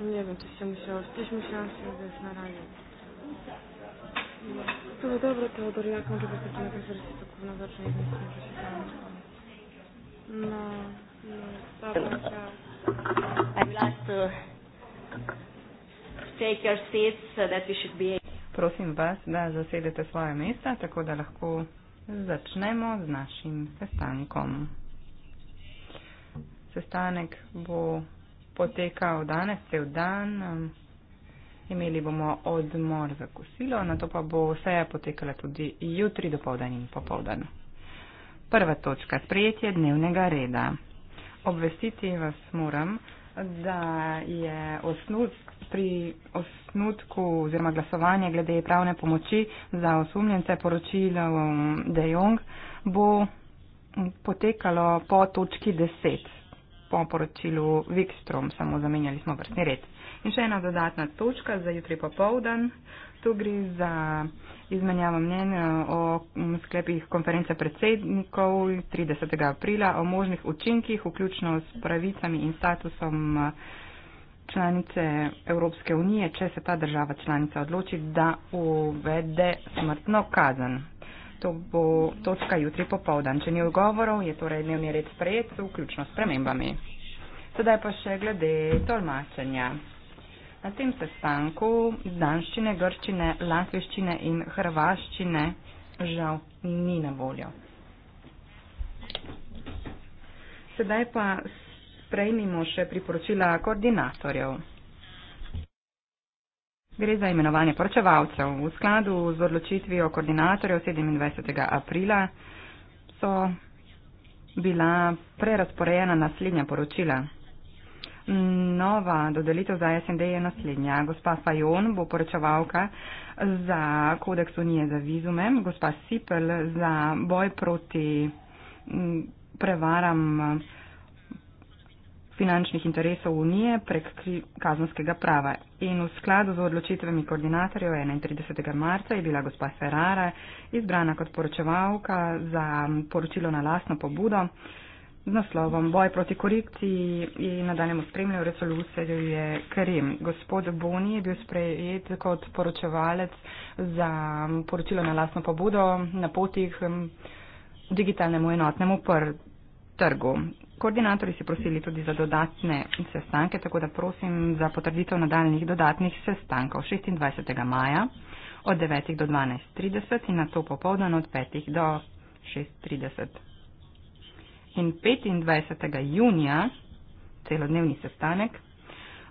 No nie wiem, czy się musiałaś, coś musiałaś się odejść na razie. To było dobre, Teodor, jak może być taki na konferencji, to kurna zacznie, więc nie muszę się tam No, no, dobra, chciałam. I'd like to take your seats so that you should be Prosim Vas, da zasedete svoje mesta, tako da lahko začnemo z našim sestankom. Sestanek bo potekal danes cel dan. Imeli bomo odmor za kosilo, na to pa bo vse potekala tudi jutri do povdan in popovdan. Prva točka, sprejetje dnevnega reda. Obvestiti vas moram, da je osnutk pri osnutku oziroma glasovanje glede pravne pomoči za osumljence poročilo De Jong bo potekalo po točki 10 po poročilu Vikstrom, samo zamenjali smo vrstni red. In še ena dodatna točka za jutri popovdan. Tu gre za izmenjavo mnenja o sklepih konference predsednikov 30. aprila o možnih učinkih, vključno s pravicami in statusom članice Evropske unije, če se ta država članica odloči, da uvede smrtno kazen. To bo točka jutri popovdan. Če ni odgovorov, je torej dnevni red sprejet, vključno s premembami. Sedaj pa še glede tolmačenja. Na tem sestanku iz danščine, grščine, latviščine in hrvaščine žal ni na voljo. Sedaj pa sprejmimo še priporočila koordinatorjev. Gre za imenovanje poročevalcev. V skladu z odločitvijo koordinatorjev 27. aprila so bila prerasporejena naslednja poročila. Nova dodelitev za SND je naslednja. Gospa Fajon bo poročevalka za kodeks Unije za vizume, gospa Sipel za boj proti prevaram finančnih interesov Unije prek kazanskega prava. In v skladu z odločitvami koordinatorjev 31. marca je bila gospa Ferrara izbrana kot poročevalka za poročilo na lasno pobudo z naslovom Boj proti korikciji in nadaljemu spremljajo resolucijo je Karim. Gospod Boni je bil sprejet kot poročevalec za poročilo na lasno pobudo na potih digitalnemu enotnemu prvu trgu. Koordinatorji so prosili tudi za dodatne sestanke, tako da prosim za potrditev nadaljnih dodatnih sestankov 26. maja od 9. do 12.30 in na to popovdan od 5. do 6.30. In 25. junija celodnevni sestanek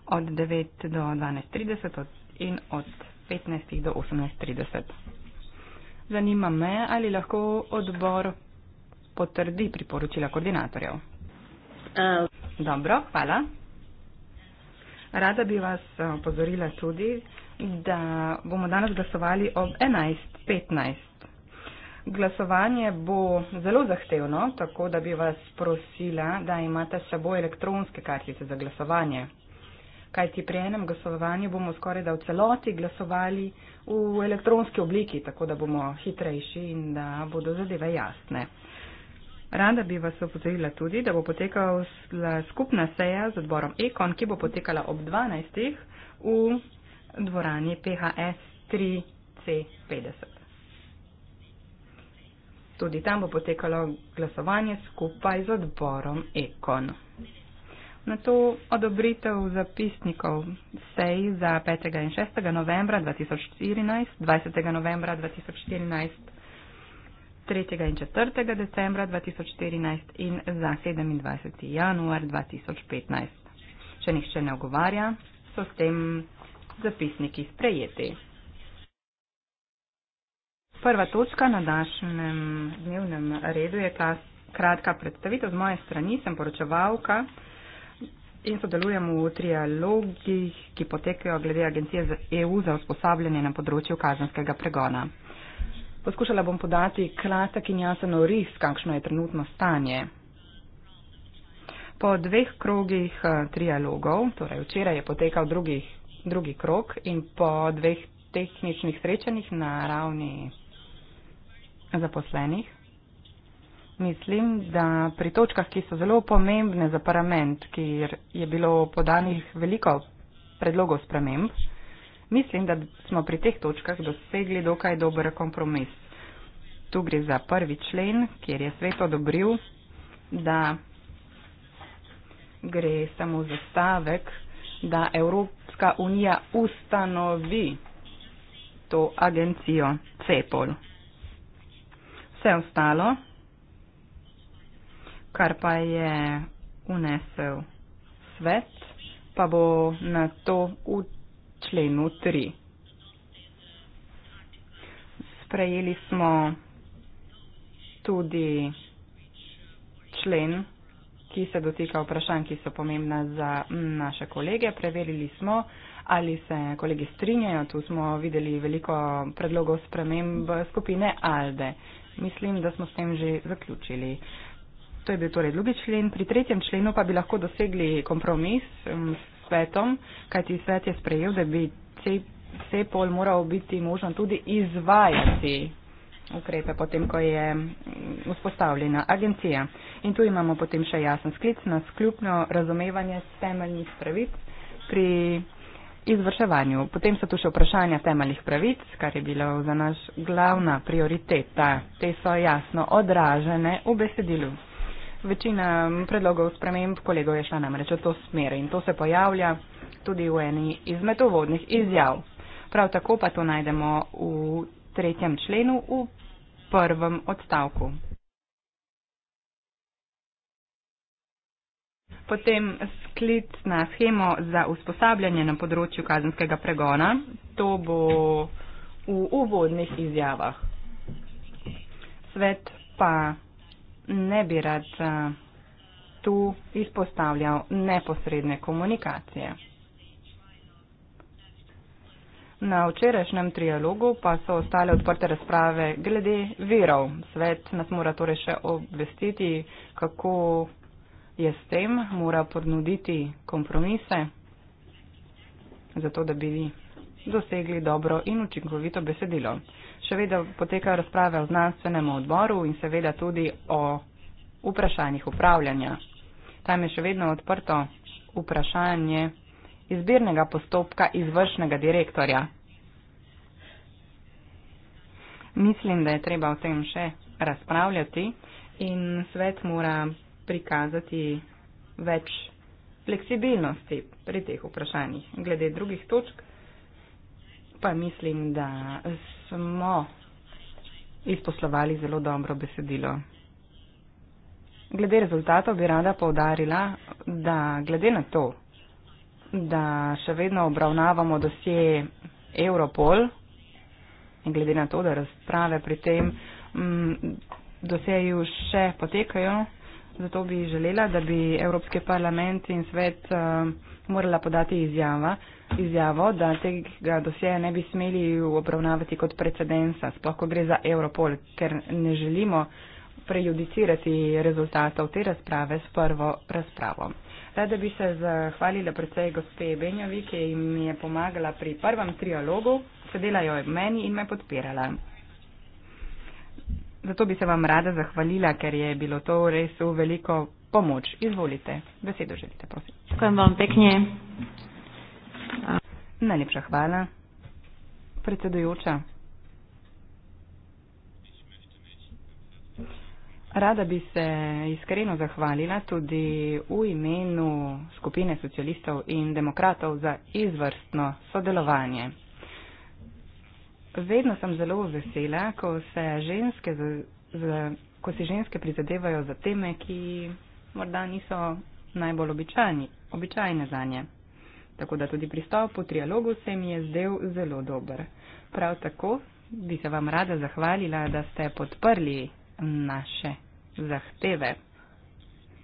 od 9. do 12.30 in od 15. do 18.30. Zanima me, ali lahko odbor potrdi priporočila koordinatorjev. Uh. Dobro, hvala. Rada bi vas uh, opozorila tudi, da bomo danes glasovali ob 11.15. Glasovanje bo zelo zahtevno, tako da bi vas prosila, da imate s seboj elektronske kartice za glasovanje. Kaj ti pri enem glasovanju bomo skoraj da v celoti glasovali v elektronski obliki, tako da bomo hitrejši in da bodo zadeve jasne. Rada bi vas opozorila tudi, da bo potekala skupna seja z odborom Ekon, ki bo potekala ob 12. v dvorani PHS 3C50. Tudi tam bo potekalo glasovanje skupaj z odborom Ekon. Na to odobritev zapisnikov sej za 5. in 6. novembra 2014, 20. novembra 2014. 3. in 4. decembra 2014 in za 27. januar 2015. Če nihče ne ogovarja, so s tem zapisniki sprejeti. Prva točka na današnjem dnevnem redu je ta kratka predstavitev z moje strani. Sem poročevalka in sodelujem v trialogih, ki potekajo glede Agencije za EU za usposabljanje na področju kazanskega pregona. Poskušala bom podati kratek in jasen oris, kakšno je trenutno stanje. Po dveh krogih eh, trialogov, torej včeraj je potekal drugi, drugi krog in po dveh tehničnih srečanjih na ravni zaposlenih, mislim, da pri točkah, ki so zelo pomembne za parlament, kjer je bilo podanih veliko predlogov sprememb, Mislim, da smo pri teh točkah dosegli dokaj dober kompromis. Tu gre za prvi člen, kjer je svet odobril, da gre samo za stavek, da Evropska unija ustanovi to agencijo CEPOL. Vse ostalo, kar pa je unesel svet, pa bo na to utrpel členu 3. Sprejeli smo tudi člen, ki se dotika vprašanj, ki so pomembna za naše kolege. Preverili smo, ali se kolegi strinjajo. Tu smo videli veliko predlogov sprememb skupine ALDE. Mislim, da smo s tem že zaključili. To je bil torej drugi člen. Pri tretjem členu pa bi lahko dosegli kompromis svetom, kajti svet je sprejel, da bi vse pol moral biti možno tudi izvajati ukrepe, potem ko je mm, vzpostavljena agencija. In tu imamo potem še jasen sklic na sklupno razumevanje temeljnih pravic pri izvrševanju. Potem so tu še vprašanja temeljnih pravic, kar je bilo za naš glavna prioriteta. Te so jasno odražene v besedilu. Večina mm, predlogov sprememb kolegov je šla namreč v to smer in to se pojavlja tudi v eni izmed uvodnih izjav. Prav tako pa to najdemo v tretjem členu v prvem odstavku. Potem sklic na schemo za usposabljanje na področju kazenskega pregona. To bo v uvodnih izjavah. Svet pa ne bi rad eh, tu izpostavljal neposredne komunikacije. Na včerajšnjem trialogu pa so ostale odprte razprave glede virov. Svet nas mora torej še obvestiti, kako je s tem, mora ponuditi kompromise, zato da bi dosegli dobro in učinkovito besedilo še vedno potekajo razprave o znanstvenem odboru in seveda tudi o vprašanjih upravljanja. Tam je še vedno odprto vprašanje izbirnega postopka izvršnega direktorja. Mislim, da je treba o tem še razpravljati in svet mora prikazati več fleksibilnosti pri teh vprašanjih. Glede drugih točk pa mislim, da smo izposlovali zelo dobro besedilo. Glede rezultatov bi rada povdarila, da glede na to, da še vedno obravnavamo dosje Europol in glede na to, da razprave pri tem m, mm, doseju še potekajo, zato bi želela, da bi Evropski parlament in svet eh, morala podati izjava, izjavo, da tega dosjeja ne bi smeli obravnavati kot precedensa, sploh ko gre za Europol, ker ne želimo prejudicirati rezultatov te razprave s prvo razpravo. Rada bi se zahvalila predvsej gospe Benjovi, ki mi je pomagala pri prvem trialogu, sedela jo je meni in me podpirala. Zato bi se vam rada zahvalila, ker je bilo to res v veliko pomoč. Izvolite, besedo želite, prosim. Čakujem vam pekne. Najlepša hvala. Predsedujoča. Rada bi se iskreno zahvalila tudi v imenu skupine socialistov in demokratov za izvrstno sodelovanje vedno sem zelo vesela, ko se ženske, z, z, ko si ženske prizadevajo za teme, ki morda niso najbolj običajni, običajne za nje. Tako da tudi pristop po trialogu se mi je zdel zelo dober. Prav tako bi se vam rada zahvalila, da ste podprli naše zahteve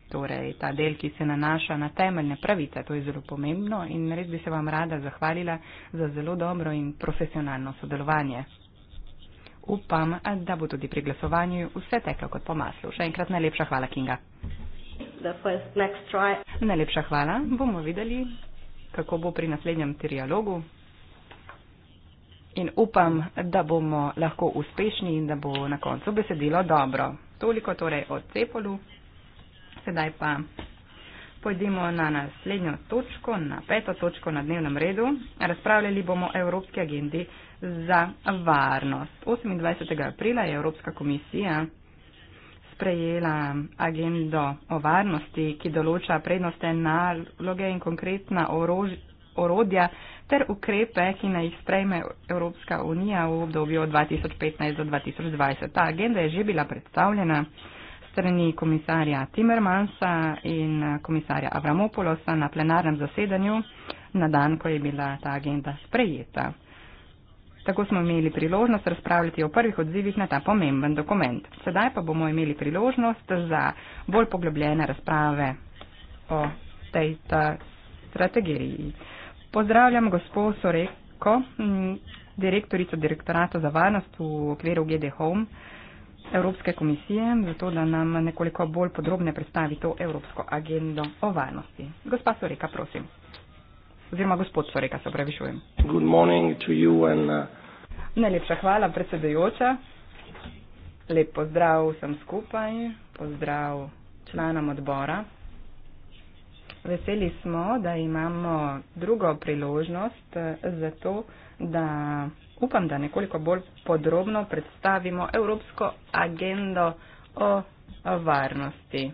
torej ta del, ki se nanaša na temeljne pravice, to je zelo pomembno in res bi se vam rada zahvalila za zelo dobro in profesionalno sodelovanje. Upam, da bo tudi pri glasovanju vse teklo kot po maslu. Še enkrat najlepša hvala, Kinga. Najlepša hvala. Bomo videli, kako bo pri naslednjem trialogu. In upam, da bomo lahko uspešni in da bo na koncu besedilo dobro. Toliko torej o Cepolu sedaj pa pojdimo na naslednjo točko, na peto točko na dnevnem redu. Razpravljali bomo o Evropski agendi za varnost. 28. aprila je Evropska komisija sprejela agendo o varnosti, ki določa prednostne naloge in konkretna orož orodja ter ukrepe, ki naj jih sprejme Evropska unija v obdobju od 2015 do 2020. Ta agenda je že bila predstavljena strani komisarja Timmermansa in komisarja Avramopolosa na plenarnem zasedanju na dan, ko je bila ta agenda sprejeta. Tako smo imeli priložnost razpravljati o prvih odzivih na ta pomemben dokument. Sedaj pa bomo imeli priložnost za bolj poglobljene razprave o tej ta strategiji. Pozdravljam gospod Soreko, direktorico direktorata za varnost v okviru GD Home. Evropske komisije, zato da nam nekoliko bolj podrobne predstavi to Evropsko agendo o varnosti. Gospa Soreka, prosim. Oziroma gospod Soreka, se opravišujem. Uh, Najlepša hvala, predsedujoča. Lep pozdrav vsem skupaj, pozdrav članom odbora. Veseli smo, da imamo drugo priložnost eh, za to, da upam, da nekoliko bolj podrobno predstavimo Evropsko agendo o varnosti.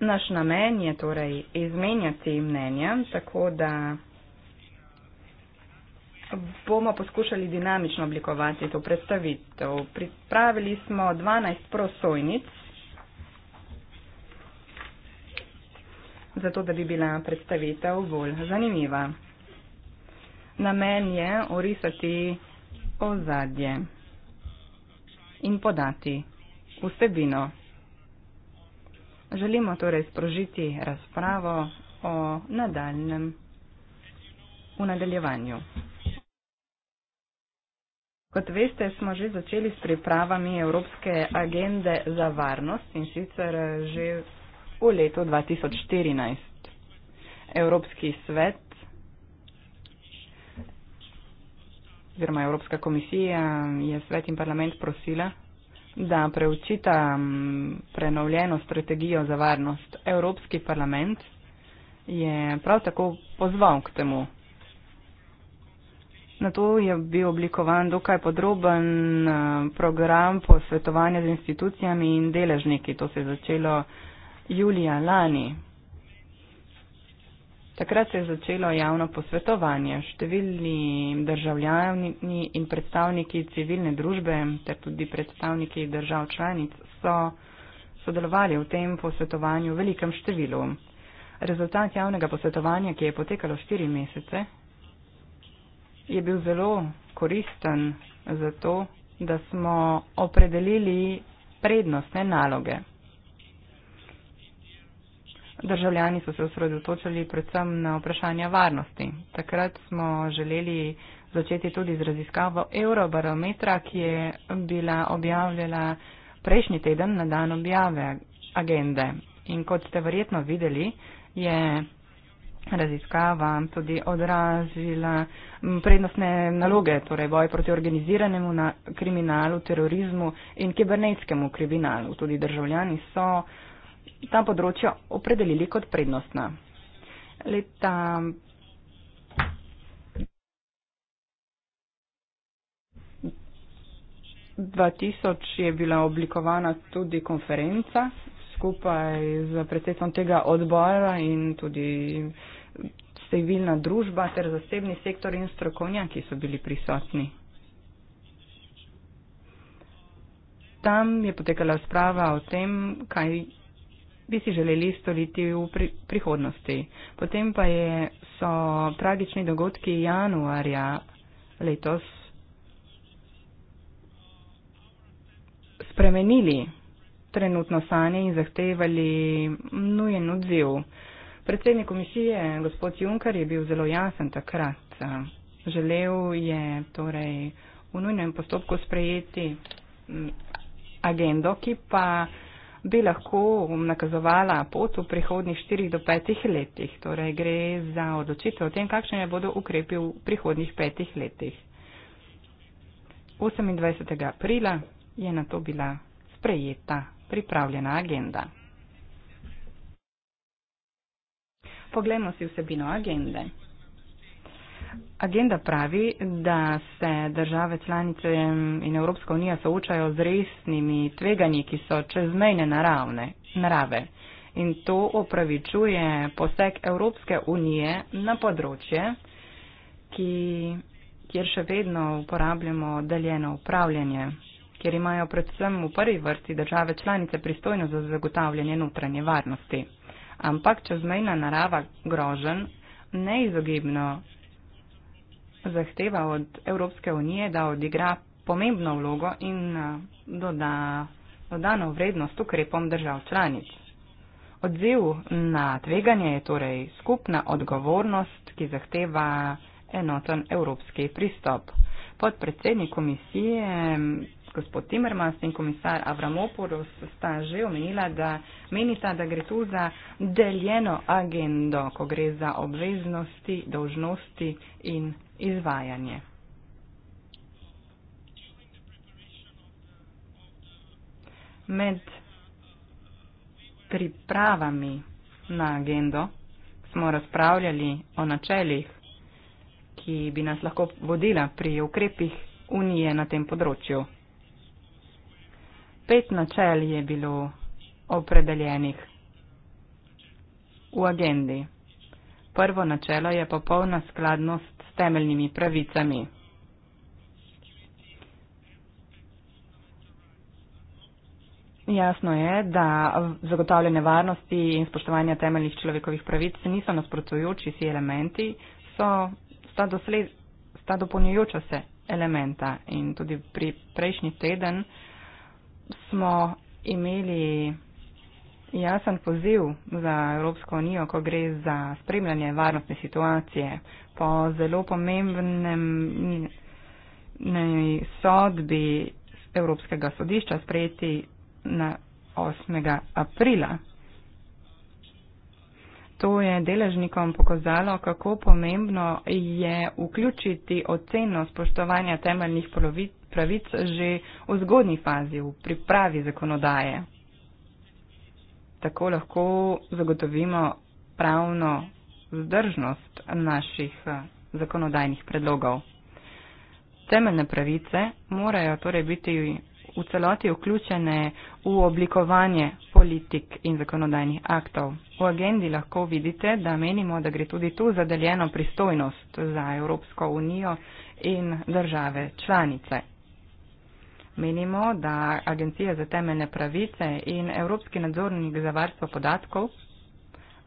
Naš namen je torej izmenjati mnenja, tako da bomo poskušali dinamično oblikovati to predstavitev. Pripravili smo 12 prosojnic, zato da bi bila predstavitev bolj zanimiva namen je orisati ozadje in podati vsebino. Želimo torej sprožiti razpravo o nadaljnem v nadaljevanju. Kot veste, smo že začeli s pripravami Evropske agende za varnost in sicer že v letu 2014. Evropski svet oziroma Evropska komisija um, je svet in parlament prosila, da preučita um, prenovljeno strategijo za varnost. Evropski parlament je prav tako pozval k temu. Na to je bil oblikovan dokaj podroben um, program posvetovanja z institucijami in deležniki. To se je začelo julija lani. Takrat se je začelo javno posvetovanje. Številni državljani in predstavniki civilne družbe ter tudi predstavniki držav članic so sodelovali v tem posvetovanju v velikem številu. Rezultat javnega posvetovanja, ki je potekalo štiri mesece, je bil zelo koristen za to, da smo opredelili prednostne naloge. Državljani so se osredotočili predvsem na vprašanja varnosti. Takrat smo želeli začeti tudi z raziskavo Eurobarometra, ki je bila objavljena prejšnji teden na dan objave agende. In kot ste verjetno videli, je raziskava tudi odrazila prednostne naloge, torej boj proti organiziranemu kriminalu, terorizmu in kibernetskemu kriminalu. Tudi državljani so ta področja opredelili kot prednostna. Leta dva tisoč je bila oblikovana tudi konferenca skupaj z predsedstvom tega odbora in tudi civilna družba ter zasebni sektor in strokovnjaki so bili prisotni. Tam je potekala sprava o tem, kaj bi si želeli storiti v pri, prihodnosti. Potem pa je, so tragični dogodki januarja letos spremenili trenutno stanje in zahtevali nujen odziv. Predsednik komisije, gospod Juncker, je bil zelo jasen takrat. Želel je torej v nujnem postopku sprejeti mm, agendo, ki pa bi lahko nakazovala pot v prihodnjih 4 do 5 letih. Torej gre za odločitev o tem, kakšne bodo ukrepi v prihodnjih 5 letih. 28. aprila je na to bila sprejeta pripravljena agenda. Poglejmo si vsebino agende. Agenda pravi, da se države članice in Evropska unija soočajo z resnimi tveganji, ki so čezmejne naravne, narave. In to opravičuje poseg Evropske unije na področje, ki, kjer še vedno uporabljamo deljeno upravljanje, kjer imajo predvsem v prvi vrsti države članice pristojno za zagotavljanje notranje varnosti. Ampak čezmejna narava grožen neizogibno zahteva od Evropske unije, da odigra pomembno vlogo in eh, doda dodano vrednost ukrepom držav članic. Odziv na tveganje je torej skupna odgovornost, ki zahteva enoten evropski pristop. Podpredsednik komisije, gospod Timmermans in komisar Avramopoulos sta že omenila, da menita, da gre tu za deljeno agendo, ko gre za obveznosti, dožnosti in izvajanje. Med pripravami na agendo smo razpravljali o načeljih, ki bi nas lahko vodila pri ukrepih Unije na tem področju. Pet načel je bilo opredeljenih v agendi. Prvo načelo je popolna skladnost temeljnimi pravicami. Jasno je, da zagotavljanje varnosti in spoštovanja temeljnih človekovih pravic niso nasprotujoči si elementi, so sta, dosled, sta dopolnjujoča se elementa. In tudi pri prejšnji teden smo imeli jasen poziv za Evropsko unijo, ko gre za spremljanje varnostne situacije po zelo pomembnem sodbi Evropskega sodišča sprejeti na 8. aprila. To je deležnikom pokazalo, kako pomembno je vključiti oceno spoštovanja temeljnih pravic že v zgodni fazi, v pripravi zakonodaje. Tako lahko zagotovimo pravno vzdržnost naših eh, zakonodajnih predlogov. Temeljne pravice morajo torej biti v celoti vključene v oblikovanje politik in zakonodajnih aktov. V agendi lahko vidite, da menimo, da gre tudi tu zadeljeno pristojnost za Evropsko unijo in države članice. Menimo, da Agencija za temeljne pravice in Evropski nadzornik za varstvo podatkov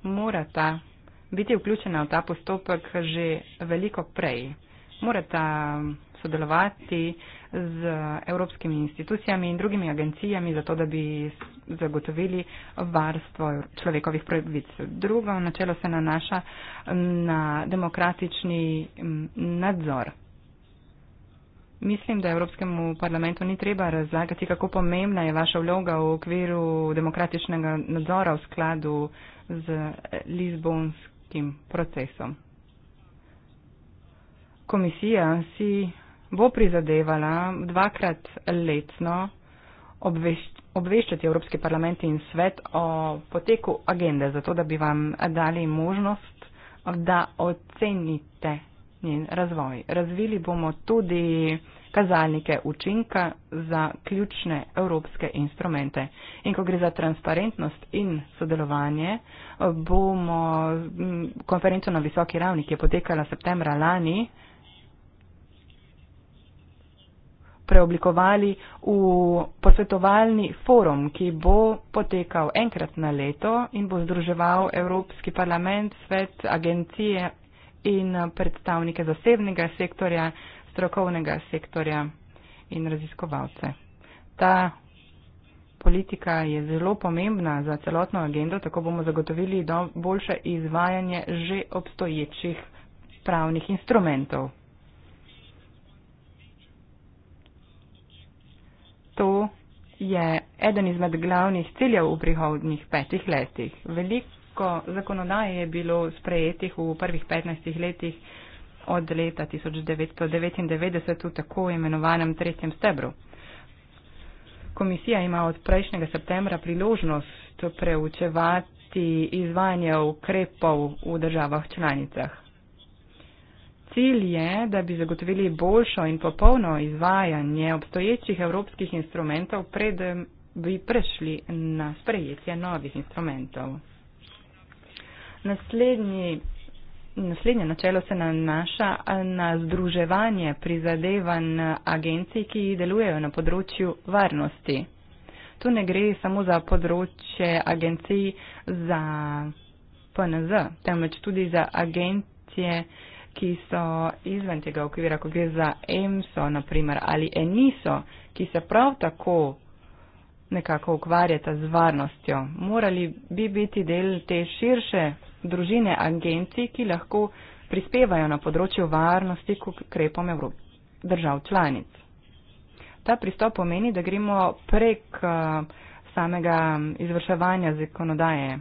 morata biti vključena v ta postopek že veliko prej. Morata sodelovati z evropskimi institucijami in drugimi agencijami, zato da bi zagotovili varstvo človekovih pravic. Drugo načelo se nanaša na demokratični mm, nadzor. Mislim, da Evropskemu parlamentu ni treba razlagati, kako pomembna je vaša vloga v okviru demokratičnega nadzora v skladu z eh, Lizbonskim tem procesom. Komisija si bo prizadevala dvakrat letno obveščati Evropski parlament in svet o poteku agende, zato da bi vam dali možnost, da ocenite njen razvoj. Razvili bomo tudi kazalnike učinka za ključne evropske instrumente. In ko gre za transparentnost in sodelovanje, bomo konferenco na visoki ravni, ki je potekala septembra lani, preoblikovali v posvetovalni forum, ki bo potekal enkrat na leto in bo združeval Evropski parlament, svet, agencije in predstavnike zasebnega sektorja, strokovnega sektorja in raziskovalce. Ta politika je zelo pomembna za celotno agendo, tako bomo zagotovili do boljše izvajanje že obstoječih pravnih instrumentov. To je eden izmed glavnih ciljev v prihodnjih petih letih. Veliko zakonodaje je bilo sprejetih v prvih petnajstih letih od leta 1999 v tako imenovanem tretjem stebru. Komisija ima od prejšnjega septembra priložnost preučevati izvajanje ukrepov v državah članicah. Cilj je, da bi zagotovili boljšo in popolno izvajanje obstoječih evropskih instrumentov, preden bi prešli na sprejetje novih instrumentov. Naslednji naslednje načelo se nanaša na združevanje prizadevanj agencij, ki delujejo na področju varnosti. Tu ne gre samo za področje agencij za PNZ, temveč tudi za agencije, ki so izven tega okvira, ko gre za EMSO naprimer ali ENISO, ki se prav tako nekako ukvarjata z varnostjo. Morali bi biti del te širše družine agencij, ki lahko prispevajo na področju varnosti k ukrepom držav članic. Ta pristop pomeni, da gremo prek eh, samega izvrševanja zakonodaje.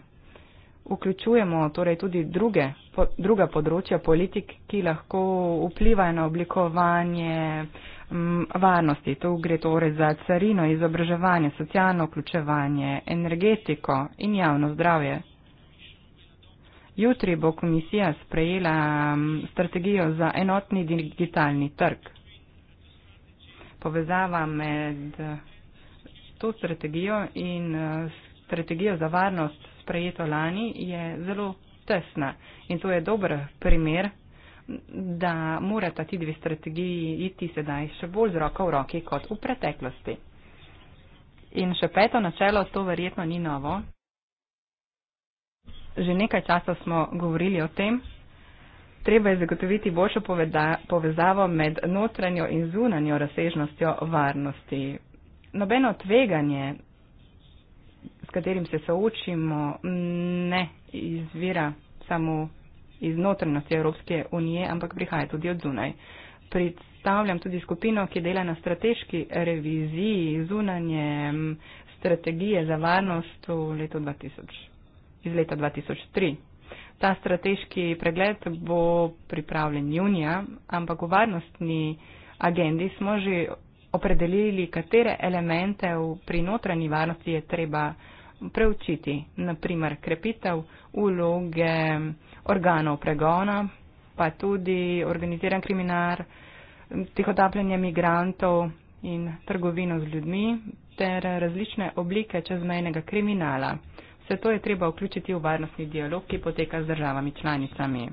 Vključujemo torej tudi druge, po, druga področja politik, ki lahko vplivajo na oblikovanje m, mm, varnosti. Tu gre torej za carino, izobraževanje, socialno vključevanje, energetiko in javno zdravje. Jutri bo komisija sprejela um, strategijo za enotni digitalni trg. Povezava med uh, to strategijo in uh, strategijo za varnost sprejeto lani je zelo tesna in to je dober primer, da morata ti dve strategiji iti sedaj še bolj z roko v roki kot v preteklosti. In še peto načelo, to verjetno ni novo. Že nekaj časa smo govorili o tem, treba je zagotoviti boljšo poveda, povezavo med notranjo in zunanjo razsežnostjo varnosti. Nobeno tveganje, s katerim se soočimo, ne izvira samo iz notranjosti Evropske unije, ampak prihaja tudi od zunaj. Predstavljam tudi skupino, ki dela na strateški reviziji zunanje strategije za varnost v letu 2000 iz leta 2003. Ta strateški pregled bo pripravljen junija, ampak v varnostni agendi smo že opredelili, katere elemente v prinotranji varnosti je treba preučiti. Naprimer, krepitev uloge organov pregona, pa tudi organiziran kriminal, tihotapljanje migrantov in trgovino z ljudmi ter različne oblike čezmejnega kriminala. Vse to je treba vključiti v varnostni dialog, ki poteka z državami članicami.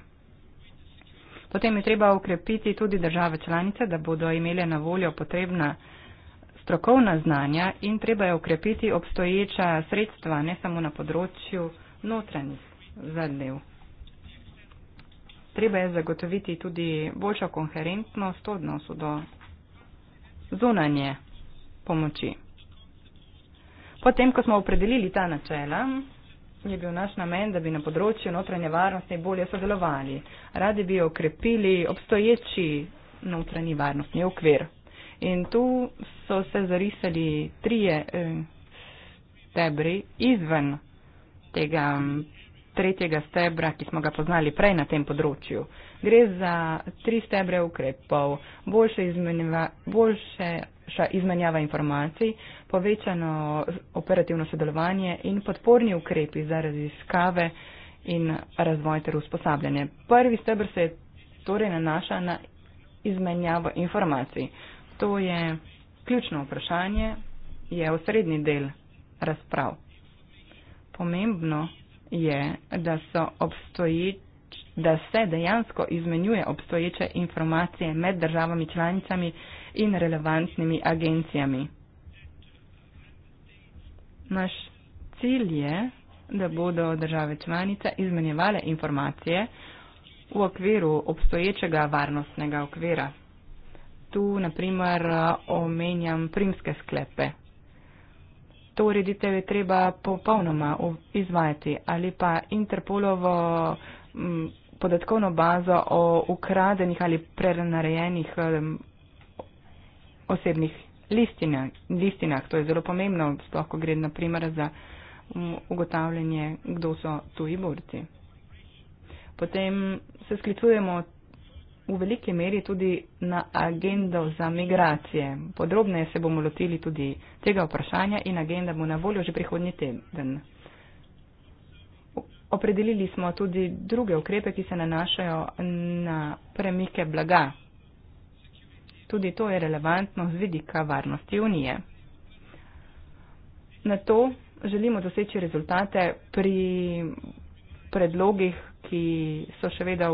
Potem je treba ukrepiti tudi države članice, da bodo imele na voljo potrebna strokovna znanja in treba je ukrepiti obstoječa sredstva, ne samo na področju notranjih zadev. Treba je zagotoviti tudi boljšo koherentnost odnosu do zunanje pomoči. Potem, ko smo opredelili ta načela, je bil naš namen, da bi na področju notranje varnosti bolje sodelovali. Radi bi okrepili obstoječi notranji varnostni okvir. In tu so se zarisali trije eh, stebri izven tega mm, tretjega stebra, ki smo ga poznali prej na tem področju. Gre za tri stebre ukrepov, boljše, izmenjiva, boljše boljša izmenjava informacij, povečano operativno sodelovanje in podporni ukrepi za raziskave in razvoj ter usposabljanje. Prvi stebr se torej nanaša na izmenjavo informacij. To je ključno vprašanje, je osrednji del razprav. Pomembno je, da, obstoječ, da se dejansko izmenjuje obstoječe informacije med državami članicami in relevantnimi agencijami. Naš cilj je, da bodo države članice izmenjevale informacije v okviru obstoječega varnostnega okvira. Tu naprimer omenjam primske sklepe. To ureditev je treba popolnoma izvajati ali pa Interpolovo podatkovno bazo o ukradenih ali prenarejenih posebnih listine, listinah. To je zelo pomembno, sploh ko gre naprimer za mm, ugotavljanje, kdo so tuji borci. Potem se sklicujemo v veliki meri tudi na agendo za migracije. Podrobneje se bomo lotili tudi tega vprašanja in agenda bo na voljo že prihodnji teden. Opredelili smo tudi druge ukrepe, ki se nanašajo na premike blaga, Tudi to je relevantno z vidika varnosti unije. Na to želimo doseči rezultate pri predlogih, ki so še vedno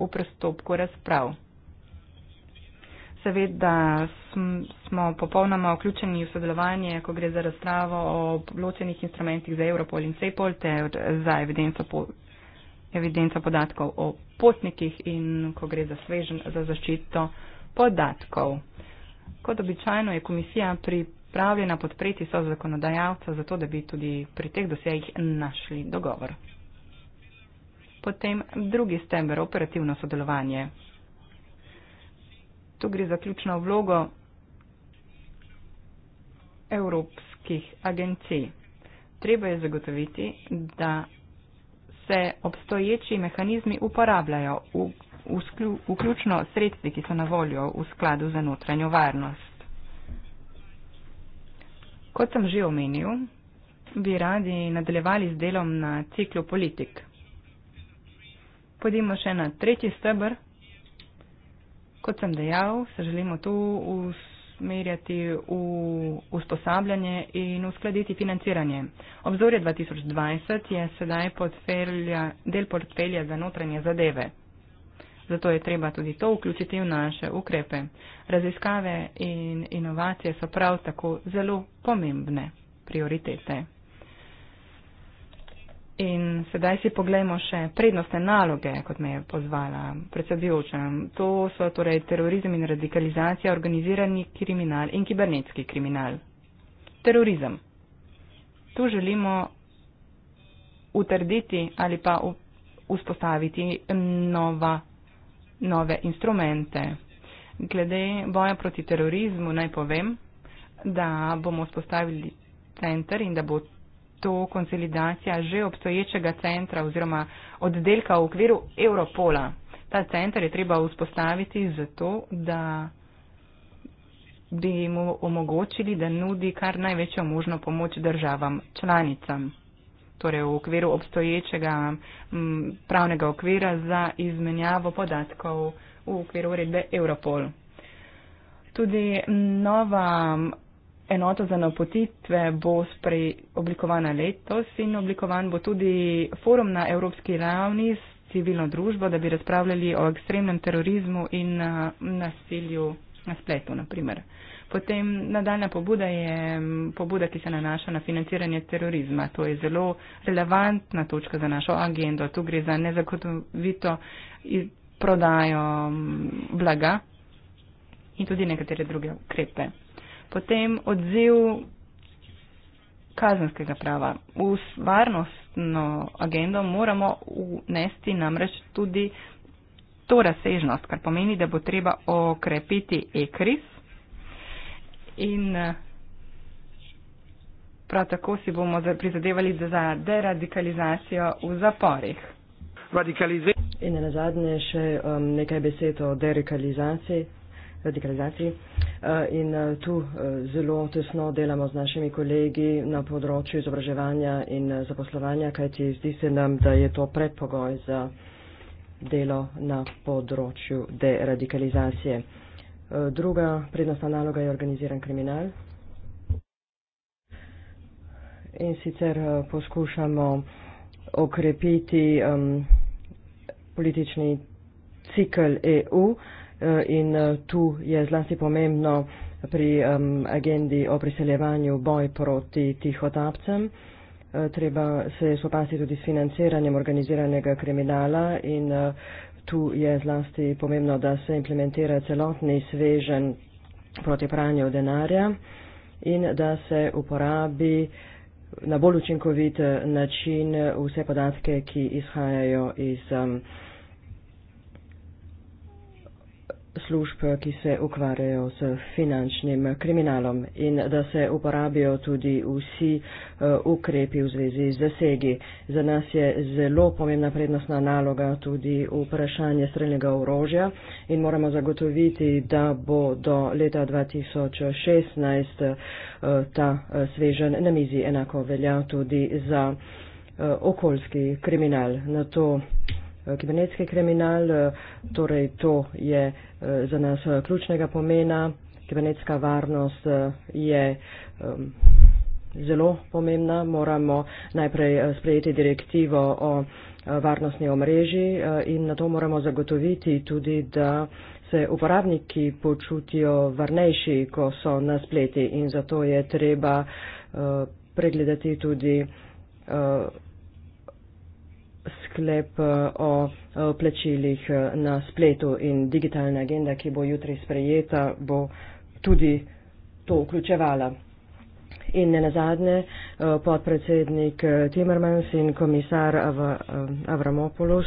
v prstopku razprav. Seveda smo popolnoma vključeni v sodelovanje, ko gre za razpravo o ločenih instrumentih za Europol in Cepol ter za evidenco, po, evidenco podatkov o potnikih in ko gre za svežen, za zaščito podatkov. Kot običajno je komisija pripravljena podpreti so zakonodajalca, zato da bi tudi pri teh dosejih našli dogovor. Potem drugi stember, operativno sodelovanje. Tu gre za ključno vlogo evropskih agencij. Treba je zagotoviti, da se obstoječi mehanizmi uporabljajo, vključno sredstvi, ki so na voljo v skladu za notranjo varnost. Kot sem že omenil, bi radi nadaljevali z delom na ciklu politik. Podimo še na tretji stebr. Kot sem dejal, se želimo tu usmerjati v usposabljanje in uskladiti financiranje. Obzorje 2020 je sedaj portfelja, del portfelja za notranje zadeve. Zato je treba tudi to vključiti v naše ukrepe. Raziskave in inovacije so prav tako zelo pomembne prioritete. In sedaj si poglejmo še prednostne naloge, kot me je pozvala predsedujoča. To so torej terorizem in radikalizacija, organizirani kriminal in kibernetski kriminal. Terorizem. Tu želimo utrditi ali pa vzpostaviti nova nove instrumente. Glede boja proti terorizmu naj povem, da bomo spostavili center in da bo to konsolidacija že obstoječega centra oziroma oddelka v okviru Europola. Ta center je treba vzpostaviti zato, da bi mu omogočili, da nudi kar največjo možno pomoč državam članicam torej v okviru obstoječega mm, pravnega okvira za izmenjavo podatkov v okviru uredbe Europol. Tudi nova mm, enota za napotitve bo oblikovana letos in oblikovan bo tudi forum na evropski ravni s civilno družbo, da bi razpravljali o ekstremnem terorizmu in mm, nasilju na spletu, naprimer. Potem nadaljna pobuda je pobuda, ki se nanaša na financiranje terorizma. To je zelo relevantna točka za našo agendo. Tu gre za nezakotovito prodajo blaga in tudi nekatere druge ukrepe. Potem odziv kazenskega prava. V varnostno agendo moramo unesti namreč tudi to razsežnost, kar pomeni, da bo treba okrepiti ekris, in eh, prav tako si bomo prizadevali za deradikalizacijo v zaporih. Radikalize in na zadnje še um, nekaj besed o deradikalizaciji. Radikalizaciji. Eh, in eh, tu zelo tesno delamo z našimi kolegi na področju izobraževanja in zaposlovanja, kajti zdi se nam, da je to predpogoj za delo na področju deradikalizacije. Eh, druga prednostna naloga je organiziran kriminal. In sicer eh, poskušamo okrepiti um, politični cikl EU eh, in tu je zlasti pomembno pri um, agendi o priseljevanju boj proti tihotapcem. Treba se spopasti tudi s financiranjem organiziranega kriminala in uh, tu je zlasti pomembno, da se implementira celotni svežen proti pranju denarja in da se uporabi na bolj učinkovit način vse podatke, ki izhajajo iz. Um, služb, ki se ukvarjajo s finančnim kriminalom in da se uporabijo tudi vsi eh, ukrepi v zvezi z zasegi. Za nas je zelo pomembna prednostna naloga tudi vprašanje streljnega orožja in moramo zagotoviti, da bo do leta 2016 eh, ta eh, svežen na mizi enako velja tudi za okoljski kriminal. Na to Eh, kibernetski kriminal, eh, torej to je eh, za nas ključnega pomena. Kibernetska varnost je zelo pomembna. Moramo najprej sprejeti direktivo o varnostni omreži in na to moramo zagotoviti tudi, da se uporabniki počutijo varnejši, ko so na spleti in zato je treba pregledati tudi sklep eh, o eh, plačilih eh, na spletu in digitalna agenda, ki bo jutri sprejeta, bo tudi to vključevala. In ne nazadnje, podpredsednik Timmermans in komisar Av Avramopoulos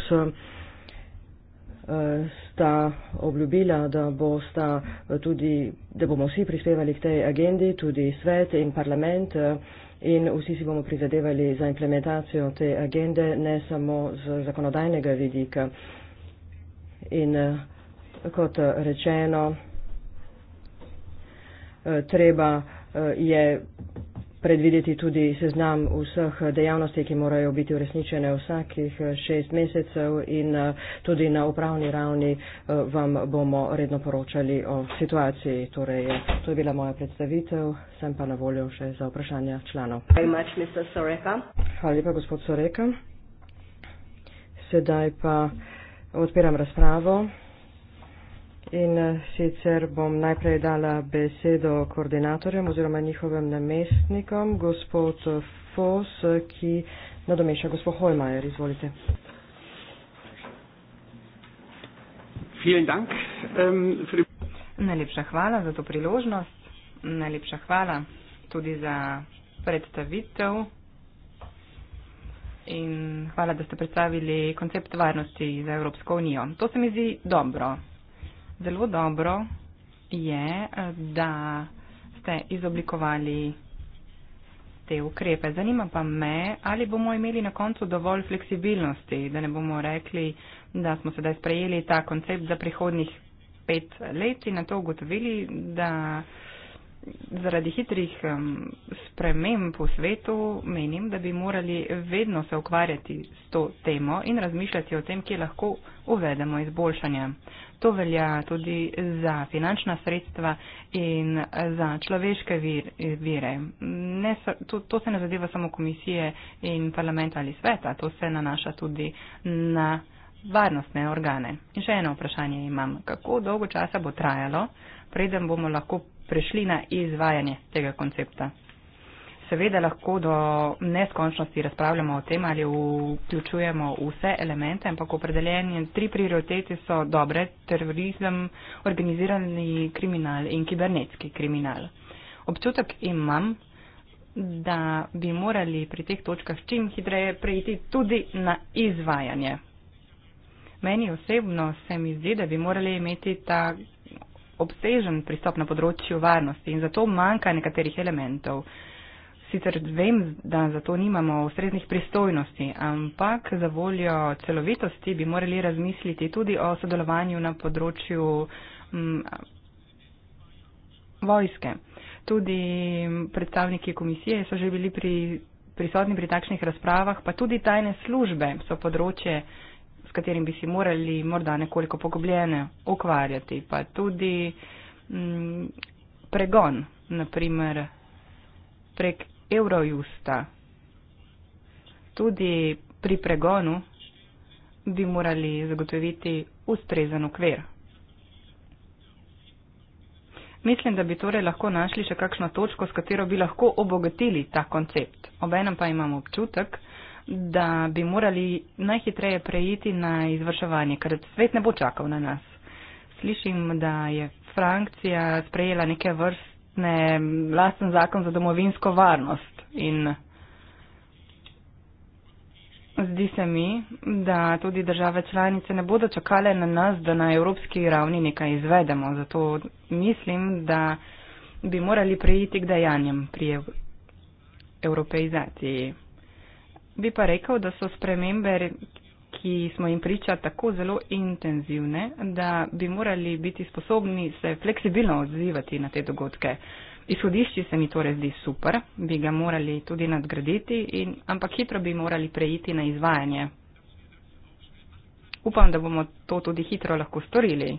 sta obljubila, da, bo sta tudi, da bomo vsi prispevali k tej agendi, tudi svet in parlament in vsi si bomo prizadevali za implementacijo te agende, ne samo z zakonodajnega vidika. In eh, kot rečeno, eh, treba eh, je predvideti tudi seznam vseh dejavnosti, ki morajo biti uresničene vsakih šest mesecev in eh, tudi na upravni ravni eh, vam bomo redno poročali o situaciji. Torej, eh, to je bila moja predstavitev, sem pa na voljo še za vprašanja članov. Hvala lepa, gospod Soreka. Sedaj pa odpiram razpravo. In eh, sicer bom najprej dala besedo koordinatorjem oziroma njihovem namestnikom, gospod Fos, eh, ki nadomeša gospod Hojmajer. Izvolite. Dank, um, ähm, fri... Najlepša hvala za to priložnost. Najlepša hvala tudi za predstavitev. In hvala, da ste predstavili koncept varnosti za Evropsko unijo. To se mi zdi dobro zelo dobro je, da ste izoblikovali te ukrepe. Zanima pa me, ali bomo imeli na koncu dovolj fleksibilnosti, da ne bomo rekli, da smo sedaj sprejeli ta koncept za prihodnih pet let in na to ugotovili, da zaradi hitrih sprememb po svetu menim, da bi morali vedno se ukvarjati s to temo in razmišljati o tem, kje lahko uvedemo izboljšanje. To velja tudi za finančna sredstva in za človeške vir, vire. Ne, to, to se ne zadeva samo komisije in parlamenta ali sveta, to se nanaša tudi na varnostne organe. In še eno vprašanje imam. Kako dolgo časa bo trajalo, preden bomo lahko prešli na izvajanje tega koncepta? seveda lahko do neskončnosti razpravljamo o tem ali vključujemo vse elemente, ampak opredeljeni tri prioritete so dobre, terorizem, organizirani kriminal in kibernetski kriminal. Občutek imam, da bi morali pri teh točkah čim hitreje preiti tudi na izvajanje. Meni osebno se mi zdi, da bi morali imeti ta obsežen pristop na področju varnosti in zato manjka nekaterih elementov. Sicer vem, da za to nimamo ustreznih pristojnosti, ampak za voljo celovitosti bi morali razmisliti tudi o sodelovanju na področju m, mm, vojske. Tudi predstavniki komisije so že bili pri, prisotni pri takšnih razpravah, pa tudi tajne službe so področje, s katerim bi si morali morda nekoliko pogobljene ukvarjati, pa tudi m, mm, pregon, naprimer prek Eurojusta. Tudi pri pregonu bi morali zagotoviti ustrezen okvir. Mislim, da bi torej lahko našli še kakšno točko, s katero bi lahko obogatili ta koncept. Obenem pa imam občutek, da bi morali najhitreje prejiti na izvrševanje, ker svet ne bo čakal na nas. Slišim, da je Frankcija sprejela neke vrste lastne, lasten zakon za domovinsko varnost. In zdi se mi, da tudi države članice ne bodo čakale na nas, da na evropski ravni nekaj izvedemo. Zato mislim, da bi morali prejiti k dejanjem pri evropeizaciji. Bi pa rekel, da so spremembe ki smo jim priča tako zelo intenzivne, da bi morali biti sposobni se fleksibilno odzivati na te dogodke. Izhodišči se mi torej zdi super, bi ga morali tudi nadgraditi, in, ampak hitro bi morali preiti na izvajanje. Upam, da bomo to tudi hitro lahko storili.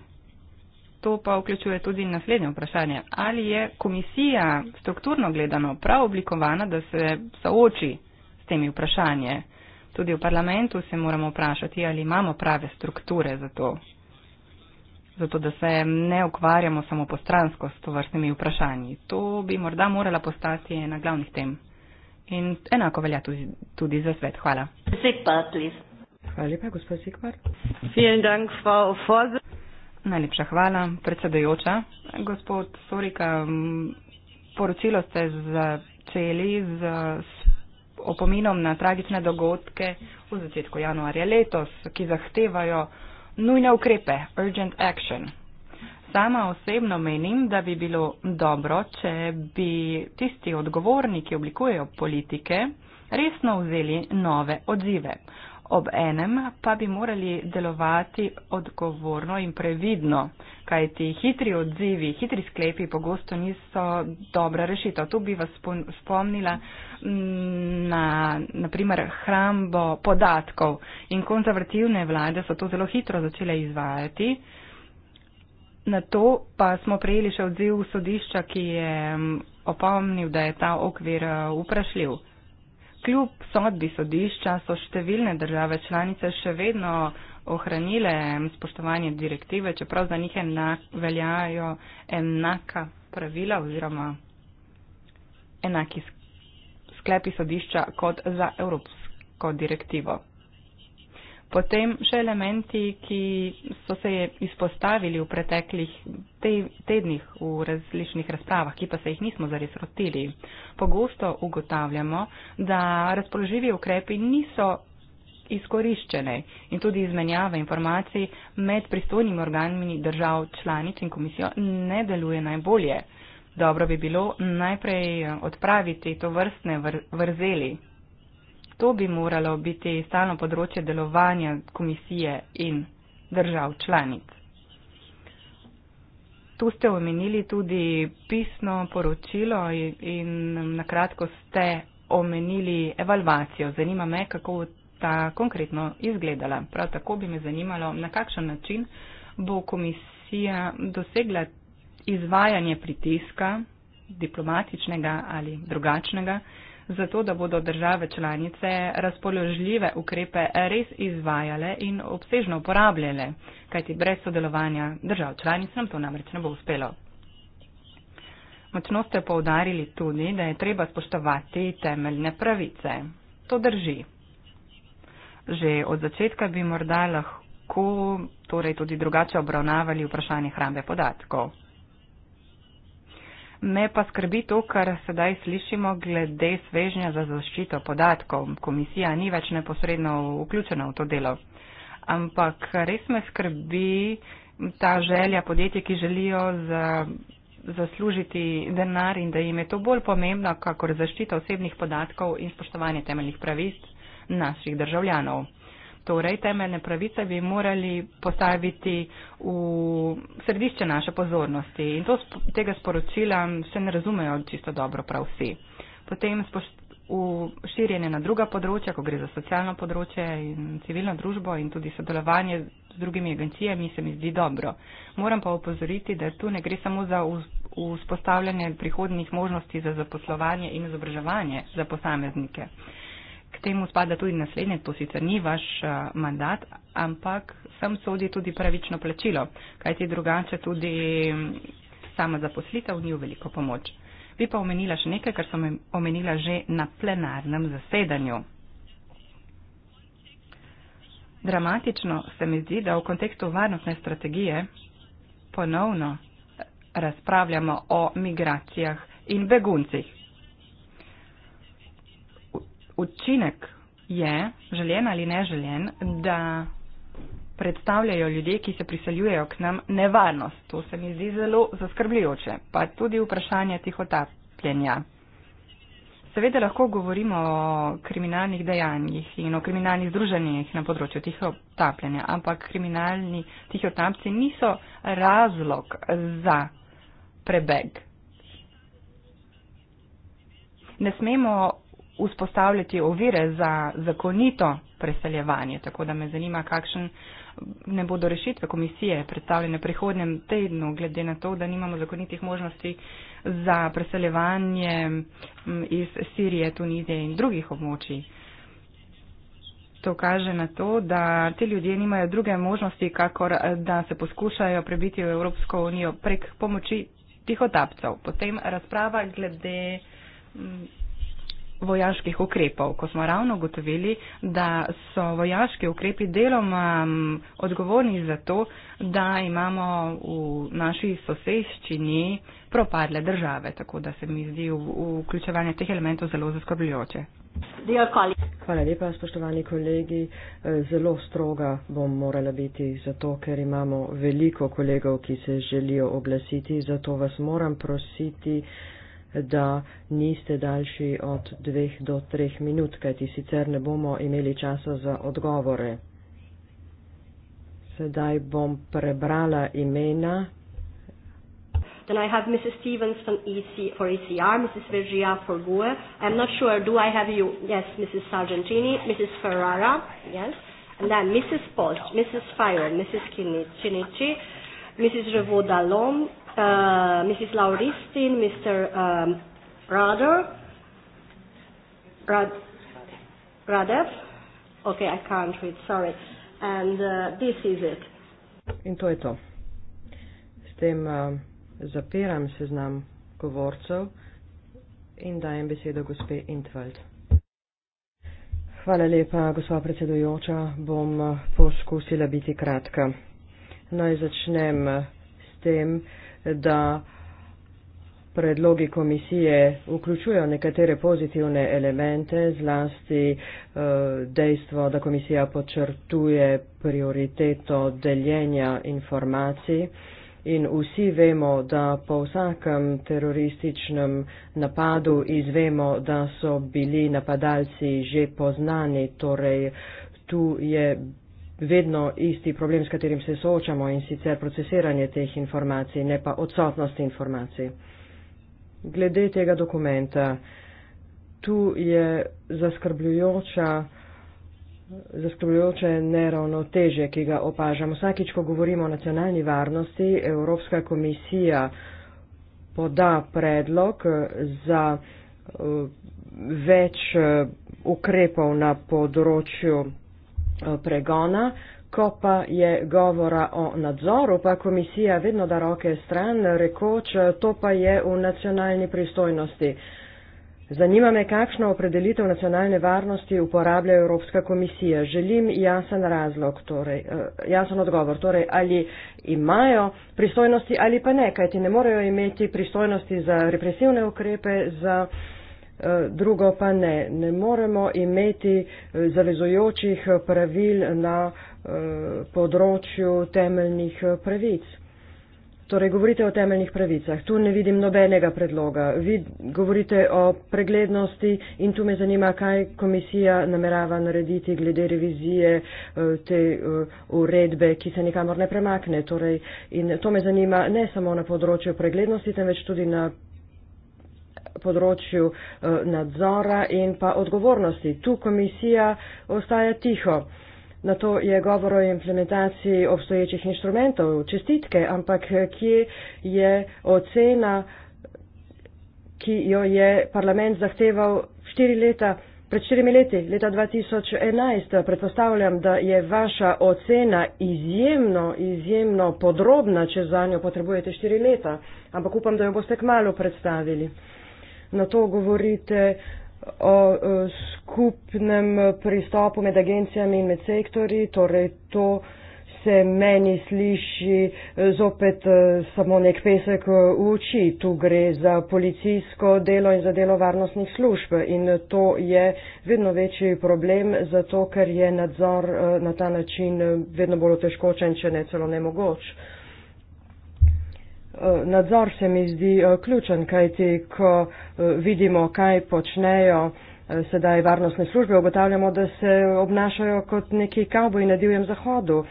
To pa vključuje tudi naslednje vprašanje. Ali je komisija strukturno gledano prav oblikovana, da se sooči s temi vprašanji? Tudi v parlamentu se moramo vprašati, ali imamo prave strukture za to. Zato, da se ne ukvarjamo samo postransko s to vrstnimi vprašanji. To bi morda morala postati ena glavnih tem. In enako velja tudi, tudi za svet. Hvala. Hvala lepa, gospod Sikvar. Najlepša hvala, predsedojoča. Gospod Sorika, poročilo ste začeli z opominom na tragične dogodke v začetku januarja letos, ki zahtevajo nujne ukrepe, urgent action. Sama osebno menim, da bi bilo dobro, če bi tisti odgovorni, ki oblikujejo politike, resno vzeli nove odzive ob enem pa bi morali delovati odgovorno in previdno, kajti hitri odzivi, hitri sklepi pogosto niso dobra rešitev. Tu bi vas spomnila mm, na naprimer hrambo podatkov in konzervativne vlade so to zelo hitro začele izvajati. Na to pa smo prejeli še odziv sodišča, ki je mm, opomnil, da je ta okvir eh, vprašljiv. Kljub sodbi sodišča so številne države članice še vedno ohranile spoštovanje direktive, čeprav za njih enak, veljajo enaka pravila oziroma enaki sklepi sodišča kot za evropsko direktivo. Potem še elementi, ki so se izpostavili v preteklih te, tednih v različnih razpravah, ki pa se jih nismo zares rotili. Pogosto ugotavljamo, da razpoloživi ukrepi niso izkoriščene in tudi izmenjava informacij med pristojnimi organi držav članic in komisijo ne deluje najbolje. Dobro bi bilo najprej odpraviti to vrstne vr vrzeli to bi moralo biti stalno področje delovanja komisije in držav članic. Tu ste omenili tudi pisno poročilo in na kratko ste omenili evalvacijo. Zanima me, kako bo ta konkretno izgledala. Prav tako bi me zanimalo, na kakšen način bo komisija dosegla izvajanje pritiska, diplomatičnega ali drugačnega, zato da bodo države članice razpoložljive ukrepe res izvajale in obsežno uporabljale, kajti brez sodelovanja držav članic nam to namreč ne bo uspelo. Močno ste poudarili tudi, da je treba spoštovati temeljne pravice. To drži. Že od začetka bi morda lahko torej tudi drugače obravnavali vprašanje hrambe podatkov. Me pa skrbi to, kar sedaj slišimo glede svežnja za zaščito podatkov. Komisija ni več neposredno vključena v to delo. Ampak res me skrbi ta želja podjetij, ki želijo za, zaslužiti denar in da jim je to bolj pomembno, kakor zaščita osebnih podatkov in spoštovanje temeljnih pravic naših državljanov. Torej, temeljne pravice bi morali postaviti v središče naše pozornosti in to, tega sporočila se ne razumejo čisto dobro prav vsi. Potem v širjenje na druga področja, ko gre za socialno področje in civilno družbo in tudi sodelovanje z drugimi agencijami, se mi zdi dobro. Moram pa opozoriti, da tu ne gre samo za vzpostavljanje prihodnih možnosti za zaposlovanje in izobraževanje za posameznike temu spada tudi naslednje, to sicer ni vaš eh, mandat, ampak sem sodi tudi pravično plačilo, kajti drugače tudi mm, sama zaposlitev ni v veliko pomoč. Bi pa omenila še nekaj, kar sem omenila že na plenarnem zasedanju. Dramatično se mi zdi, da v kontekstu varnostne strategije ponovno eh, razpravljamo o migracijah in beguncih učinek je, želen ali neželen, da predstavljajo ljudje, ki se priseljujejo k nam, nevarnost. To se mi zdi zelo zaskrbljujoče, pa tudi vprašanje tihotapljenja. Seveda lahko govorimo o kriminalnih dejanjih in o kriminalnih združenjih na področju tihotapljenja, ampak kriminalni tihotapci niso razlog za prebeg. Ne smemo vzpostavljati ovire za zakonito preseljevanje. Tako da me zanima, kakšen ne bodo rešitve komisije predstavljene prihodnem tednu, glede na to, da nimamo zakonitih možnosti za preseljevanje iz Sirije, Tunizije in drugih območij. To kaže na to, da ti ljudje nimajo druge možnosti, kakor da se poskušajo prebiti v Evropsko unijo prek pomoči tihotapcev. Potem razprava glede vojaških ukrepov, ko smo ravno ugotovili, da so vojaški ukrepi deloma odgovorni za to, da imamo v naši soseščini propadle države. Tako da se mi zdi vključevanje teh elementov zelo zaskrbljujoče. Hvala lepa, spoštovani kolegi. Eh, zelo stroga bom morala biti zato, ker imamo veliko kolegov, ki se želijo oglasiti. Zato vas moram prositi, da niste daljši od dveh do treh minut, kajti sicer ne bomo imeli časa za odgovore. Sedaj bom prebrala imena. Then I have Mrs. Stevens from EC, for ECR, Mrs. Virgia for GUE. I'm not sure, do I have you? Yes, Mrs. Sargentini, Mrs. Ferrara, yes. And then Mrs. Post, Mrs. Fire, Mrs. Cinici, Mrs. Revo Dallon, Uh, Mrs. Lauristin, Mr. Um, Rader, Rad, Radev, okay, I can't read, sorry, and uh, this is it. In to je to. S tem uh, zapiram seznam govorcev in dajem besedo gospe Intveld. Hvala lepa, gospa predsedujoča, bom uh, poskusila biti kratka. Naj začnem uh, s tem, da predlogi komisije vključujejo nekatere pozitivne elemente, zlasti eh, dejstvo, da komisija počrtuje prioriteto deljenja informacij. In vsi vemo, da po vsakem terorističnem napadu izvemo, da so bili napadalci že poznani, torej tu je vedno isti problem, s katerim se soočamo in sicer procesiranje teh informacij, ne pa odsotnost informacij. Glede tega dokumenta, tu je zaskrbljujoča, zaskrbljujoče neravnoteže, ki ga opažamo. Vsakič, ko govorimo o nacionalni varnosti, Evropska komisija poda predlog za eh, več eh, ukrepov na področju Eh, pregona, ko pa je govora o nadzoru, pa komisija vedno da roke stran, rekoč, to pa je v nacionalni pristojnosti. Zanima me, kakšno opredelitev nacionalne varnosti uporablja Evropska komisija. Želim jasen razlog, torej, eh, jasen odgovor, torej, ali imajo pristojnosti ali pa ne, kajti ne morejo imeti pristojnosti za represivne ukrepe, za uh, Eh, drugo pa ne. Ne moremo imeti eh, zavezojočih eh, pravil na področju temeljnih pravic. Torej, govorite o temeljnih pravicah. Tu ne vidim nobenega predloga. Vi govorite o preglednosti in tu me zanima, kaj komisija namerava narediti glede revizije te uredbe, ki se nikamor ne premakne. Torej, in to me zanima ne samo na področju preglednosti, temveč tudi na področju eh, nadzora in pa odgovornosti. Tu komisija ostaja tiho. Na to je govor o implementaciji obstoječih inštrumentov, čestitke, ampak eh, kje je ocena, ki jo je parlament zahteval štiri leta, pred štirimi leti, leta 2011. Predpostavljam, da je vaša ocena izjemno, izjemno podrobna, če za njo potrebujete štiri leta, ampak upam, da jo boste k malu predstavili na to govorite o e, skupnem pristopu med agencijami in med sektori, torej to se meni sliši e, zopet e, samo nek pesek v oči. Tu gre za policijsko delo in za delo varnostnih služb in to je vedno večji problem, zato ker je nadzor na ta način vedno bolj težkočen, če ne celo nemogoč. Nadzor se mi zdi eh, ključen, kajti ko eh, vidimo, kaj počnejo eh, sedaj varnostne službe, ugotavljamo, da se obnašajo kot neki kavboji na divjem zahodu.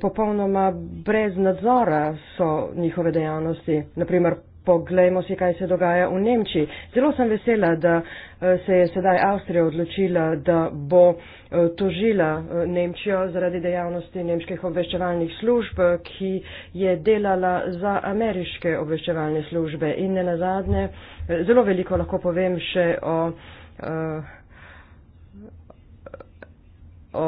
Popolnoma brez nadzora so njihove dejavnosti, naprimer Poglejmo si, kaj se dogaja v Nemčiji. Zelo sem vesela, da eh, se je sedaj Avstrija odločila, da bo eh, tožila eh, Nemčijo zaradi dejavnosti nemških obveščevalnih služb, ki je delala za ameriške obveščevalne službe. In ne nazadnje, zelo veliko lahko povem še o. O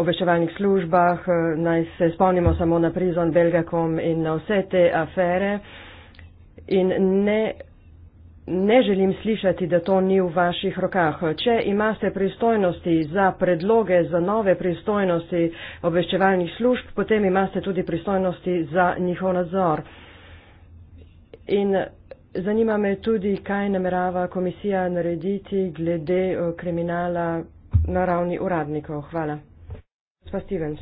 obveščevalnih službah, naj se spomnimo samo na prizon Belgakom in na vse te afere. Uh, in ne, ne želim slišati, da to ni v vaših rokah. Če imate pristojnosti za predloge za nove pristojnosti obveščevalnih služb, potem imate tudi pristojnosti za njihov nadzor. In zanima me tudi, kaj namerava komisija narediti glede eh, kriminala na ravni uradnikov. Hvala. Gospa Stevens.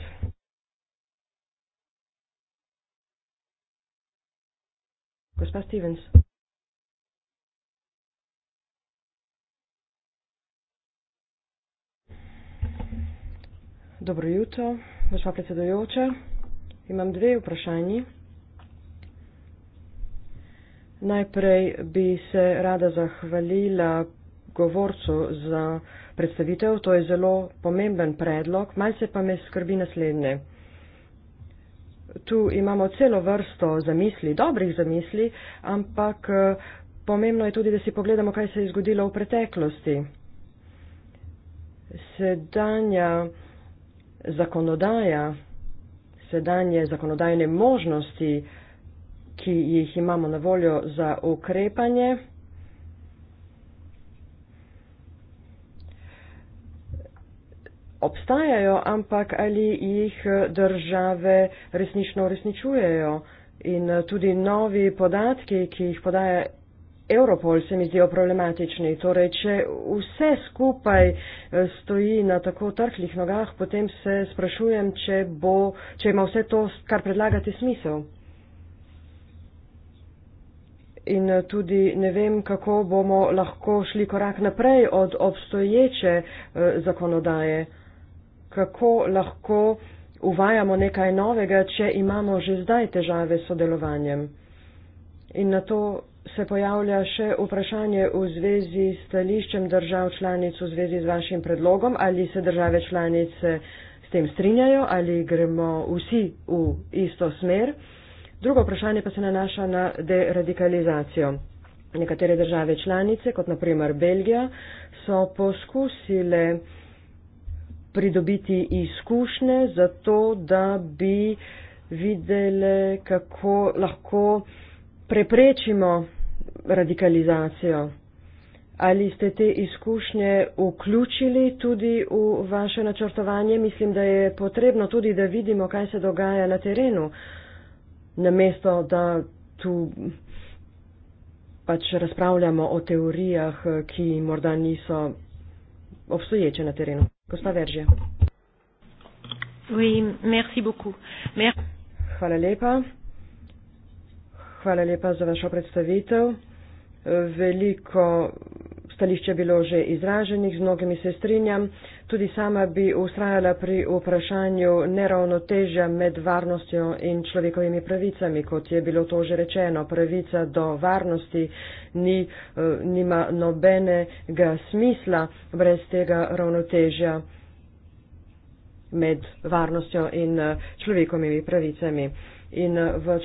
Gospa Stevens. Dobro jutro, gospa predsedujoča. Imam dve vprašanji. Najprej bi se rada zahvalila govorcu za predstavitev. To je zelo pomemben predlog. Malce pa me skrbi naslednje tu imamo celo vrsto zamisli, dobrih zamisli, ampak eh, pomembno je tudi, da si pogledamo, kaj se je zgodilo v preteklosti. Sedanja zakonodaja, sedanje zakonodajne možnosti, ki jih imamo na voljo za ukrepanje, obstajajo, ampak ali jih eh, države resnično uresničujejo. In eh, tudi novi podatki, ki jih podaja Europol, se mi zdijo problematični. Torej, če vse skupaj eh, stoji na tako trhlih nogah, potem se sprašujem, če, bo, če ima vse to, kar predlagate, smisel. In tudi ne vem, kako bomo lahko šli korak naprej od obstoječe zakonodaje kako lahko uvajamo nekaj novega, če imamo že zdaj težave s sodelovanjem. In na to se pojavlja še vprašanje v zvezi s stališčem držav članic v zvezi z vašim predlogom, ali se države članice s tem strinjajo, ali gremo vsi v isto smer. Drugo vprašanje pa se nanaša na deradikalizacijo. Nekatere države članice, kot naprimer Belgija, so poskusile pridobiti izkušnje, zato da bi videli, kako lahko preprečimo radikalizacijo. Ali ste te izkušnje vključili tudi v vaše načrtovanje? Mislim, da je potrebno tudi, da vidimo, kaj se dogaja na terenu, namesto da tu pač razpravljamo o teorijah, ki morda niso obstoječe na terenu. Gospa oui, merci beaucoup. Mer Hvala lepa. Hvala lepa za vašo predstavitev. Veliko stališče bilo že izraženih, z mnogimi se strinjam. Tudi sama bi ustrajala pri vprašanju neravnotežja med varnostjo in človekovimi pravicami, kot je bilo to že rečeno. Pravica do varnosti ni, eh, nima nobenega smisla brez tega ravnotežja med varnostjo in eh, človekovimi pravicami. In eh, v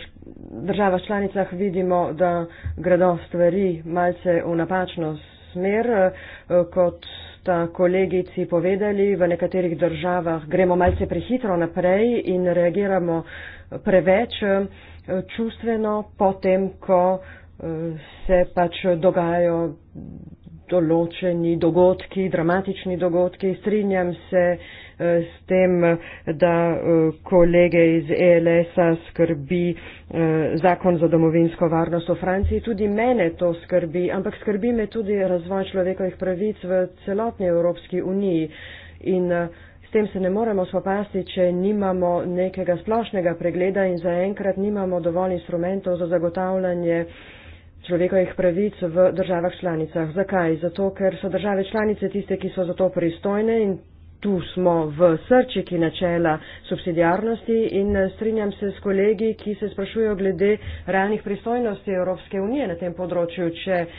državah članicah vidimo, da gredo stvari malce v napačnost smer, eh, kot sta kolegici povedali, v nekaterih državah gremo malce prehitro naprej in reagiramo preveč eh, čustveno, potem, ko eh, se pač dogajajo določeni dogodki, dramatični dogodki. Strinjam se, Eh, s tem, eh, da eh, kolege iz ELS-a skrbi zakon za domovinsko varnost v Franciji. Tudi mene to skrbi, ampak skrbi me tudi razvoj človekovih pravic v celotni Evropski uniji. In s tem se ne moremo spopasti, če nimamo nekega splošnega pregleda in zaenkrat nimamo dovolj instrumentov za zagotavljanje človekovih pravic v državah članicah. Zakaj? Zato, ker so države članice tiste, ki so za to pristojne in tu smo v srčiki načela subsidijarnosti in eh, strinjam se s kolegi, ki se sprašujejo glede realnih pristojnosti Evropske unije na tem področju, če eh,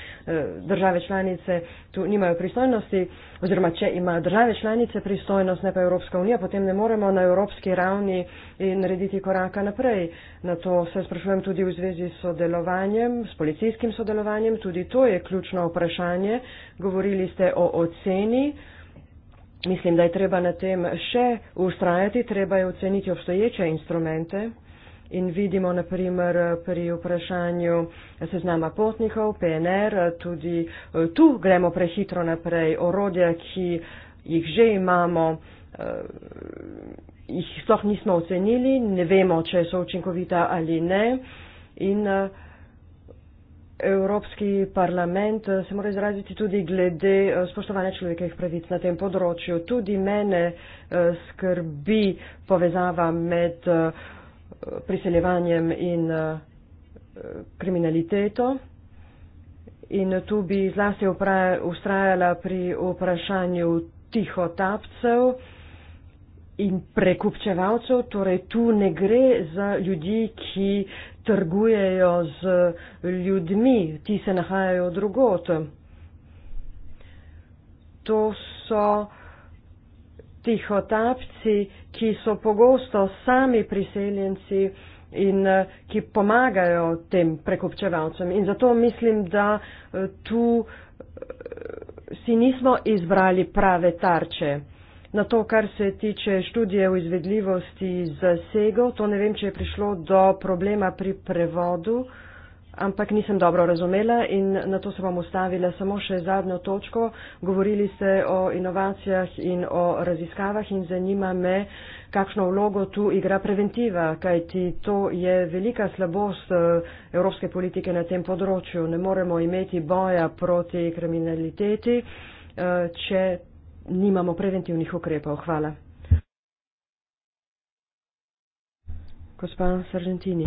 države članice tu nimajo pristojnosti oziroma če imajo države članice pristojnost, ne pa Evropska unija, potem ne moremo na evropski ravni eh, narediti koraka naprej. Na to se sprašujem tudi v zvezi s sodelovanjem, s policijskim sodelovanjem, tudi to je ključno vprašanje. Govorili ste o oceni. Mislim, da je treba na tem še ustrajati, treba je oceniti obstoječe instrumente in vidimo naprimer pri vprašanju seznama potnikov, PNR, tudi eh, tu gremo prehitro naprej, orodja, ki jih že imamo, eh, jih sploh nismo ocenili, ne vemo, če so učinkovita ali ne. In, uh, Evropski parlament eh, se mora izraziti tudi glede eh, spoštovanja človekovih pravic na tem področju. Tudi mene eh, skrbi povezava med priseljevanjem in kriminaliteto. In tu bi zlasti ustrajala pri vprašanju tihotapcev in prekupčevalcev. Torej, tu ne gre za ljudi, ki trgujejo z ljudmi, ti se nahajajo drugot. To so tihotapci, ki so pogosto sami priseljenci in eh, ki pomagajo tem prekupčevalcem. In zato mislim, da eh, tu eh, si nismo izbrali prave tarče na to, kar se tiče študije o izvedljivosti z segov. To ne vem, če je prišlo do problema pri prevodu, ampak nisem dobro razumela in na to se bom ustavila samo še zadnjo točko. Govorili ste o inovacijah in o raziskavah in zanima me, kakšno vlogo tu igra preventiva, kajti to je velika slabost eh, evropske politike na tem področju. Ne moremo imeti boja proti kriminaliteti, eh, če nimamo preventivnih ukrepov. Hvala. Gospa Sargentini.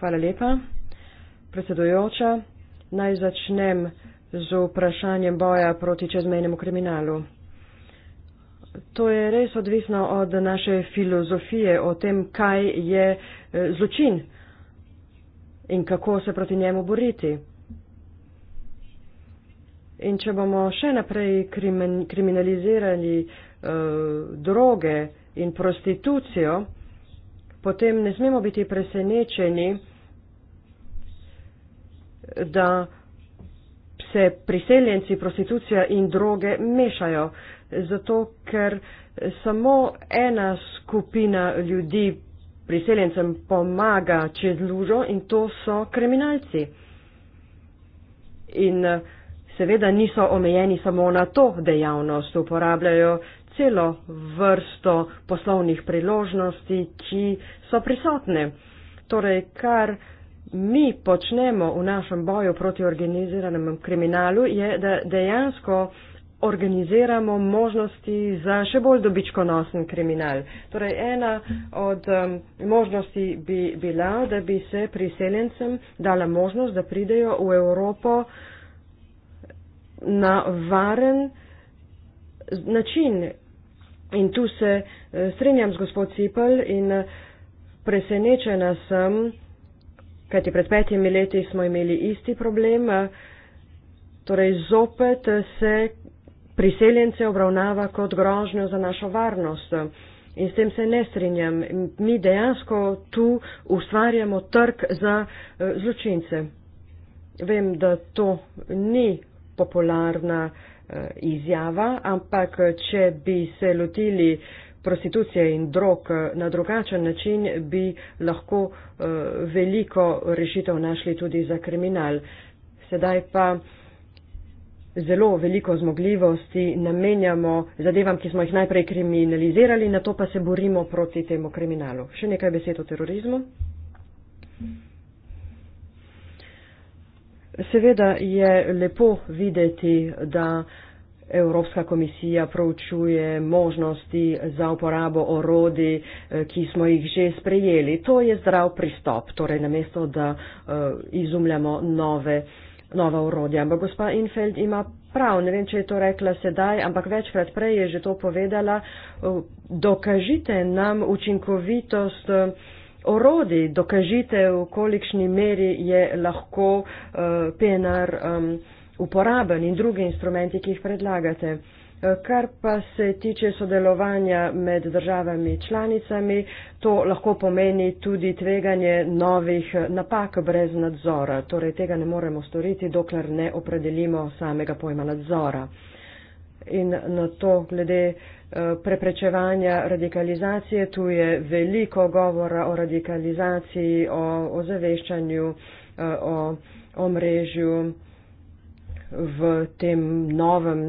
Hvala lepa. Predsedujoča, naj začnem z vprašanjem boja proti čezmejnemu kriminalu. To je res odvisno od naše filozofije o tem, kaj je eh, zločin in kako se proti njemu boriti. In če bomo še naprej krimen, kriminalizirali uh, droge in prostitucijo, potem ne smemo biti presenečeni, da se priseljenci, prostitucija in droge mešajo. Zato, ker samo ena skupina ljudi priseljencem pomaga čez lužo in to so kriminalci. In uh, seveda niso omejeni samo na to dejavnost, uporabljajo celo vrsto poslovnih priložnosti, ki so prisotne. Torej, kar mi počnemo v našem boju proti organiziranemu kriminalu, je, da dejansko organiziramo možnosti za še bolj dobičkonosen kriminal. Torej, ena od um, možnosti bi bila, da bi se priseljencem dala možnost, da pridejo v Evropo uh, na varen način. In tu se eh, strinjam z gospod Cipel in eh, presenečena sem, kajti pred petimi leti smo imeli isti problem, eh, torej zopet se priseljence obravnava kot grožnjo za našo varnost. In s tem se ne strinjam. Mi dejansko tu ustvarjamo trg za zločince. Vem, da to ni popularna eh, izjava, ampak eh, če bi se lotili prostitucije in drog eh, na drugačen način, bi lahko veliko rešitev našli tudi za kriminal. Sedaj pa zelo veliko zmogljivosti namenjamo zadevam, ki smo jih najprej kriminalizirali, na to pa se borimo proti temu kriminalu. Še nekaj besed o terorizmu. Hmm. Seveda je lepo videti, da Evropska komisija proučuje možnosti za uporabo orodi, eh, ki smo jih že sprejeli. To je zdrav pristop, torej namesto, da eh, izumljamo nove, nova orodja. Ampak gospa Infeld ima prav, ne vem, če je to rekla sedaj, ampak večkrat prej je že to povedala, eh, dokažite nam učinkovitost orodi, dokažite, v kolikšni meri je lahko uh, eh, PNR um, uporaben in druge instrumenti, ki jih predlagate. Eh, kar pa se tiče sodelovanja med državami članicami, to lahko pomeni tudi tveganje novih eh, napak brez nadzora. Torej, tega ne moremo storiti, dokler ne opredelimo samega pojma nadzora. In na to glede uh, Eh, preprečevanja radikalizacije. Tu je veliko govora o radikalizaciji, o ozaveščanju, eh, o, o mrežju v tem novem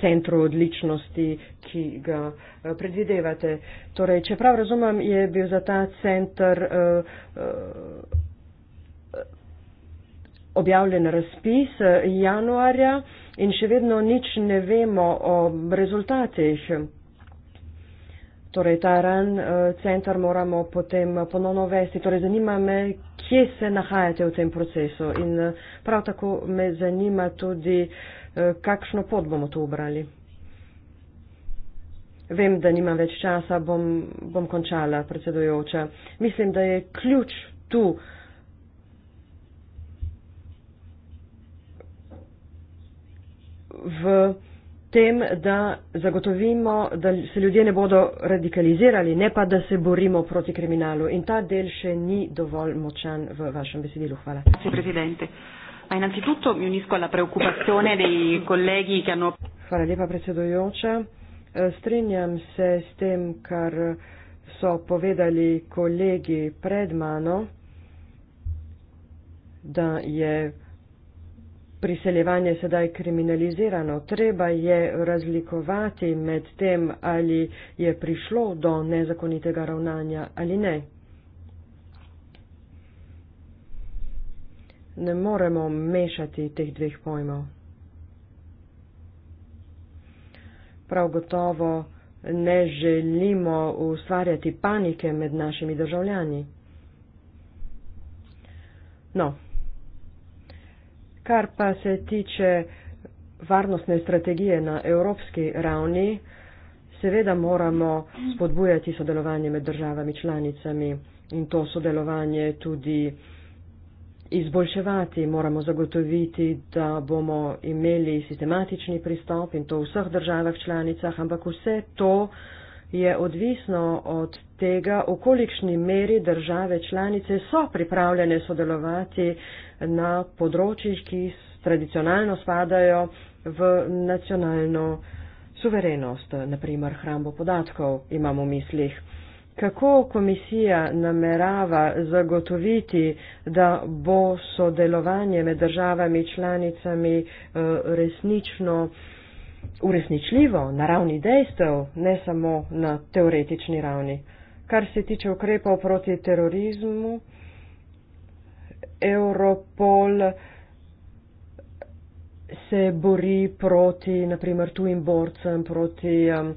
centru odličnosti, ki ga eh, predvidevate. Torej, če prav razumem, je bil za ta centr. Uh, uh, objavljen razpis eh, januarja in še vedno nič ne vemo o rezultatih. Torej, ta ran eh, centar moramo potem ponovno vesti. Torej, zanima me, kje se nahajate v tem procesu in eh, prav tako me zanima tudi, kakšno pot bomo tu ubrali. Vem, da nimam več časa, bom, bom končala, predsedujoča. Mislim, da je ključ tu uh, v tem, da zagotovimo, da se ljudje ne bodo radikalizirali, ne pa, da se borimo proti kriminalu. In ta del še ni dovolj močan v vašem besedilu. Hvala. Ma innanzitutto mi unisco alla preoccupazione dei colleghi che hanno. Hvala lepa, predsedujoča. Eh, strinjam se s tem, kar so povedali kolegi pred mano, da je Priseljevanje je sedaj kriminalizirano, treba je razlikovati med tem, ali je prišlo do nezakonitega ravnanja ali ne. Ne moremo mešati teh dveh pojmov. Prav gotovo ne želimo ustvarjati panike med našimi državljani. No, Kar pa se tiče varnostne strategije na evropski ravni, seveda moramo spodbujati sodelovanje med državami članicami in to sodelovanje tudi izboljševati. Moramo zagotoviti, da bomo imeli sistematični pristop in to v vseh državah članicah, ampak vse to je odvisno od tega, v kolikšni meri države članice so pripravljene sodelovati na področjih, ki tradicionalno spadajo v nacionalno suverenost, naprimer hrambo podatkov imamo v mislih. Kako komisija namerava zagotoviti, da bo sodelovanje med državami članicami eh, resnično uresničljivo na ravni dejstev, ne samo na teoretični ravni. Kar se tiče ukrepov proti terorizmu, Europol se bori proti, naprimer, tujim borcem, proti um,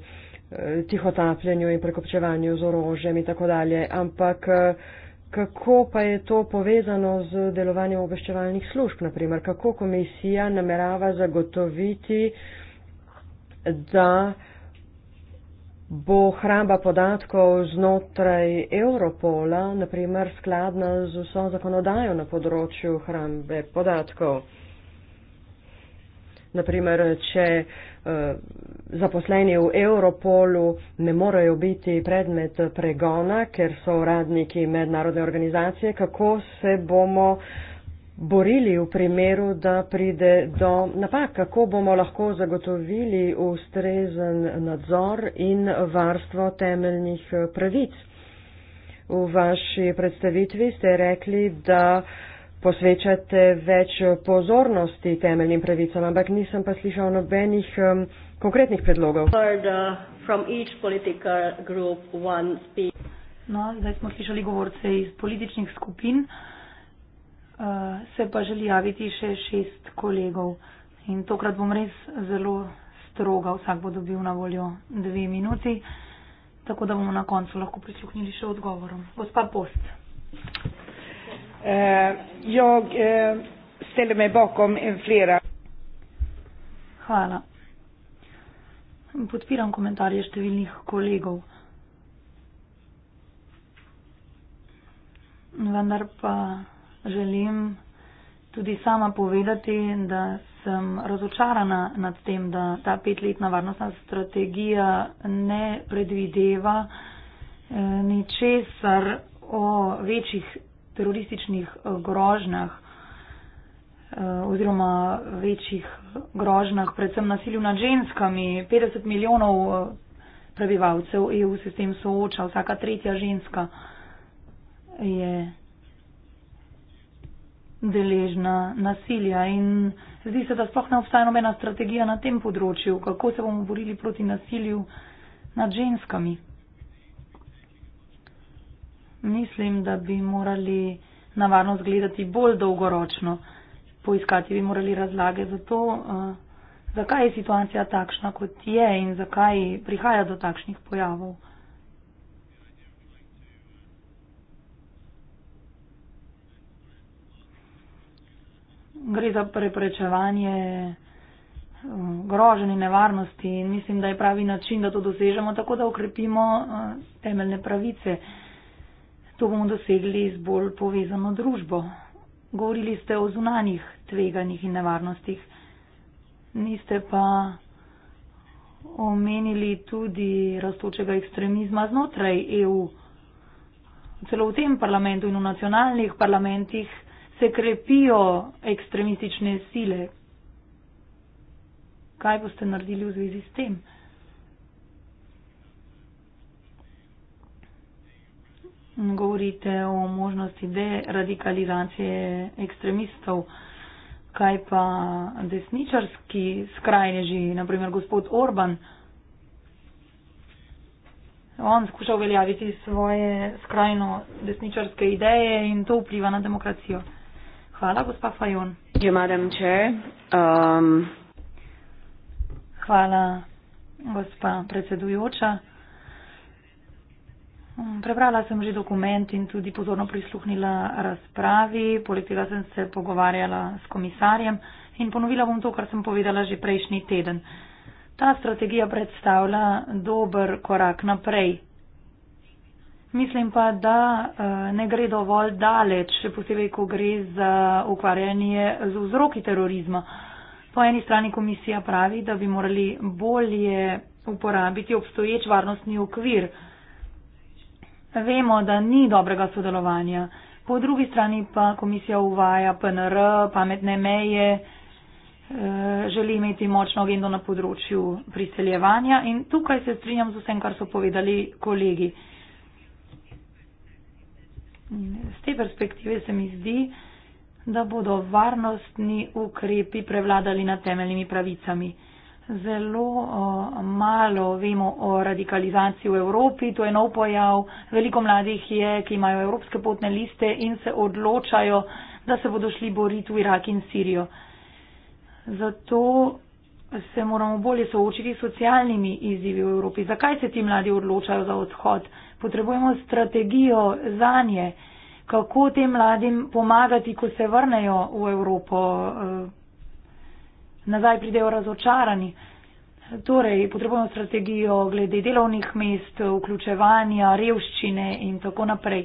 tihotapljenju in prekopčevanju z orožjem in tako dalje. Ampak uh, kako pa je to povezano z delovanjem obveščevalnih služb, naprimer, kako komisija namerava zagotoviti, da bo hramba podatkov znotraj Europola, naprimer, skladna z vso zakonodajo na področju hrambe podatkov. Naprimer, če eh, zaposleni v Europolu ne morejo biti predmet pregona, ker so uradniki mednarodne organizacije, kako se bomo uh, borili v primeru, da pride do napak? Kako bomo lahko zagotovili ustrezen nadzor in varstvo temeljnih pravic? V vaši predstavitvi ste rekli, da posvečate več pozornosti temeljnim pravicam, ampak nisem pa slišal nobenih um, konkretnih predlogov. Uh, no, zdaj smo slišali govorce iz političnih skupin. Uh, Eh, se pa želi javiti še šest kolegov. In tokrat bom res zelo stroga, vsak bo dobil na voljo dve minuti, tako da bomo na koncu lahko prisluhnili še odgovorom. Gospa Post. Uh, eh, jag uh, eh, ställer mig bakom en flera. Hvala. Podpiram komentarje številnih kolegov. Vendar pa želim tudi sama povedati, da sem razočarana nad tem, da ta petletna varnostna strategija ne predvideva eh, ničesar o večjih terorističnih eh, grožnjah eh, oziroma večjih grožnjah, predvsem nasilju nad ženskami. 50 milijonov prebivalcev EU se s tem sooča, vsaka tretja ženska je deležna nasilja in zdi se, da sploh ne obstaja nobena strategija na tem področju, kako se bomo borili proti nasilju nad ženskami. Mislim, da bi morali na varnost gledati bolj dolgoročno, poiskati bi morali razlage za to, eh, zakaj je situacija takšna, kot je in zakaj prihaja do takšnih pojavov. gre za preprečevanje um, groženi nevarnosti in mislim, da je pravi način, da to dosežemo tako, da ukrepimo uh, temeljne pravice. To bomo dosegli z bolj povezano družbo. Govorili ste o zunanjih tveganjih in nevarnostih, niste pa omenili tudi rastočega ekstremizma znotraj EU. Celo v tem parlamentu in v nacionalnih parlamentih se krepijo ekstremistične sile. Kaj boste naredili v zvezi s tem? Govorite o možnosti deradikalizacije ekstremistov, kaj pa desničarski skrajneži, naprimer gospod Orban. On skuša uveljaviti svoje skrajno desničarske ideje in to vpliva na demokracijo. Hvala, gospa Fajon. Je, madam, če. Um... Hvala, gospa predsedujoča. Mm, prebrala sem že dokument in tudi pozorno prisluhnila razpravi. Poleg tega sem se pogovarjala s komisarjem in ponovila bom to, kar sem povedala že prejšnji teden. Ta strategija predstavlja dober korak naprej. Mislim pa, da eh, ne gre dovolj daleč, še posebej, ko gre za ukvarjanje z vzroki terorizma. Po eni strani komisija pravi, da bi morali bolje uporabiti obstoječ varnostni okvir. Vemo, da ni dobrega sodelovanja. Po drugi strani pa komisija uvaja PNR, pametne meje, eh, želi imeti močno agendo na področju priseljevanja in tukaj se strinjam z vsem, kar so povedali kolegi. In z te perspektive se mi zdi, da bodo varnostni ukrepi prevladali nad temeljnimi pravicami. Zelo o, malo vemo o radikalizaciji v Evropi, to je nov pojav. Veliko mladih je, ki imajo evropske potne liste in se odločajo, da se bodo šli boriti v Irak in Sirijo. Zato se moramo bolje soočiti s socialnimi izzivi v Evropi. Zakaj se ti mladi odločajo za odhod? potrebujemo strategijo za nje, kako tem mladim pomagati, ko se vrnejo v Evropo, eh, nazaj pridejo razočarani. Torej, potrebujemo strategijo glede delovnih mest, vključevanja, revščine in tako naprej.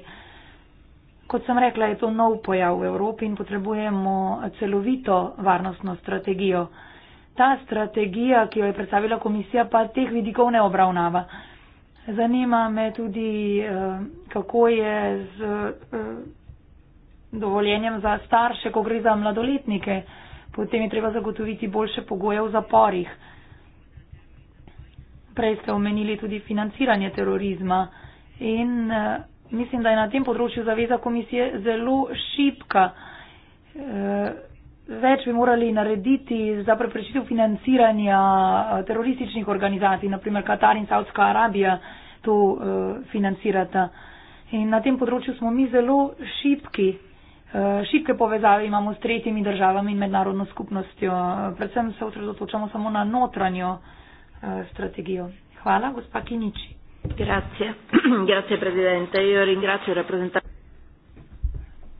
Kot sem rekla, je to nov pojav v Evropi in potrebujemo celovito varnostno strategijo. Ta strategija, ki jo je predstavila komisija, pa teh vidikov ne obravnava. Zanima me tudi, eh, kako je z eh, dovoljenjem za starše, ko gre za mladoletnike. Potem je treba zagotoviti boljše pogoje v zaporih. Prej ste omenili tudi financiranje terorizma in eh, mislim, da je na tem področju zaveza komisije zelo šipka. Več bi morali narediti za preprečitev financiranja eh, terorističnih organizacij, naprimer Katar in Saudska Arabija to uh, financirata. In na tem področju smo mi zelo šipki. Uh, eh, šipke povezave imamo s tretjimi državami in mednarodno skupnostjo. Predvsem se osredotočamo samo na notranjo uh, strategijo. Hvala, gospa Kiniči. Grazie. Grazie, predsednica.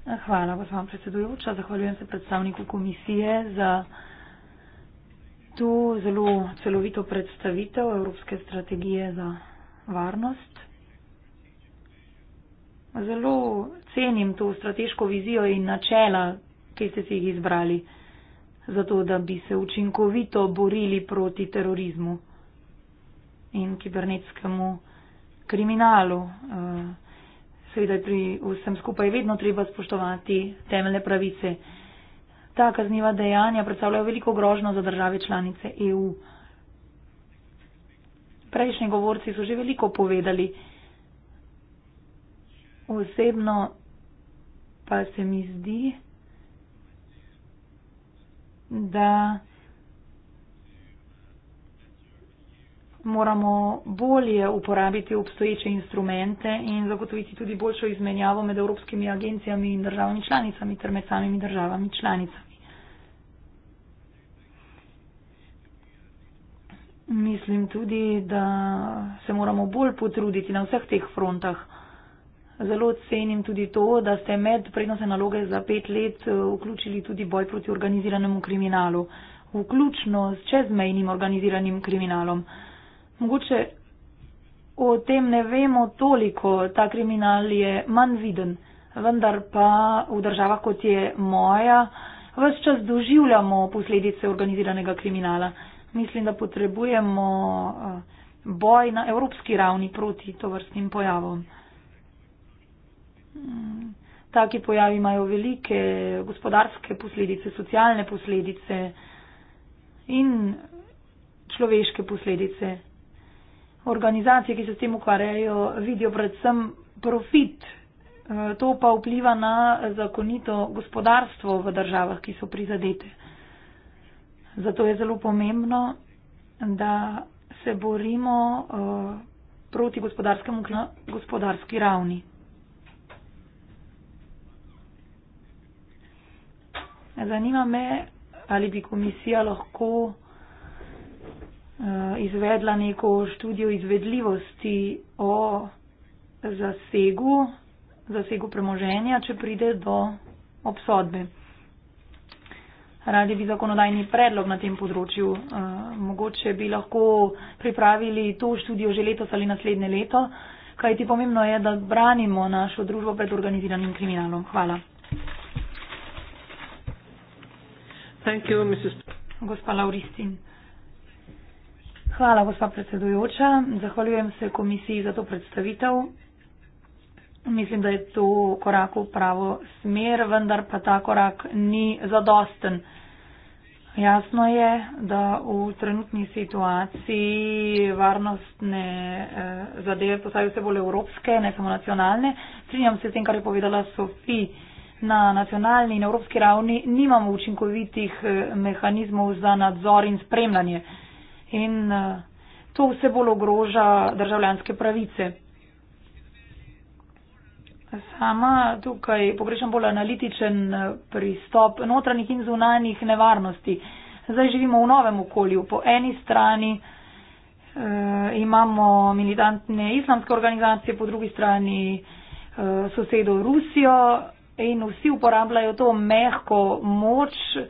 Hvala, gospod predsedujoča. Zahvaljujem se predstavniku komisije za to zelo celovito predstavitev Evropske strategije za varnost. Zelo cenim to strateško vizijo in načela, ki ste si jih izbrali, zato da bi se učinkovito borili proti terorizmu in kibernetskemu kriminalu. Uh, seveda je pri vsem skupaj vedno treba spoštovati temeljne pravice. Ta kazniva dejanja predstavljajo veliko grožno za države članice EU. Prejšnji govorci so že veliko povedali. Osebno pa se mi zdi, da moramo bolje uporabiti obstoječe instrumente in zagotoviti tudi boljšo izmenjavo med evropskimi agencijami in državami članicami ter med samimi državami članicami. Mislim tudi, da se moramo bolj potruditi na vseh teh frontah. Zelo cenim tudi to, da ste med prednostne naloge za pet let eh, vključili tudi boj proti organiziranemu kriminalu, vključno s čezmejnim organiziranim kriminalom mogoče o tem ne vemo toliko, ta kriminal je manj viden, vendar pa v državah, kot je moja, vse čas doživljamo posledice organiziranega kriminala. Mislim, da potrebujemo eh, boj na evropski ravni proti tovrstnim pojavom. Mm, taki pojavi imajo velike gospodarske posledice, socialne posledice in človeške posledice organizacije, ki se s tem ukvarjajo, vidijo predvsem profit. Eh, to pa vpliva na zakonito gospodarstvo v državah, ki so prizadete. Zato je zelo pomembno, da se borimo eh, proti gospodarskemu na gospodarski ravni. Zanima me, ali bi komisija lahko Eh, izvedla neko študijo izvedljivosti o zasegu, zasegu premoženja, če pride do obsodbe. Radi bi zakonodajni predlog na tem področju. Eh, mogoče bi lahko pripravili to študijo že letos ali naslednje leto, kaj ti pomembno je, da branimo našo družbo pred organiziranim kriminalom. Hvala. Gospa Lauristin. Hvala, gospa predsedujoča. Zahvaljujem se komisiji za to predstavitev. Mislim, da je to korak v pravo smer, vendar pa ta korak ni zadosten. Jasno je, da v trenutni situaciji varnostne eh, zadeve postajajo vse bolj evropske, ne samo nacionalne. Strinjam se s tem, kar je povedala Sofi. Na nacionalni in evropski ravni nimamo učinkovitih eh, mehanizmov za nadzor in spremljanje in eh, to vse bolj ogroža državljanske pravice. Sama tukaj pogrešam bolj analitičen eh, pristop notranjih in zunanjih nevarnosti. Zdaj živimo v novem okolju. Po eni strani eh, imamo militantne islamske organizacije, po drugi strani eh, sosedo Rusijo in vsi uporabljajo to mehko moč eh,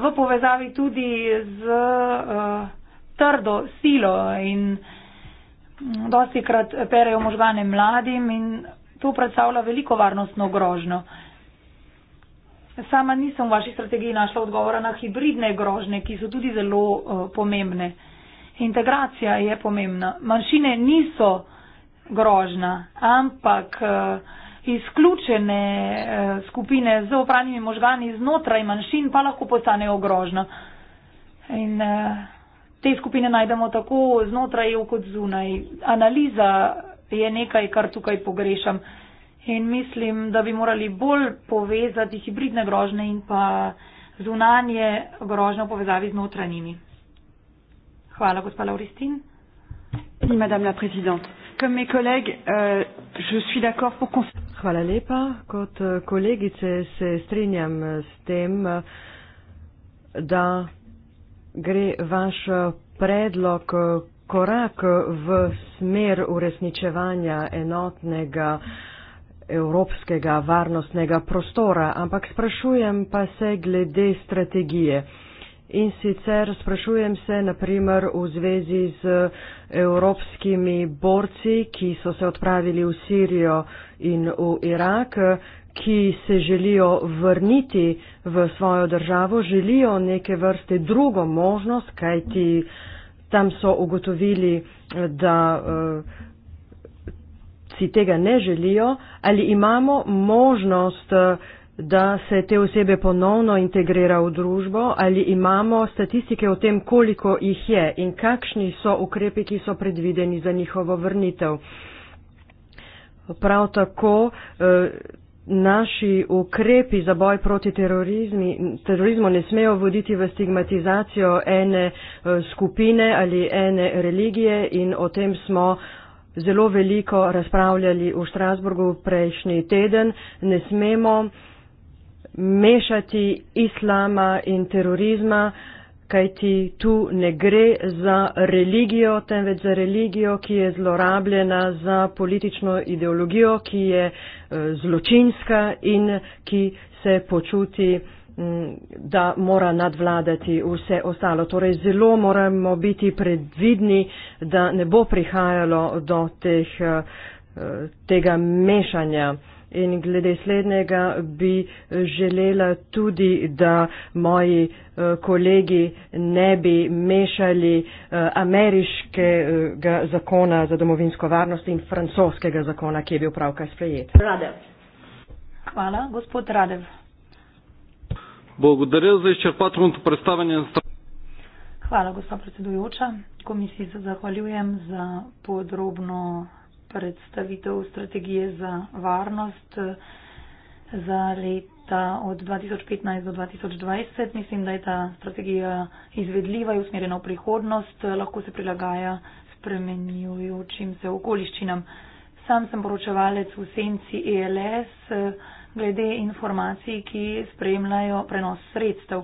v povezavi tudi z. Eh, trdo silo in dosti krat perejo možgane mladim in to predstavlja veliko varnostno grožno. Sama nisem v vaši strategiji našla odgovora na hibridne grožne, ki so tudi zelo uh, pomembne. Integracija je pomembna. Manjšine niso grožna, ampak uh, izključene uh, skupine z opranimi možgani znotraj manjšin pa lahko postanejo grožna. In, uh, te skupine najdemo tako znotraj EU kot zunaj. Analiza je nekaj, kar tukaj pogrešam. In mislim, da bi morali bolj povezati hibridne grožne in pa zunanje grožne v povezavi z notranjimi. Hvala, gospa Lauristin. Oui, madame la présidente. Comme mes collègues, euh, je suis d'accord pour qu'on. Hvala lepa. Kot euh, kolegice se strinjam s tem, da gre vaš eh, predlog eh, korak eh, v smer uresničevanja enotnega evropskega varnostnega prostora, ampak sprašujem pa se glede strategije. In sicer sprašujem se naprimer v zvezi z evropskimi borci, ki so se odpravili v Sirijo in v Irak, ki se želijo vrniti v svojo državo, želijo neke vrste drugo možnost, kajti tam so ugotovili, da eh, si tega ne želijo, ali imamo možnost, eh, da se te osebe ponovno integrira v družbo, ali imamo statistike o tem, koliko jih je in kakšni so ukrepi, ki so predvideni za njihovo vrnitev. Prav tako eh, naši ukrepi za boj proti terorizmu ne smejo voditi v stigmatizacijo ene eh, skupine ali ene religije in o tem smo zelo veliko razpravljali v Strasburgu prejšnji teden. Ne smemo mešati islama in terorizma, kajti tu ne gre za religijo, temveč za religijo, ki je zlorabljena za politično ideologijo, ki je eh, zločinska in ki se počuti, mm, da mora nadvladati vse ostalo. Torej zelo moramo biti predvidni, da ne bo prihajalo do teh, eh, tega mešanja. In glede slednjega bi želela tudi, da moji eh, kolegi ne bi mešali eh, ameriškega zakona za domovinsko varnost in francoskega zakona, ki je bil pravkar sprejet. Radev. Hvala, gospod Radev. Благодаря за изчерпателното представение на Хвала, госпожа председуюча. Комисии се захвалюем за подробно predstavitev strategije za varnost eh, za leta od 2015 do 2020. Mislim, da je ta strategija izvedljiva in usmerjena v prihodnost, eh, lahko se prilagaja spremenjujočim se okoliščinam. Sam sem poročevalec v senci ELS eh, glede informacij, ki spremljajo prenos sredstev.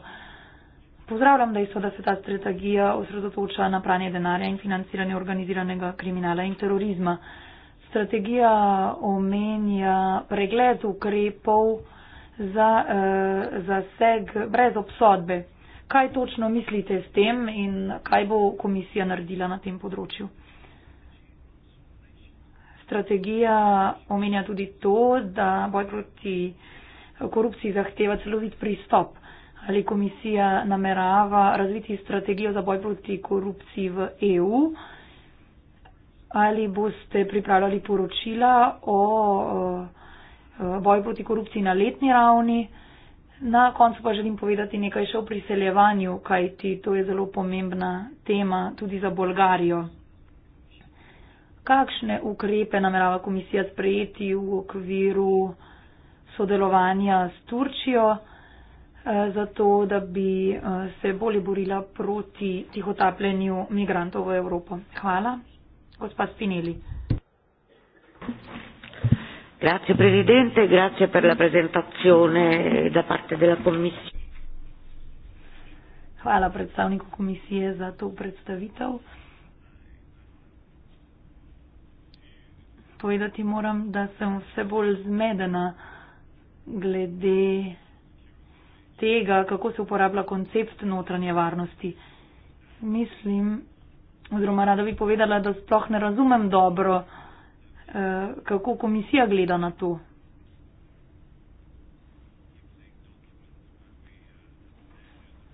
Pozdravljam dejstvo, da se ta strategija osredotoča na pranje denarja in financiranje organiziranega kriminala in terorizma. Strategija omenja pregled ukrepov za eh, zaseg brez obsodbe. Kaj točno mislite s tem in kaj bo komisija naredila na tem področju? Strategija omenja tudi to, da boj proti korupciji zahteva celovit pristop. Ali komisija namerava razviti strategijo za boj proti korupciji v EU? ali boste pripravljali poročila o boju proti korupciji na letni ravni. Na koncu pa želim povedati nekaj še o priseljevanju, kajti to je zelo pomembna tema tudi za Bolgarijo. Kakšne ukrepe namerava komisija sprejeti v okviru sodelovanja s Turčijo, eh, zato da bi eh, se bolje borila proti tihotapljenju migrantov v Evropo? Hvala. Gospa Spinelli. Grazie Presidente, grazie per la presentazione da parte della Commissione. Hvala predstavniku komisije za to predstavitev. Povedati moram, da sem vse bolj zmedena glede tega, kako se uporablja koncept notranje varnosti. Mislim, oziroma rada bi povedala, da sploh ne razumem dobro, eh, kako komisija gleda na to.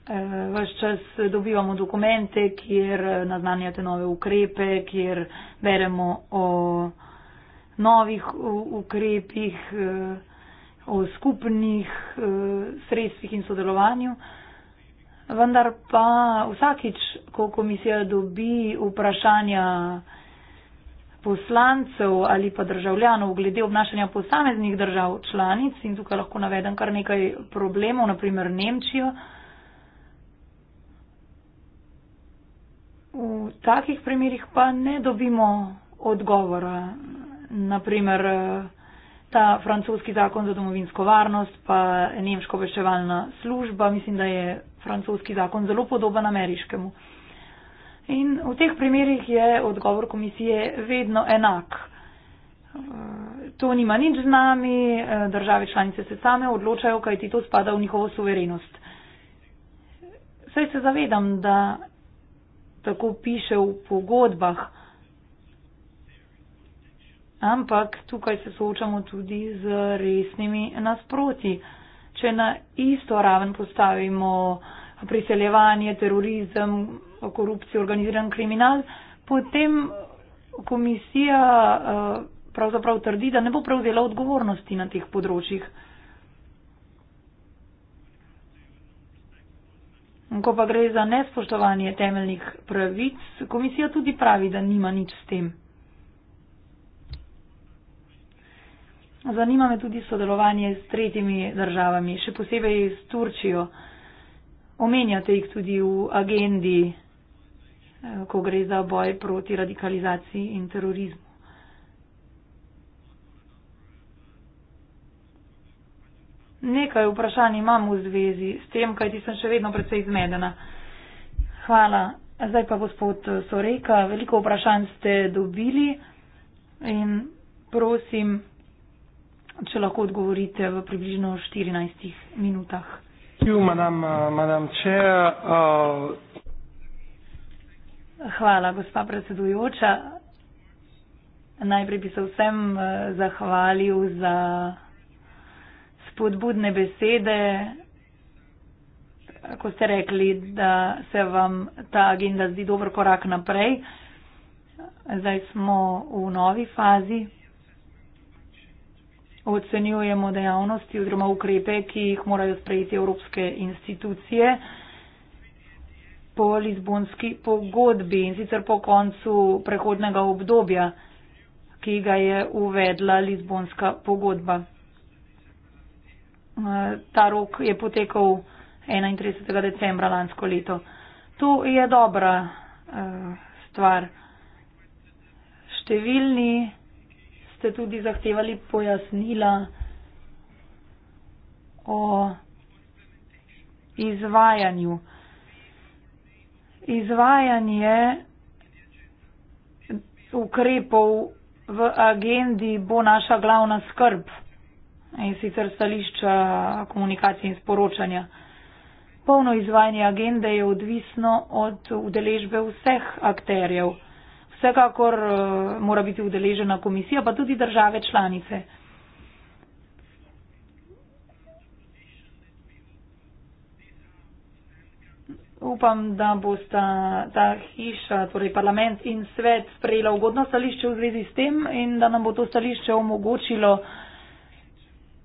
Eh, ves čas dobivamo dokumente, kjer naznanjate nove ukrepe, kjer beremo o novih ukrepih, eh, o skupnih sredstvih in sodelovanju vendar pa vsakič, ko komisija dobi vprašanja poslancev ali pa državljanov glede obnašanja posameznih držav članic in tukaj lahko navedem kar nekaj problemov, naprimer Nemčijo. V takih primerih pa ne dobimo odgovora. Naprimer ta francoski zakon za domovinsko varnost, pa nemško obveščevalna služba, mislim, da je francoski zakon zelo podoben ameriškemu. In v teh primerih je odgovor komisije vedno enak. Eh, to nima nič z nami, eh, države članice se same odločajo, kaj ti to spada v njihovo suverenost. Saj se zavedam, da tako piše v pogodbah, ampak tukaj se soočamo tudi z resnimi nasprotji če na isto raven postavimo priseljevanje, terorizem, korupcijo, organiziran kriminal, potem komisija eh, pravzaprav trdi, da ne bo prevzela odgovornosti na teh področjih. Ko pa gre za nespoštovanje temeljnih pravic, komisija tudi pravi, da nima nič s tem. Zanima me tudi sodelovanje s tretjimi državami, še posebej s Turčijo. Omenjate jih tudi v agendi, eh, ko gre za boj proti radikalizaciji in terorizmu. Nekaj vprašanj imam v zvezi s tem, kajti sem še vedno predvsej zmedena. Hvala. Zdaj pa gospod Soreka, veliko vprašanj ste dobili in prosim če lahko odgovorite v približno 14 minutah. Uh, uh, Hvala, gospa predsedujoča. Najprej bi se vsem uh, zahvalil za spodbudne besede. Ko ste rekli, da se vam ta agenda zdi dober korak naprej, zdaj smo v novi fazi ocenjujemo dejavnosti oziroma ukrepe, ki jih morajo sprejeti evropske institucije po Lizbonski pogodbi in sicer po koncu prehodnega obdobja, ki ga je uvedla Lizbonska pogodba. Eh, ta rok je potekal 31. decembra lansko leto. To je dobra eh, stvar. Številni ste tudi zahtevali pojasnila o izvajanju. Izvajanje ukrepov v agendi bo naša glavna skrb in sicer stališča komunikacije in sporočanja. Polno izvajanje agende je odvisno od udeležbe vseh akterjev vsekakor eh, mora biti udeležena komisija, pa tudi države članice. Upam, da bosta ta hiša, torej parlament in svet sprejela ugodno stališče v zvezi s tem in da nam bo to stališče omogočilo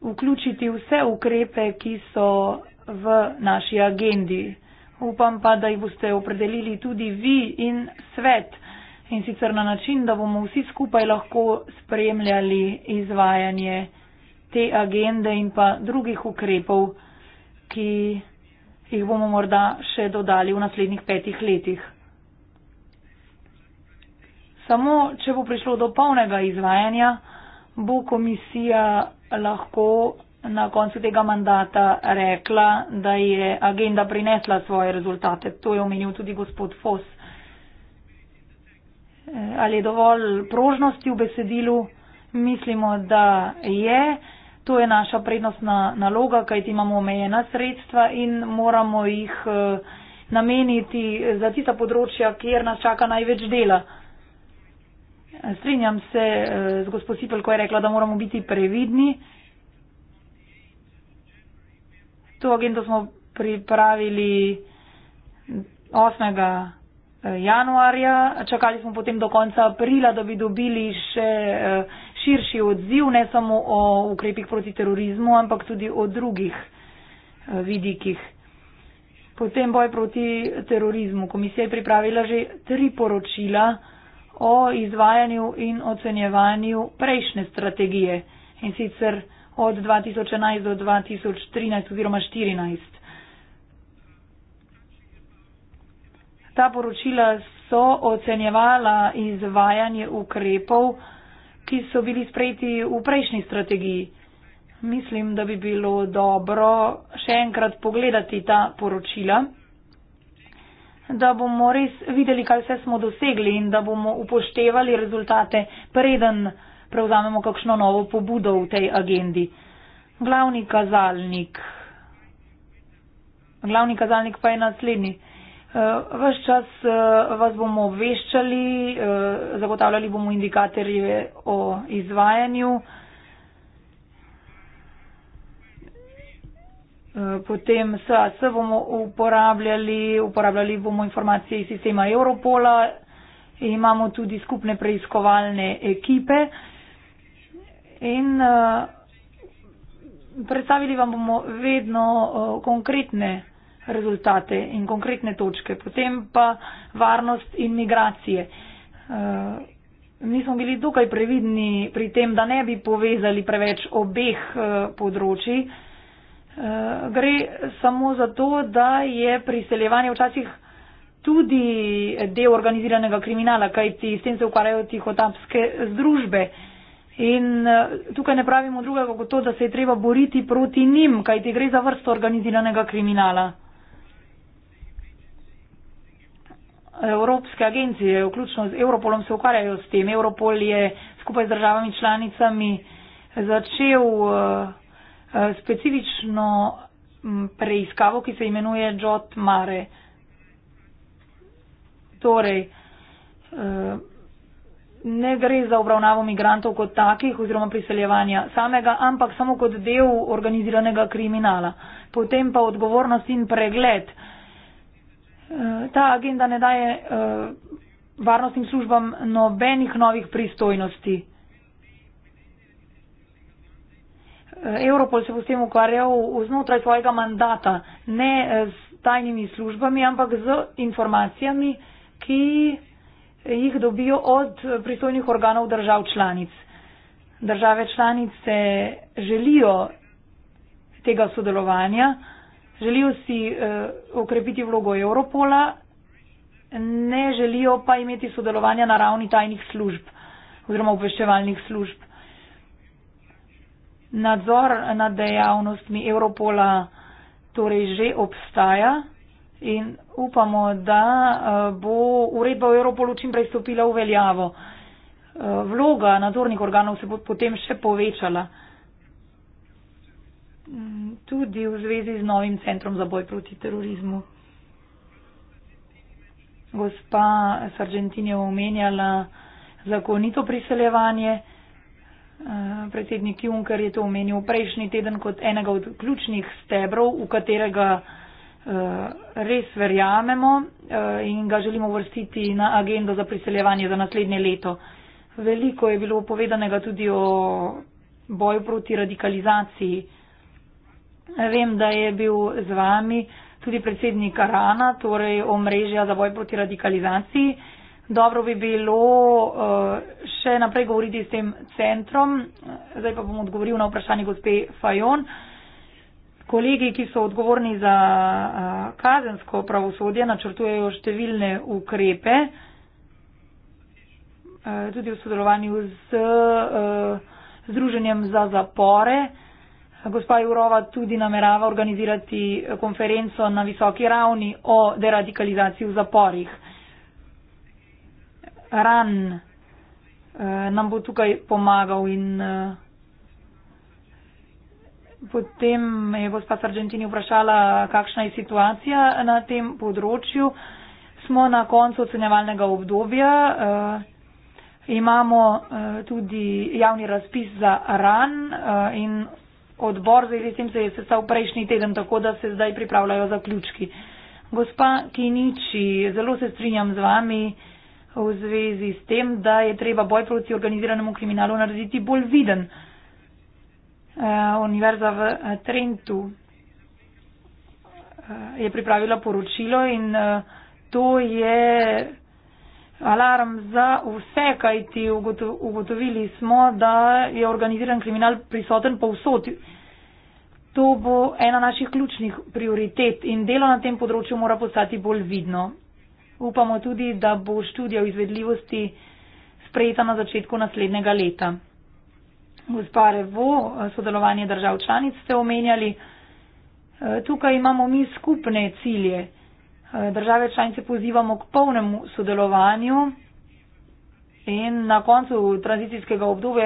vključiti vse ukrepe, ki so v naši agendi. Upam pa, da jih boste opredelili tudi vi in svet in sicer na način, da bomo vsi skupaj lahko spremljali izvajanje te agende in pa drugih ukrepov, ki jih bomo morda še dodali v naslednjih petih letih. Samo, če bo prišlo do polnega izvajanja, bo komisija lahko na koncu tega mandata rekla, da je agenda prinesla svoje rezultate. To je omenil tudi gospod Fos. Eh, ali je dovolj prožnosti v besedilu, mislimo, da je. To je naša prednostna naloga, kajti imamo omejena sredstva in moramo jih eh, nameniti za tista področja, kjer nas čaka največ dela. Strinjam se eh, z gospodsipel, ko je rekla, da moramo biti previdni. To agendo smo pripravili 8. Eh, januarja, čakali smo potem do konca aprila, da bi dobili še eh, širši odziv, ne samo o ukrepih proti terorizmu, ampak tudi o drugih eh, vidikih. Potem boj proti terorizmu. Komisija je pripravila že tri poročila o izvajanju in ocenjevanju prejšnje strategije in sicer od 2011 do 2013 oziroma 2014. Ta poročila so ocenjevala izvajanje ukrepov, ki so bili sprejeti v prejšnji strategiji. Mislim, da bi bilo dobro še enkrat pogledati ta poročila, da bomo res videli, kaj vse smo dosegli in da bomo upoštevali rezultate, preden prevzamemo kakšno novo pobudo v tej agendi. Glavni kazalnik. Glavni kazalnik pa je naslednji. Eh, ves čas eh, vas bomo obveščali, eh, zagotavljali bomo indikatorje o izvajanju. Potem SAS bomo uporabljali, uporabljali bomo informacije iz sistema Europola. Imamo tudi skupne preiskovalne ekipe in uh, predstavili vam bomo vedno uh, konkretne rezultate in konkretne točke, potem pa varnost in migracije. Eh, mi smo bili dokaj previdni pri tem, da ne bi povezali preveč obeh eh, področji. Eh, gre samo za to, da je priseljevanje včasih tudi del organiziranega kriminala, kajti s tem se ukvarjajo tihotapske združbe. In tukaj ne pravimo drugega kot to, da se je treba boriti proti njim, kajti gre za vrsto organiziranega kriminala. Evropske agencije, vključno z Europolom, se ukvarjajo s tem. Europol je skupaj z državami članicami začel eh, eh, specifično mm, preiskavo, ki se imenuje Jot Mare. Torej, eh, ne gre za obravnavo migrantov kot takih oziroma priseljevanja samega, ampak samo kot del organiziranega kriminala. Potem pa odgovornost in pregled ta agenda ne daje uh, varnostnim službam nobenih novih pristojnosti. Eh, Europol se bo s tem ukvarjal znotraj svojega mandata, ne eh, s tajnimi službami, ampak z informacijami, ki jih dobijo od pristojnih organov držav članic. Države članice želijo tega sodelovanja. Želijo si uh, eh, ukrepiti vlogo Europola, ne želijo pa imeti sodelovanja na ravni tajnih služb oziroma obveščevalnih služb. Nadzor nad dejavnostmi Europola torej že obstaja in upamo, da eh, bo uredba o Europolu čim prej stopila v veljavo. Eh, vloga nadzornih organov se bo potem še povečala. Mm, tudi v zvezi z novim centrom za boj proti terorizmu. Gospa Sargentin je omenjala zakonito priseljevanje. Eh, predsednik Juncker je to omenil prejšnji teden kot enega od ključnih stebrov, v katerega eh, res verjamemo eh, in ga želimo vrstiti na agendo za priseljevanje za naslednje leto. Veliko je bilo povedanega tudi o boju proti radikalizaciji. Vem, da je bil z vami tudi predsednik Arana, torej omrežja za boj proti radikalizaciji. Dobro bi bilo eh, še naprej govoriti s tem centrom. Zdaj pa bom odgovoril na vprašanje gospe Fajon. Kolegi, ki so odgovorni za eh, kazensko pravosodje, načrtujejo številne ukrepe, eh, tudi v sodelovanju z Združenjem za zapore gospa Jurova tudi namerava organizirati konferenco na visoki ravni o deradikalizaciji v zaporih. Ran eh, nam bo tukaj pomagal in eh, potem je gospa Sargentini vprašala, kakšna je situacija na tem področju. Smo na koncu ocenjevalnega obdobja. Eh, imamo tudi javni razpis za RAN in odbor za jesen se je sestal prejšnji teden, tako da se zdaj pripravljajo zaključki. Gospa Kiniči, zelo se strinjam z vami v zvezi s tem, da je treba boj proti organiziranemu kriminalu narediti bolj viden. Eh, univerza v eh, Trentu eh, je pripravila poročilo in to je alarm za vse, kaj ti ugotovili smo, da je organiziran kriminal prisoten pa vsot. To bo ena naših ključnih prioritet in delo na tem področju mora postati bolj vidno. Upamo tudi, da bo študija o izvedljivosti sprejeta na začetku naslednjega leta. Gospa Revo, sodelovanje držav članic ste omenjali. E, tukaj imamo mi skupne cilje. Eh, države članice pozivamo k polnemu sodelovanju in na koncu tranzicijskega obdobja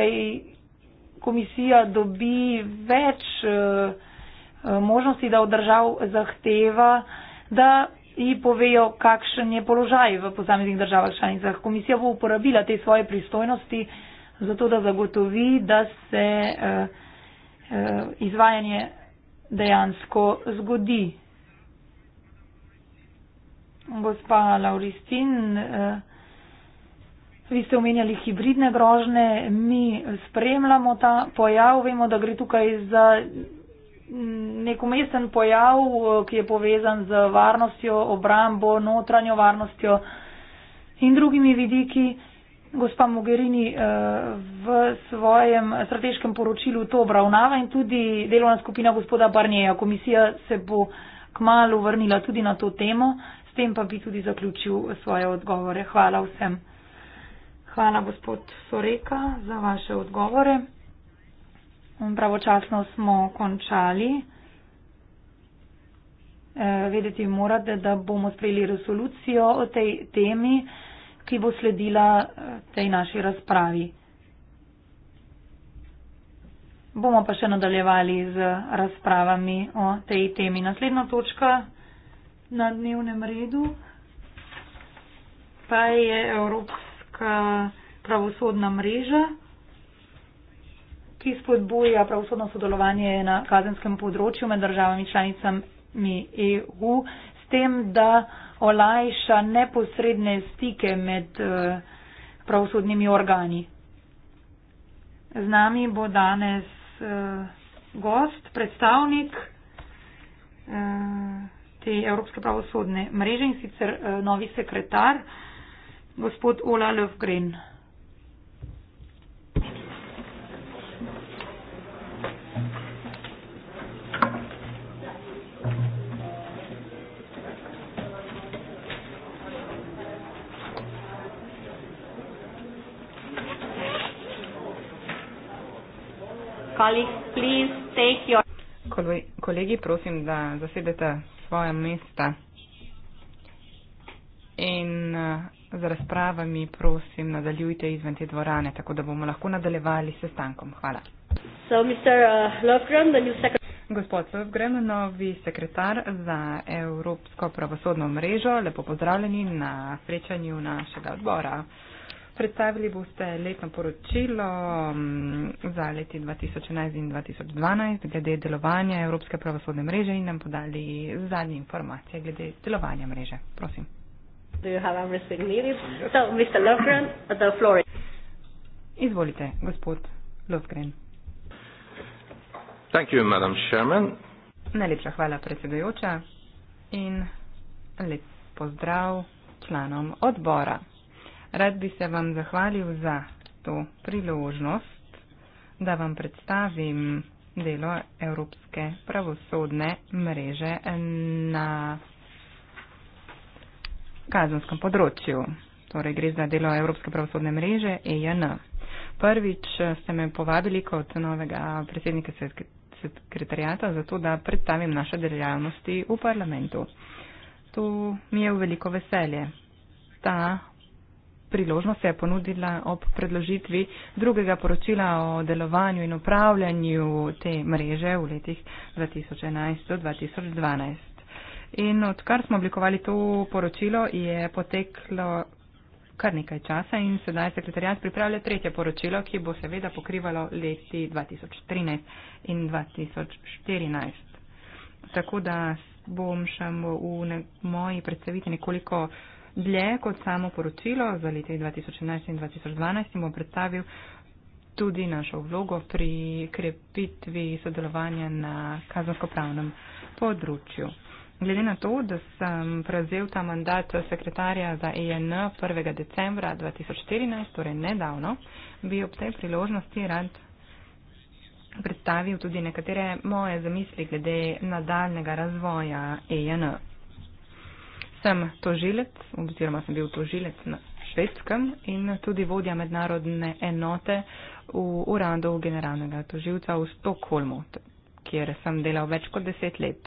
komisija dobi več eh, možnosti, da od držav zahteva, da ji povejo, kakšen je položaj v posameznih državah članicah. Komisija bo uporabila te svoje pristojnosti zato, da zagotovi, da se eh, izvajanje dejansko zgodi. Gospa Lauristin, eh, vi ste omenjali hibridne grožne, mi spremljamo ta pojav, vemo, da gre tukaj za mm, nekomesten pojav, eh, ki je povezan z varnostjo, obrambo, notranjo varnostjo in drugimi vidiki. Gospa Mogherini eh, v svojem strateškem poročilu to obravnava in tudi delovna skupina gospoda Barnjeja. Komisija se bo kmalo vrnila tudi na to temo. S tem pa bi tudi zaključil svoje odgovore. Hvala vsem. Hvala, gospod Soreka, za vaše odgovore. Pravočasno smo končali. Eh, vedeti morate, da bomo sprejeli resolucijo o tej temi, ki bo sledila eh, tej naši razpravi. Bomo pa še nadaljevali z razpravami o tej temi. Naslednja točka na dnevnem redu pa je Evropska pravosodna mreža, ki spodbuja pravosodno sodelovanje na kazenskem področju med državami članicami EU s tem, da olajša neposredne stike med eh, pravosodnimi organi. Z nami bo danes uh, gost, predstavnik uh, te Evropske pravosodne mreže in sicer eh, novi sekretar, gospod Ola Löfgren. Kolegi, prosim, da zasedete svoja mesta in eh, z razpravami prosim nadaljujte izven te dvorane, tako da bomo lahko nadaljevali s stankom. Hvala. So, Mr. Eh, Lofgren, the new secretary. Gospod Lofgren, novi sekretar za Evropsko pravosodno mrežo, lepo pozdravljeni na srečanju našega odbora. Predstavili boste letno poročilo mm, za leti 2011 in 2012 glede delovanja Evropske pravosodne mreže in nam podali zadnje informacije glede delovanja mreže. Prosim. Izvolite, gospod Lofgren. Thank you, Madam Chairman. Najlepša hvala, predsedujoča, in lep pozdrav članom odbora. Rad bi se vam zahvalil za to priložnost, da vam predstavim delo Evropske pravosodne mreže na kazenskem področju. Torej gre za delo Evropske pravosodne mreže EJN. Prvič ste me povabili kot novega predsednika sekretarijata za to, da predstavim naše dejavnosti v parlamentu. To mi je v veliko veselje. Ta priložnost se je ponudila ob predložitvi drugega poročila o delovanju in upravljanju te mreže v letih 2011 do 2012. In odkar smo oblikovali to poročilo, je poteklo kar nekaj časa in sedaj sekretarjat pripravlja tretje poročilo, ki bo seveda pokrivalo leti 2013 in 2014. Tako da bom še v moji predstavitvi nekoliko uh, dlje kot samo poročilo za leti 2011 in 2012 in bo predstavil tudi našo vlogo pri krepitvi sodelovanja na kazansko-pravnem področju. Glede na to, da sem prevzel ta mandat sekretarja za EN 1. decembra 2014, torej nedavno, bi ob tej priložnosti rad predstavil tudi nekatere moje zamisli glede nadaljnega razvoja EN sem tožilec oziroma sem bil tožilec na švedskem in tudi vodja mednarodne enote v uradu generalnega tožilca v Stokholmu, kjer sem delal več kot deset let.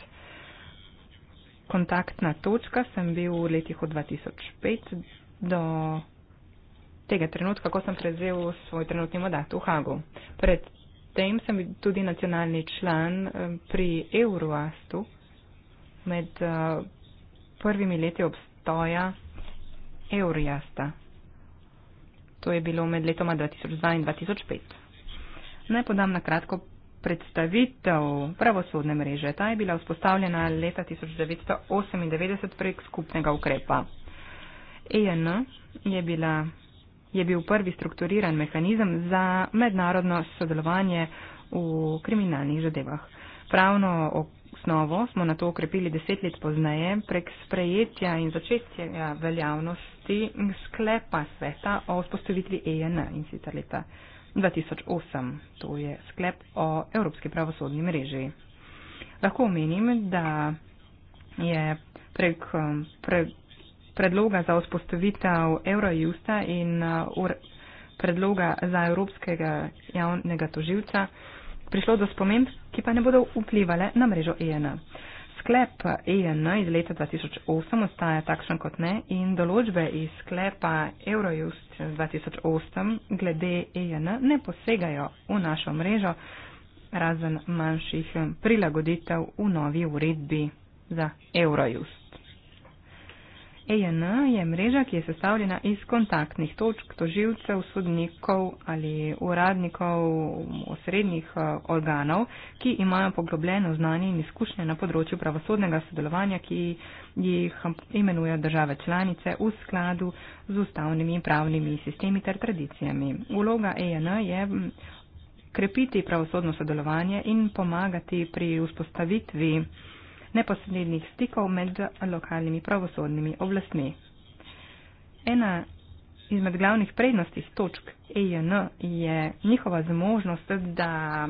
Kontaktna točka sem bil v letih od 2005 do tega trenutka, ko sem prevzel svoj trenutni mandat v Hagu. Predtem sem bil tudi nacionalni član eh, pri Euroastu med eh, prvimi leti obstoja Eurojasta. To je bilo med letoma 2002 in 2005. Naj podam na kratko predstavitev pravosodne mreže. Ta je bila vzpostavljena leta 1998 prek skupnega ukrepa. EN je, bila, je bil prvi strukturiran mehanizem za mednarodno sodelovanje v kriminalnih zadevah. Pravno osnovo smo na to ukrepili deset let pozneje prek sprejetja in začetja veljavnosti sklepa sveta o vzpostavitvi EN in sicer leta 2008. To je sklep o Evropski pravosodni mreži. Lahko omenim, da je prek um, pre, predloga za vzpostavitev Eurojusta in uh, predloga za Evropskega javnega toživca prišlo do sprememb, ki pa ne bodo vplivale na mrežo EN. Sklep EN iz leta 2008 ostaja takšen kot ne in določbe iz sklepa Eurojust 2008 glede EN ne posegajo v našo mrežo, razen manjših prilagoditev v novi uredbi za Eurojust. EJN je mreža, ki je sestavljena iz kontaktnih točk toživcev, sodnikov ali uradnikov osrednjih eh, organov, ki imajo poglobljeno znanje in izkušnje na področju pravosodnega sodelovanja, ki jih hm, imenujejo države članice v skladu z ustavnimi in pravnimi sistemi ter tradicijami. Uloga EJN je hm, krepiti pravosodno sodelovanje in pomagati pri vzpostavitvi neposrednih stikov med lokalnimi pravosodnimi oblastmi. Ena izmed glavnih prednosti točk EJN je njihova zmožnost, da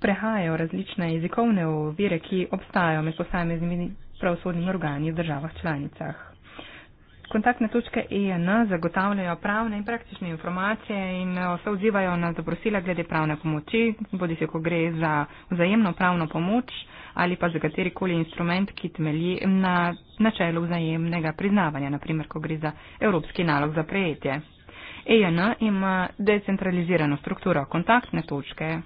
prehajajo različne jezikovne ovire, ki obstajajo med posameznimi pravosodnimi organi v državah članicah kontaktne točke EN zagotavljajo pravne in praktične informacije in eh, se odzivajo na zaprosila glede pravne pomoči, bodi se, ko gre za vzajemno pravno pomoč ali pa za katerikoli instrument, ki temelji na načelu vzajemnega priznavanja, naprimer, ko gre za evropski nalog za prejetje. EN ima decentralizirano strukturo kontaktne točke,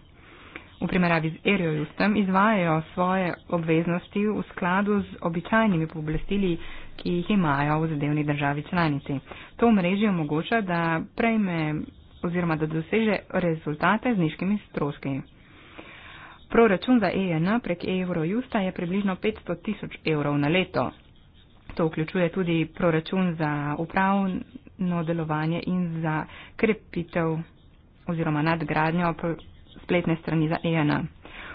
v primerjavi z Erjojustem izvajajo svoje obveznosti v skladu z običajnimi pooblastili, ki jih imajo v zadevni državi članici. To mreži omogoča, da prejme oziroma da doseže rezultate z nižkimi stroški. Proračun za EN prek Eurojusta je približno 500 tisoč evrov na leto. To vključuje tudi proračun za upravno delovanje in za krepitev oziroma nadgradnjo spletne strani za EJN.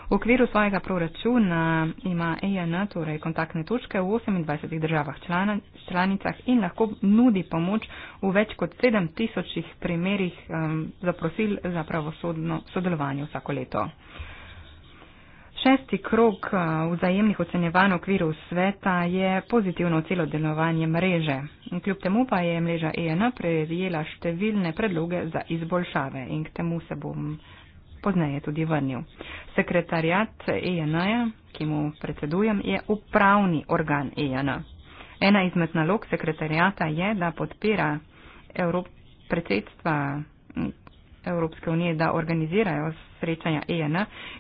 V okviru svojega proračuna ima EJN torej kontaktne točke v 28 državah člana, članicah in lahko nudi pomoč v več kot 7000 primerih um, zaprosil za pravosodno sodelovanje vsako leto. Šesti krok uh, vzajemnih ocenjevanj v okviru sveta je pozitivno celo delovanje mreže. Kljub temu pa je mreža EN prejela številne predloge za izboljšave in k temu se bom pozneje tudi vrnil. Sekretarjat EJN-ja, ki mu predsedujem, je upravni organ EJN. Ena izmed nalog sekretarjata je, da podpira Evrop predsedstva Evropske unije, da organizirajo srečanja EJN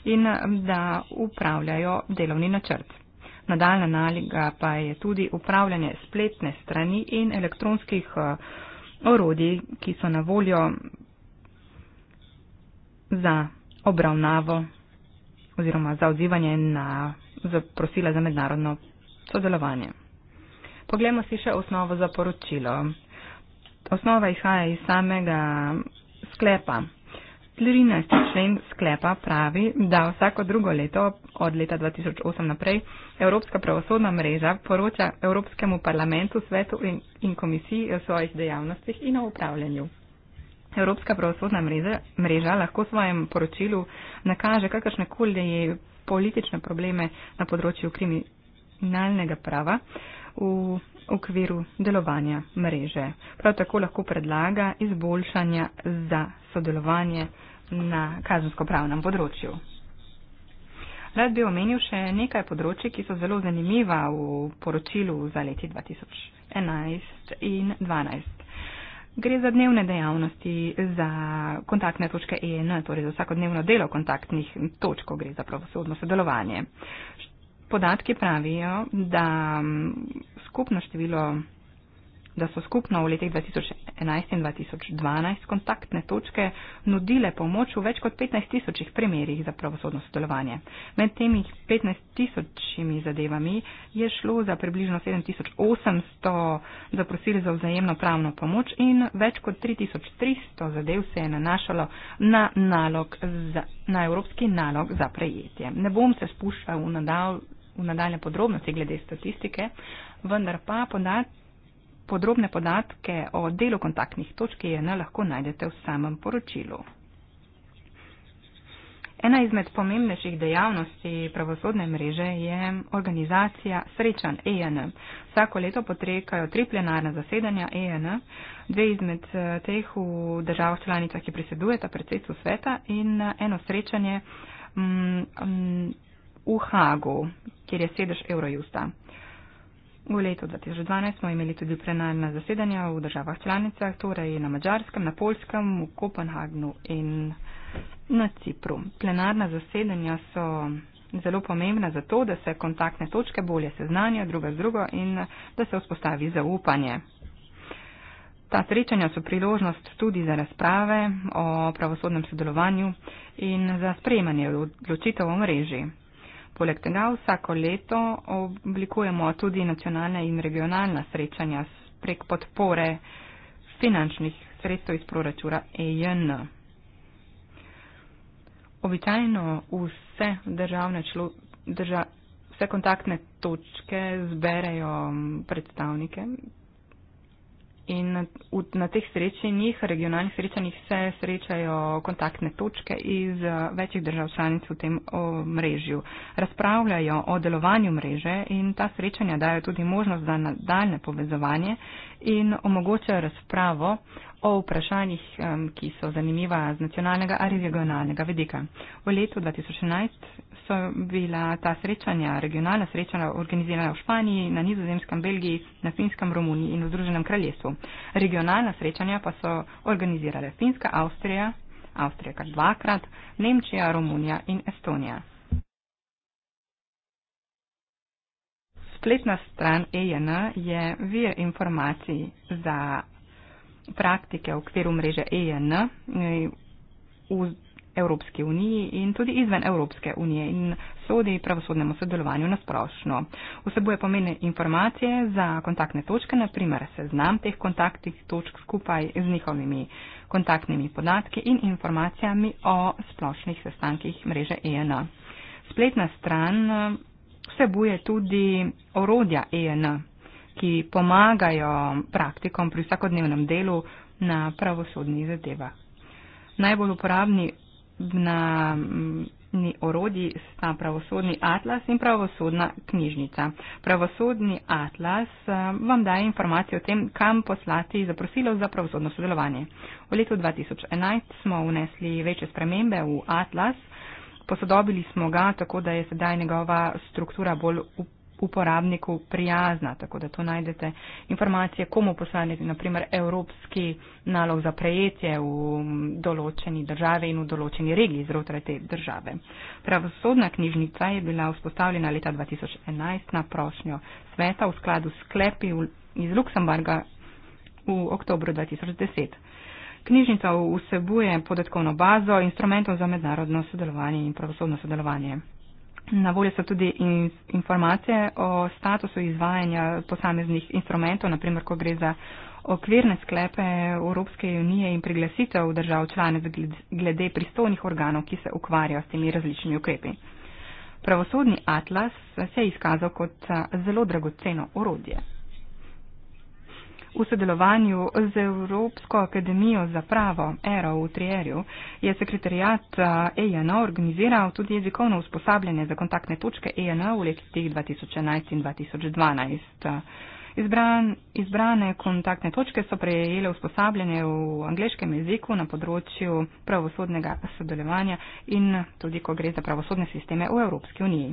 in da upravljajo delovni načrt. Nadaljna naloga pa je tudi upravljanje spletne strani in elektronskih eh, orodij, ki so na voljo za obravnavo oziroma za odzivanje na zaprosila za mednarodno sodelovanje. Poglejmo si še osnovo za poročilo. Osnova izhaja iz samega sklepa. 13. člen sklepa pravi, da vsako drugo leto od leta 2008 naprej Evropska pravosodna mreža poroča Evropskemu parlamentu, svetu in, in komisiji o svojih dejavnostih in o upravljanju. Evropska pravosodna mreza, mreža lahko v svojem poročilu nakaže kakršne koli politične probleme na področju kriminalnega prava v okviru delovanja mreže. Prav tako lahko predlaga izboljšanja za sodelovanje na kazensko-pravnem področju. Rad bi omenil še nekaj področji, ki so zelo zanimiva v poročilu za leti 2011 in 2012. Gre za dnevne dejavnosti, za kontaktne točke EN, torej za vsakodnevno delo kontaktnih točk, gre za pravosodno sodelovanje. Podatki pravijo, da skupno število da so skupno v letih 2011 in 2012 kontaktne točke nudile pomoč v več kot 15 tisočih primerjih za pravosodno sodelovanje. Med temi 15 tisočimi zadevami je šlo za približno 7800 zaprosil za vzajemno pravno pomoč in več kot 3300 zadev se je nanašalo na, nalog za, na evropski nalog za prejetje. Ne bom se spuščal v, nadal, v nadaljne podrobnosti glede statistike, vendar pa podatki Podrobne podatke o delu kontaktnih točk IN lahko najdete v samem poročilu. Ena izmed pomembnejših dejavnosti pravosodne mreže je organizacija srečanj EN. Vsako leto potrekajo tri plenarna zasedanja EN, dve izmed eh, teh v državah članicah, ki presedujeta predsedstvo sveta in eh, eno srečanje mm, mm, v Hagu, kjer je sedež Eurojusta. Uh, V letu 2012 smo imeli tudi plenarna zasedanja v državah članicah, torej na Mačarskem, na Polskem, v Kopenhagnu in na Cipru. Plenarna zasedanja so zelo pomembna zato, da se kontaktne točke bolje seznanijo druga z drugo in da se vzpostavi zaupanje. Ta srečanja so priložnost tudi za razprave o pravosodnem sodelovanju in za sprejemanje odločitev o mreži. Poleg tega vsako leto oblikujemo tudi nacionalna in regionalna srečanja prek podpore finančnih sredstev iz proračuna EJN. Običajno vse državne člo, držav, vse kontaktne točke zberejo predstavnike in na teh srečanjih, regionalnih srečanjih, se srečajo kontaktne točke iz eh, večjih držav članic v tem mrežju. Razpravljajo o delovanju mreže in ta srečanja dajo tudi možnost za nadaljne povezovanje in omogočajo razpravo o vprašanjih, ki so zanimiva z nacionalnega ali regionalnega vedika. V letu 2011 so bila ta srečanja, regionalna srečanja, organizirana v Španiji, na Nizozemskem, Belgiji, na Finskem, Romuniji in v Združenem kraljestvu. Regionalna srečanja pa so organizirale Finska, Avstrija, Avstrija kar dvakrat, Nemčija, Romunija in Estonija. Spletna stran EJN je vir informacij za praktike v okviru mreže EJN. Eh, Evropske unije in tudi izven Evropske unije in sodi pravosodnemu sodelovanju na splošno. Vsebuje pomene informacije za kontaktne točke, naprimer seznam teh kontaktnih točk skupaj z njihovimi kontaktnimi podatki in informacijami o splošnih sestankih mreže EN. Spletna stran eh, vsebuje tudi orodja EN, ki pomagajo praktikom pri vsakodnevnem delu na pravosodnih zadevah. Najbolj uporabni na mm, ni orodji sta pravosodni atlas in pravosodna knjižnica. Pravosodni atlas eh, vam daje informacije o tem, kam poslati zaprosilo za pravosodno sodelovanje. V letu 2011 smo vnesli večje spremembe v atlas, posodobili smo ga tako, da je sedaj njegova struktura bolj uporabna uporabniku prijazna, tako da tu najdete informacije, komu poslaniti, naprimer, evropski nalog za prejetje v določeni državi in v določeni regiji zrotraj te države. Pravosodna knjižnica je bila vzpostavljena leta 2011 na prošnjo sveta v skladu s sklepi iz Luksemburga v oktobru 2010. Knjižnica vsebuje podatkovno bazo, instrumentov za mednarodno sodelovanje in pravosodno sodelovanje. Na voljo so tudi in, informacije o statusu izvajanja posameznih instrumentov, naprimer, ko gre za okvirne sklepe Evropske unije in priglasitev držav članic glede pristojnih organov, ki se ukvarjajo s temi različnimi ukrepi. Pravosodni atlas se je izkazal kot zelo dragoceno orodje. V sodelovanju z Evropsko akademijo za pravo ERO v Trierju je sekretarijat EJN organiziral tudi jezikovno usposabljanje za kontaktne točke EJN v letih 2011 in 2012. Izbran, izbrane kontaktne točke so prejele usposabljanje v angliškem jeziku na področju pravosodnega sodelovanja in tudi, ko gre za pravosodne sisteme v Evropski uniji.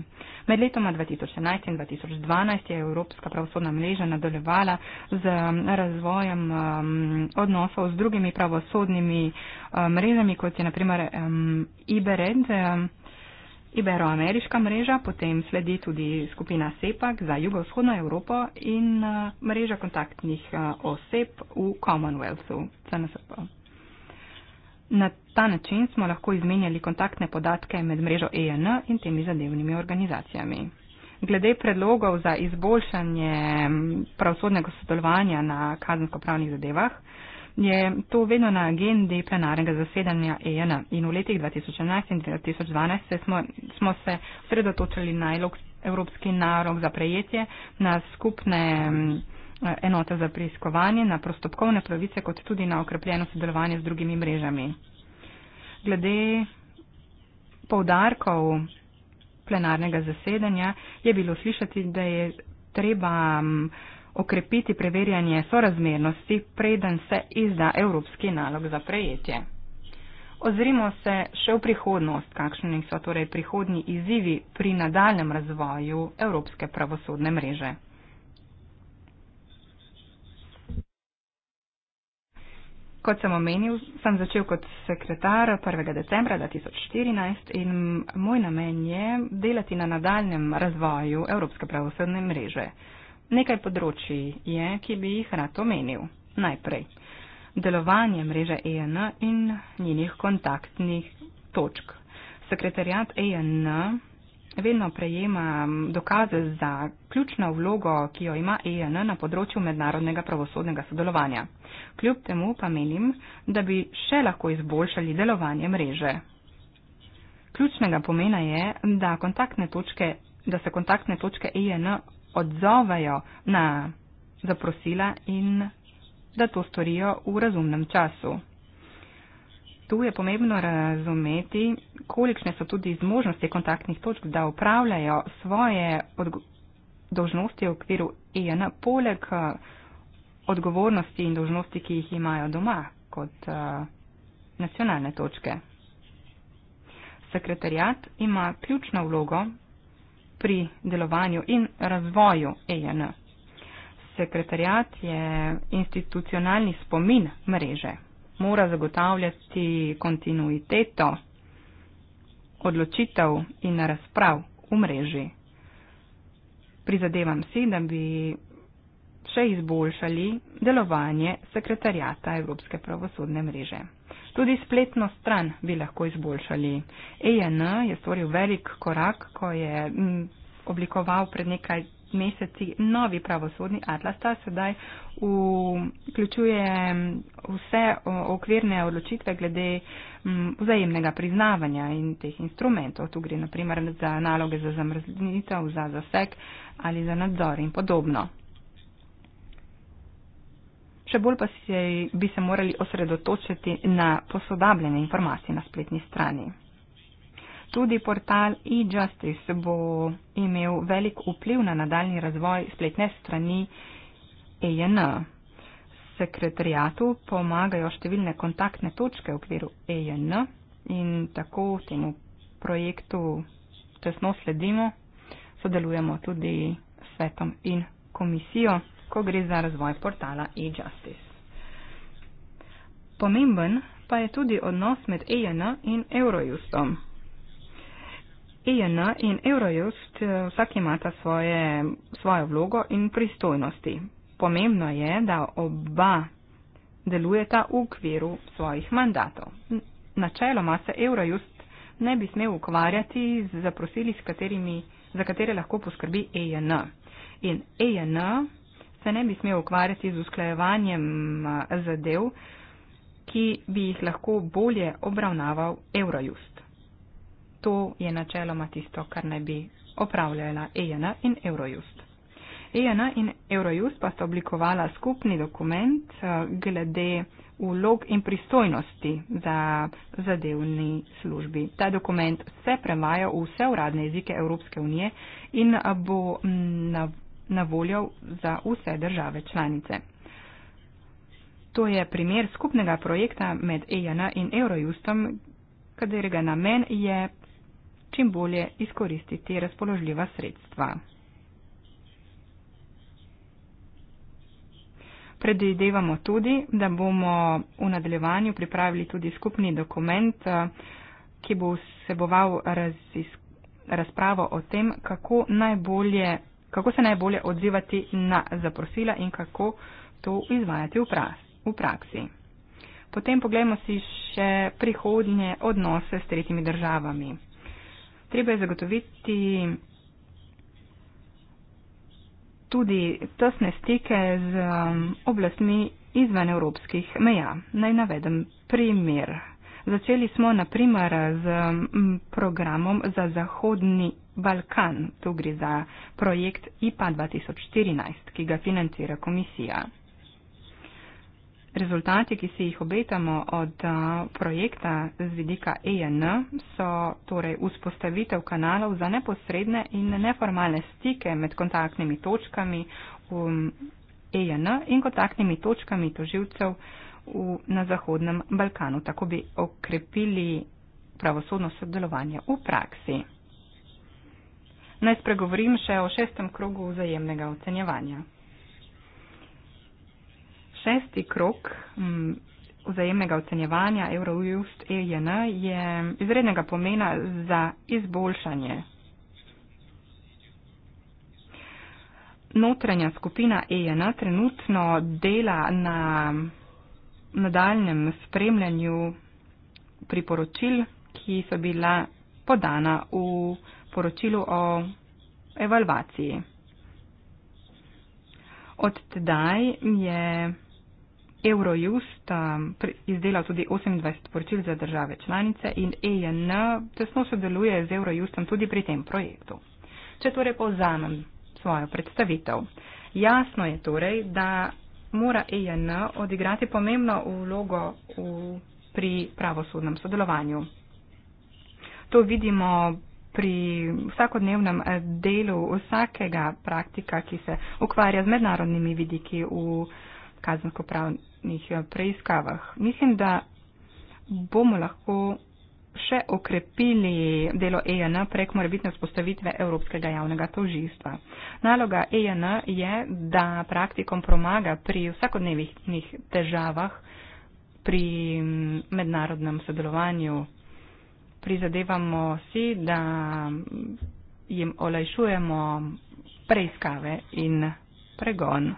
Med letoma 2011 in 2012 je Evropska pravosodna mreža nadaljevala z razvojem um, odnosov z drugimi pravosodnimi um, mrežami, kot je naprimer um, IBRED. Um, Iberoameriška mreža, potem sledi tudi skupina SEPAK za jugovzhodno Evropo in eh, mreža kontaktnih eh, oseb v Commonwealthu, CNSP. Na ta način smo lahko izmenjali kontaktne podatke med mrežo EN in temi zadevnimi organizacijami. Glede predlogov za izboljšanje pravosodnega sodelovanja na kazensko-pravnih zadevah, je to vedno na agendi plenarnega zasedanja EN in v letih 2011 in 2012 smo, smo se sredotočili na evropski narok za prejetje, na skupne enote za preiskovanje, na prostopkovne pravice, kot tudi na okrepljeno sodelovanje z drugimi mrežami. Glede povdarkov plenarnega zasedanja je bilo slišati, da je treba okrepiti preverjanje sorazmernosti, preden se izda evropski nalog za prejetje. Ozrimo se še v prihodnost, kakšni so torej prihodni izzivi pri nadaljem razvoju evropske pravosodne mreže. Kot sem omenil, sem začel kot sekretar 1. decembra 2014 in moj namen je delati na nadaljem razvoju Evropske pravosodne mreže. Nekaj področji je, ki bi jih rad omenil. Najprej delovanje mreže EN in njenih kontaktnih točk. Sekretarjat EN vedno prejema dokaze za ključno vlogo, ki jo ima EN na področju mednarodnega pravosodnega sodelovanja. Kljub temu pa menim, da bi še lahko izboljšali delovanje mreže. Ključnega pomena je, da, da se kontaktne točke EN odzovajo na zaprosila in da to storijo v razumnem času. Tu je pomembno razumeti, kolikšne so tudi zmožnosti kontaktnih točk, da upravljajo svoje dožnosti v okviru EN, poleg eh, odgovornosti in dožnosti, ki jih imajo doma kot eh, nacionalne točke. Sekretarjat ima ključno vlogo pri delovanju in razvoju EJN. Sekretarjat je institucionalni spomin mreže, mora zagotavljati kontinuiteto odločitev in razprav v mreži. Prizadevam si, da bi še izboljšali delovanje sekretarjata Evropske pravosodne mreže. Tudi spletno stran bi lahko izboljšali. EJN je stvoril velik korak, ko je mm, oblikoval pred nekaj meseci novi pravosodni atlas, ta sedaj vključuje mm, vse okvirne odločitve glede mm, vzajemnega priznavanja in teh instrumentov. Tu gre naprimer za naloge za zamrznitev, za zaseg ali za nadzor in podobno še bolj pa se, bi se morali osredotočiti na posodabljene informacije na spletni strani. Tudi portal e-justice bo imel velik vpliv na nadaljni razvoj spletne strani EJN. Sekretarijatu pomagajo številne kontaktne točke v okviru EJN in tako temu projektu tesno sledimo, sodelujemo tudi s svetom in komisijo ko gre za razvoj portala e-justice. Pomemben pa je tudi odnos med EJN in Eurojustom. EJN in Eurojust eh, vsak imata svoje, svojo vlogo in pristojnosti. Pomembno je, da oba delujeta v okviru svojih mandatov. Načeloma se Eurojust ne bi smel ukvarjati z zaprosili, za katere lahko poskrbi EJN. In EJN se ne bi smel ukvarjati z usklajevanjem zadev, ki bi jih lahko bolje obravnaval Eurojust. To je načeloma tisto, kar naj bi opravljala EJN in Eurojust. EJN in Eurojust pa sta oblikovala skupni dokument glede vlog in pristojnosti za zadevni službi. Ta dokument se prevaja v vse uradne jezike Evropske unije in bo na na voljo za vse države članice. To je primer skupnega projekta med EJN in Eurojustom, katerega namen je čim bolje izkoristiti razpoložljiva sredstva. Predvidevamo tudi, da bomo v nadaljevanju pripravili tudi skupni dokument, ki bo vseboval razpravo o tem, kako najbolje kako se najbolje odzivati na zaprosila in kako to izvajati v, pra v praksi. Potem pogledamo si še prihodnje odnose s tretjimi državami. Treba je zagotoviti tudi tesne stike z um, oblastmi izven evropskih meja. Naj navedem primer. Začeli smo na primer z um, programom za zahodni Balkan. Tu gre za projekt IPA 2014, ki ga financira komisija. Rezultati, ki si jih obetamo od projekta z vidika EN, so torej vzpostavitev kanalov za neposredne in neformalne stike med kontaktnimi točkami um, EN in kontaktnimi točkami toživcev v, na Zahodnem Balkanu. Tako bi okrepili pravosodno sodelovanje v praksi naj spregovorim še o šestem krogu vzajemnega ocenjevanja. Šesti krok mm, vzajemnega ocenjevanja Eurojust EJN je izrednega pomena za izboljšanje. Notranja skupina EJN trenutno dela na nadaljem spremljanju priporočil, ki so bila podana v poročilu o evalvaciji. Od tedaj je Eurojust um, izdelal tudi 28 poročil za države članice in EN tesno sodeluje z Eurojustom tudi pri tem projektu. Če torej povzamem svojo predstavitev. Jasno je torej, da mora EN odigrati pomembno vlogo v, pri pravosodnem sodelovanju. To vidimo pri vsakodnevnem eh, delu vsakega praktika, ki se ukvarja z mednarodnimi vidiki v kazenskopravnih eh, preiskavah. Mislim, da bomo lahko še okrepili delo EJN prek morebitne vzpostavitve Evropskega javnega tožistva. Naloga EJN je, da praktikom pomaga pri vsakodnevnih težavah pri mm, mednarodnem sodelovanju prizadevamo si, da jim olajšujemo preiskave in pregon.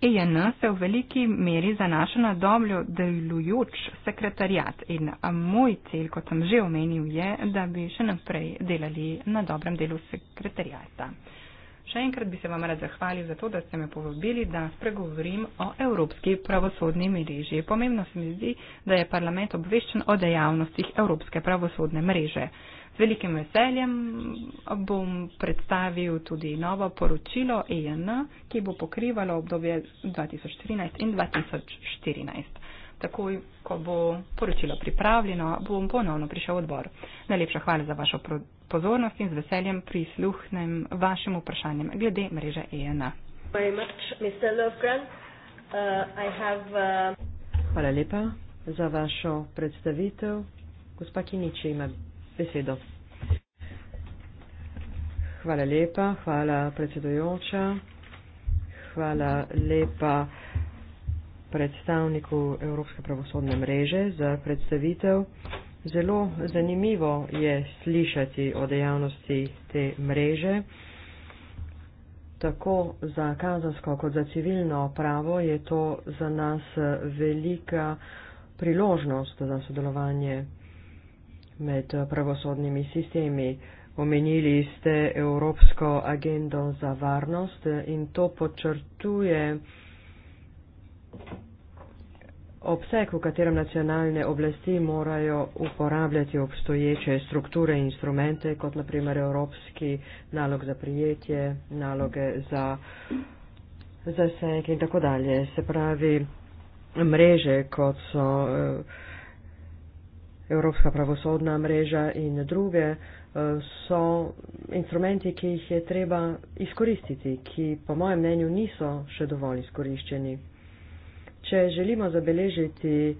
EJN se v veliki meri zanaša na dobljo delujoč sekretarjat in moj cilj, kot sem že omenil, je, da bi še naprej delali na dobrem delu sekretarjata. Še enkrat bi se vam rad zahvalil za to, da ste me povabili, da spregovorim o Evropski pravosodni mreži. Pomembno se mi zdi, da je parlament obveščen o dejavnostih Evropske pravosodne mreže. Z velikim veseljem bom predstavil tudi novo poročilo EN, ki bo pokrivalo obdobje 2013 in 2014. Takoj, ko bo poročilo pripravljeno, bom ponovno prišel odbor. Najlepša hvala za vašo pro pozornost in z veseljem prisluhnem vašem vprašanjem glede mreže e ENA. Uh, uh, hvala lepa za vašo predstavitev. Gospa Kiniči ima besedo. Hvala lepa, hvala predsedujoča, hvala lepa predstavniku Evropske pravosodne mreže za predstavitev. Zelo zanimivo je slišati o dejavnosti te mreže. Tako za kazansko kot za civilno pravo je to za nas velika priložnost za sodelovanje med pravosodnimi sistemi. Omenili ste Evropsko agendo za varnost in to počrtuje Obseg, v katerem nacionalne oblasti morajo uporabljati obstoječe strukture in instrumente, kot naprimer evropski nalog za prijetje, naloge za zaseg in tako dalje. Se pravi, mreže, kot so eh, Evropska pravosodna mreža in druge, eh, so instrumenti, ki jih je treba izkoristiti, ki po mojem mnenju niso še dovolj izkoriščeni če želimo zabeležiti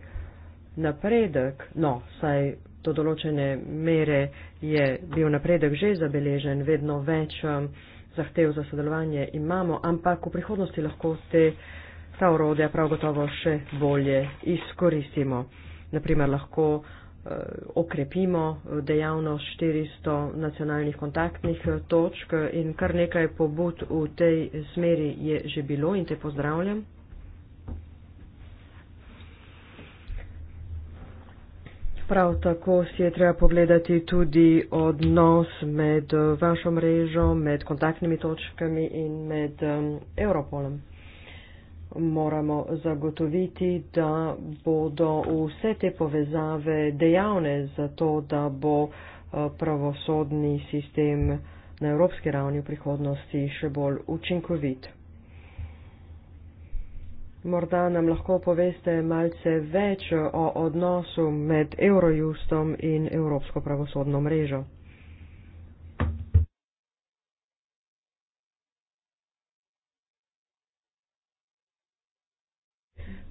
napredek, no, saj do določene mere je bil napredek že zabeležen, vedno več um, zahtev za sodelovanje imamo, ampak v prihodnosti lahko te, ta orodja prav gotovo še bolje izkoristimo. Naprimer, lahko uh, okrepimo uh, dejavnost 400 nacionalnih kontaktnih uh, točk in kar nekaj pobud v tej smeri je že bilo in te pozdravljam. Prav tako si je treba pogledati tudi odnos med eh, vašo mrežo, med kontaktnimi točkami in med um, Europolom. Moramo zagotoviti, da bodo vse te povezave dejavne za to, da bo eh, pravosodni sistem na evropski ravni v prihodnosti še bolj učinkovit. Morda nam lahko poveste malce več o odnosu med Eurojustom in Evropsko pravosodno mrežo.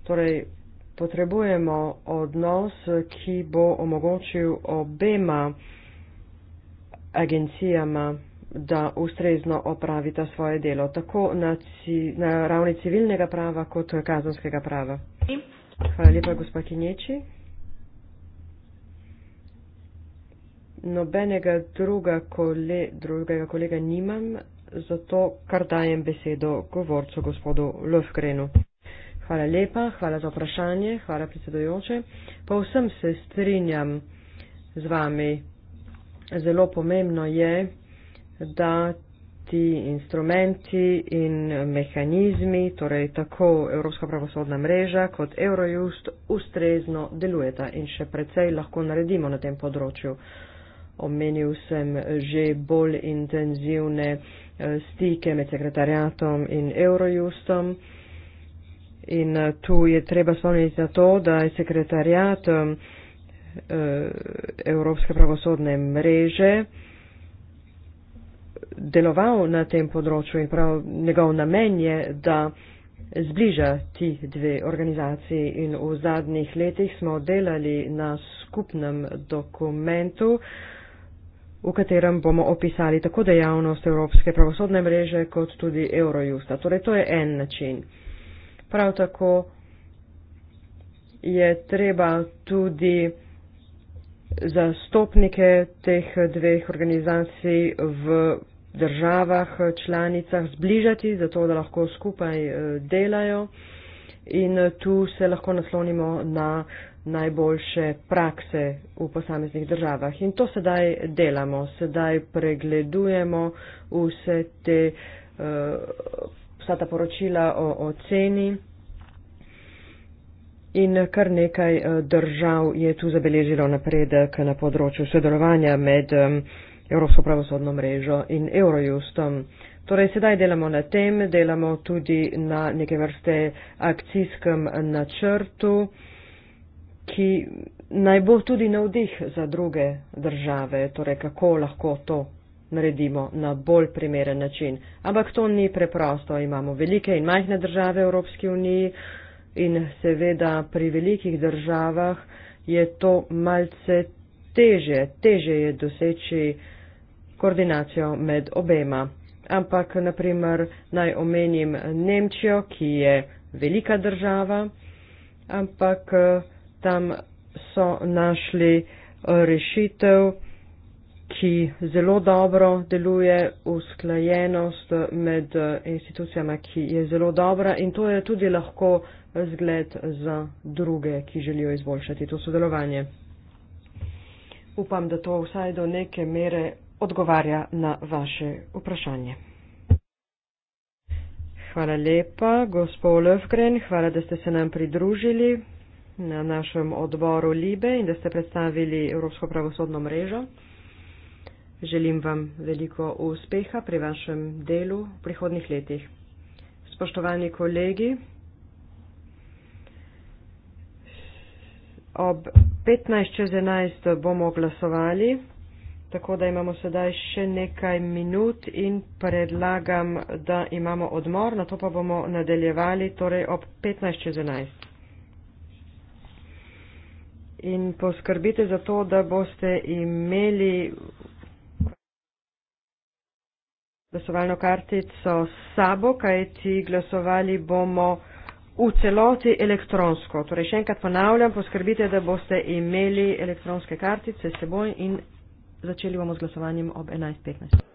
Torej, potrebujemo odnos, ki bo omogočil obema agencijama da ustrezno opravita svoje delo, tako na, ci, na ravni civilnega prava kot kazanskega prava. Hvala lepa, gospod Kinječi. Nobenega druga kole, drugega kolega nimam, zato kar dajem besedo govorcu gospodu Lofgrenu. Hvala lepa, hvala za vprašanje, hvala predsedojoče. Pa vsem se strinjam z vami. Zelo pomembno je, da ti instrumenti in mehanizmi, torej tako Evropska pravosodna mreža kot Eurojust, ustrezno delujeta in še precej lahko naredimo na tem področju. Omenil sem že bolj intenzivne eh, stike med sekretarjatom in Eurojustom. In eh, tu je treba spomniti na to, da je sekretarjat eh, Evropske pravosodne mreže deloval na tem področju in prav njegov namen je, da zbliža ti dve organizaciji in v zadnjih letih smo delali na skupnem dokumentu, v katerem bomo opisali tako dejavnost Evropske pravosodne mreže kot tudi Eurojusta. Torej, to je en način. Prav tako je treba tudi zastopnike teh dveh organizacij v državah, eh, članicah zbližati, zato da lahko skupaj eh, delajo in eh, tu se lahko naslonimo na najboljše prakse v posameznih državah. In to sedaj delamo, sedaj pregledujemo vse te, vsa ta poročila o oceni. In kar nekaj držav je tu zabeležilo napredek na področju sodelovanja med um, Evropsko pravosodno mrežo in Eurojustom. Torej, sedaj delamo na tem, delamo tudi na neke vrste akcijskem načrtu, ki naj bo tudi navdih za druge države, torej kako lahko to naredimo na bolj primeren način. Ampak to ni preprosto, imamo velike in majhne države v Evropski uniji in seveda pri velikih državah je to malce teže, teže je doseči koordinacijo med obema. Ampak, naprimer, naj omenim Nemčijo, ki je velika država, ampak tam so našli eh, rešitev, ki zelo dobro deluje, usklajenost eh, med eh, institucijama, ki je zelo dobra in to je tudi lahko zgled za druge, ki želijo izboljšati to sodelovanje. Upam, da to vsaj do neke mere odgovarja na vaše vprašanje. Hvala lepa, gospod Löfgren, hvala, da ste se nam pridružili na našem odboru Libe in da ste predstavili Evropsko pravosodno mrežo. Želim vam veliko uspeha pri vašem delu v prihodnih letih. Spoštovani kolegi, ob 15.11. bomo glasovali. Tako da imamo sedaj še nekaj minut in predlagam, da imamo odmor, na to pa bomo nadaljevali, torej ob 15 čez 11. In poskrbite za to, da boste imeli glasovalno kartico s sabo, kajti glasovali bomo v celoti elektronsko. Torej, še enkrat ponavljam, poskrbite, da boste imeli elektronske kartice s seboj in Začeli bomo z glasovanjem ob 11.15.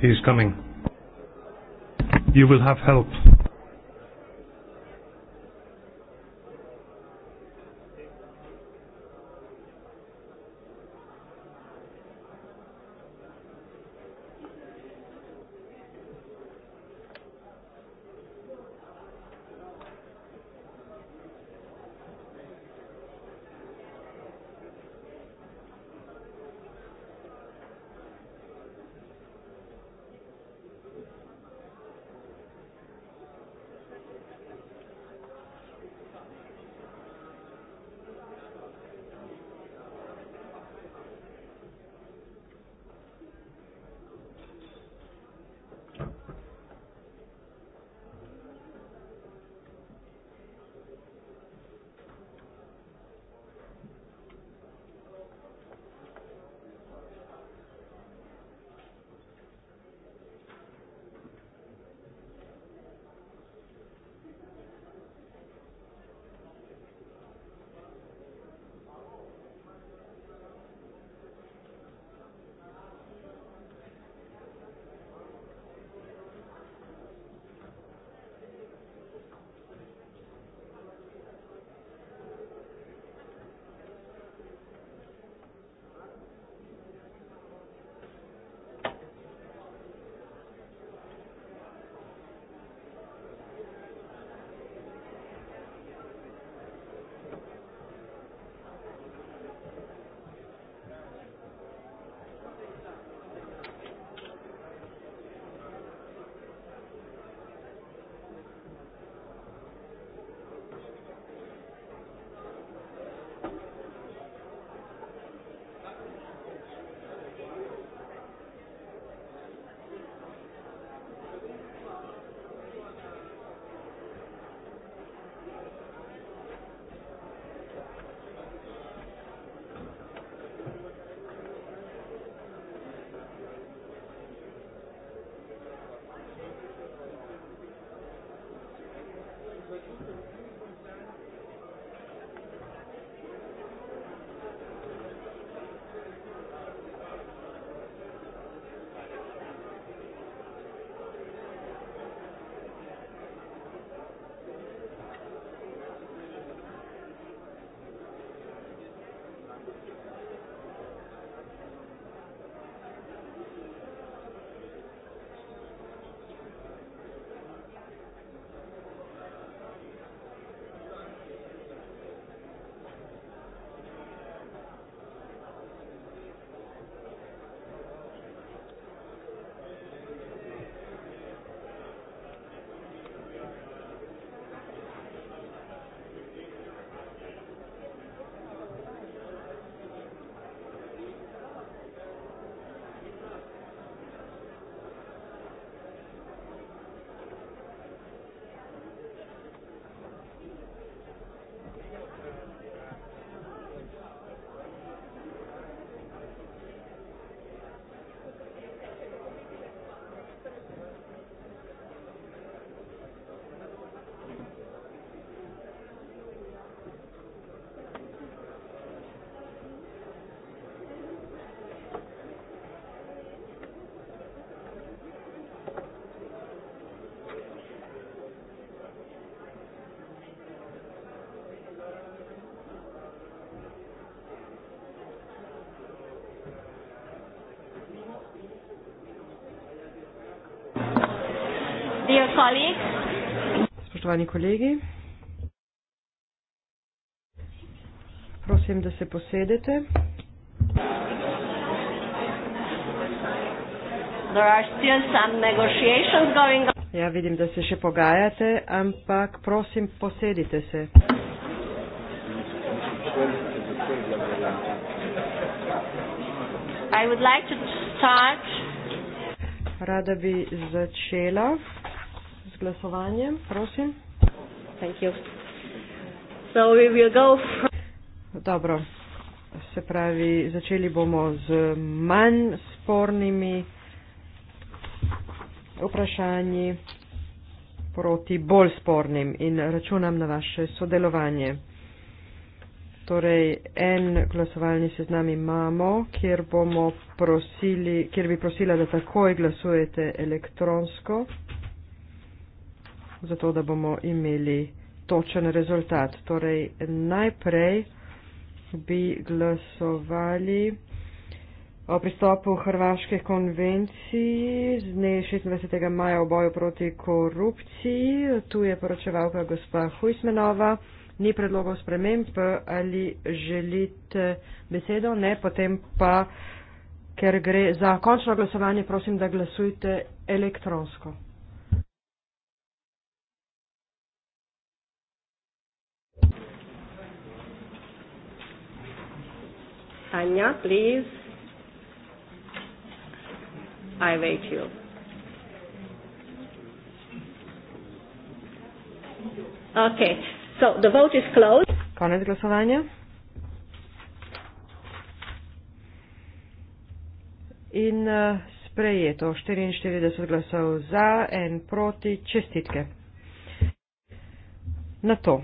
he's coming. You will have help. Dear colleagues. Spoštovani kolegi, prosim, da se posedete. There are still some negotiations going on. Ja, vidim, da se še pogajate, ampak prosim, posedite se. I would like to start. Rada bi začela glasovanjem. Prosim. Dobro, se pravi, začeli bomo z manj spornimi vprašanji proti bolj spornim in računam na vaše sodelovanje. Torej, en glasovalni seznam imamo, kjer, prosili, kjer bi prosila, da takoj glasujete elektronsko zato da bomo imeli točen rezultat. Torej, najprej bi glasovali o pristopu Hrvaške konvenciji z dne 26. maja o boju proti korupciji. Tu je poročevalka gospa Huismenova. Ni predlogov sprememb ali želite besedo? Ne, potem pa, ker gre za končno glasovanje, prosim, da glasujte elektronsko. Tanya, please. I await you. Okay, so the vote is closed. Konec glasovanja. In uh, sprejeto 44 glasov za en proti čestitke. Na to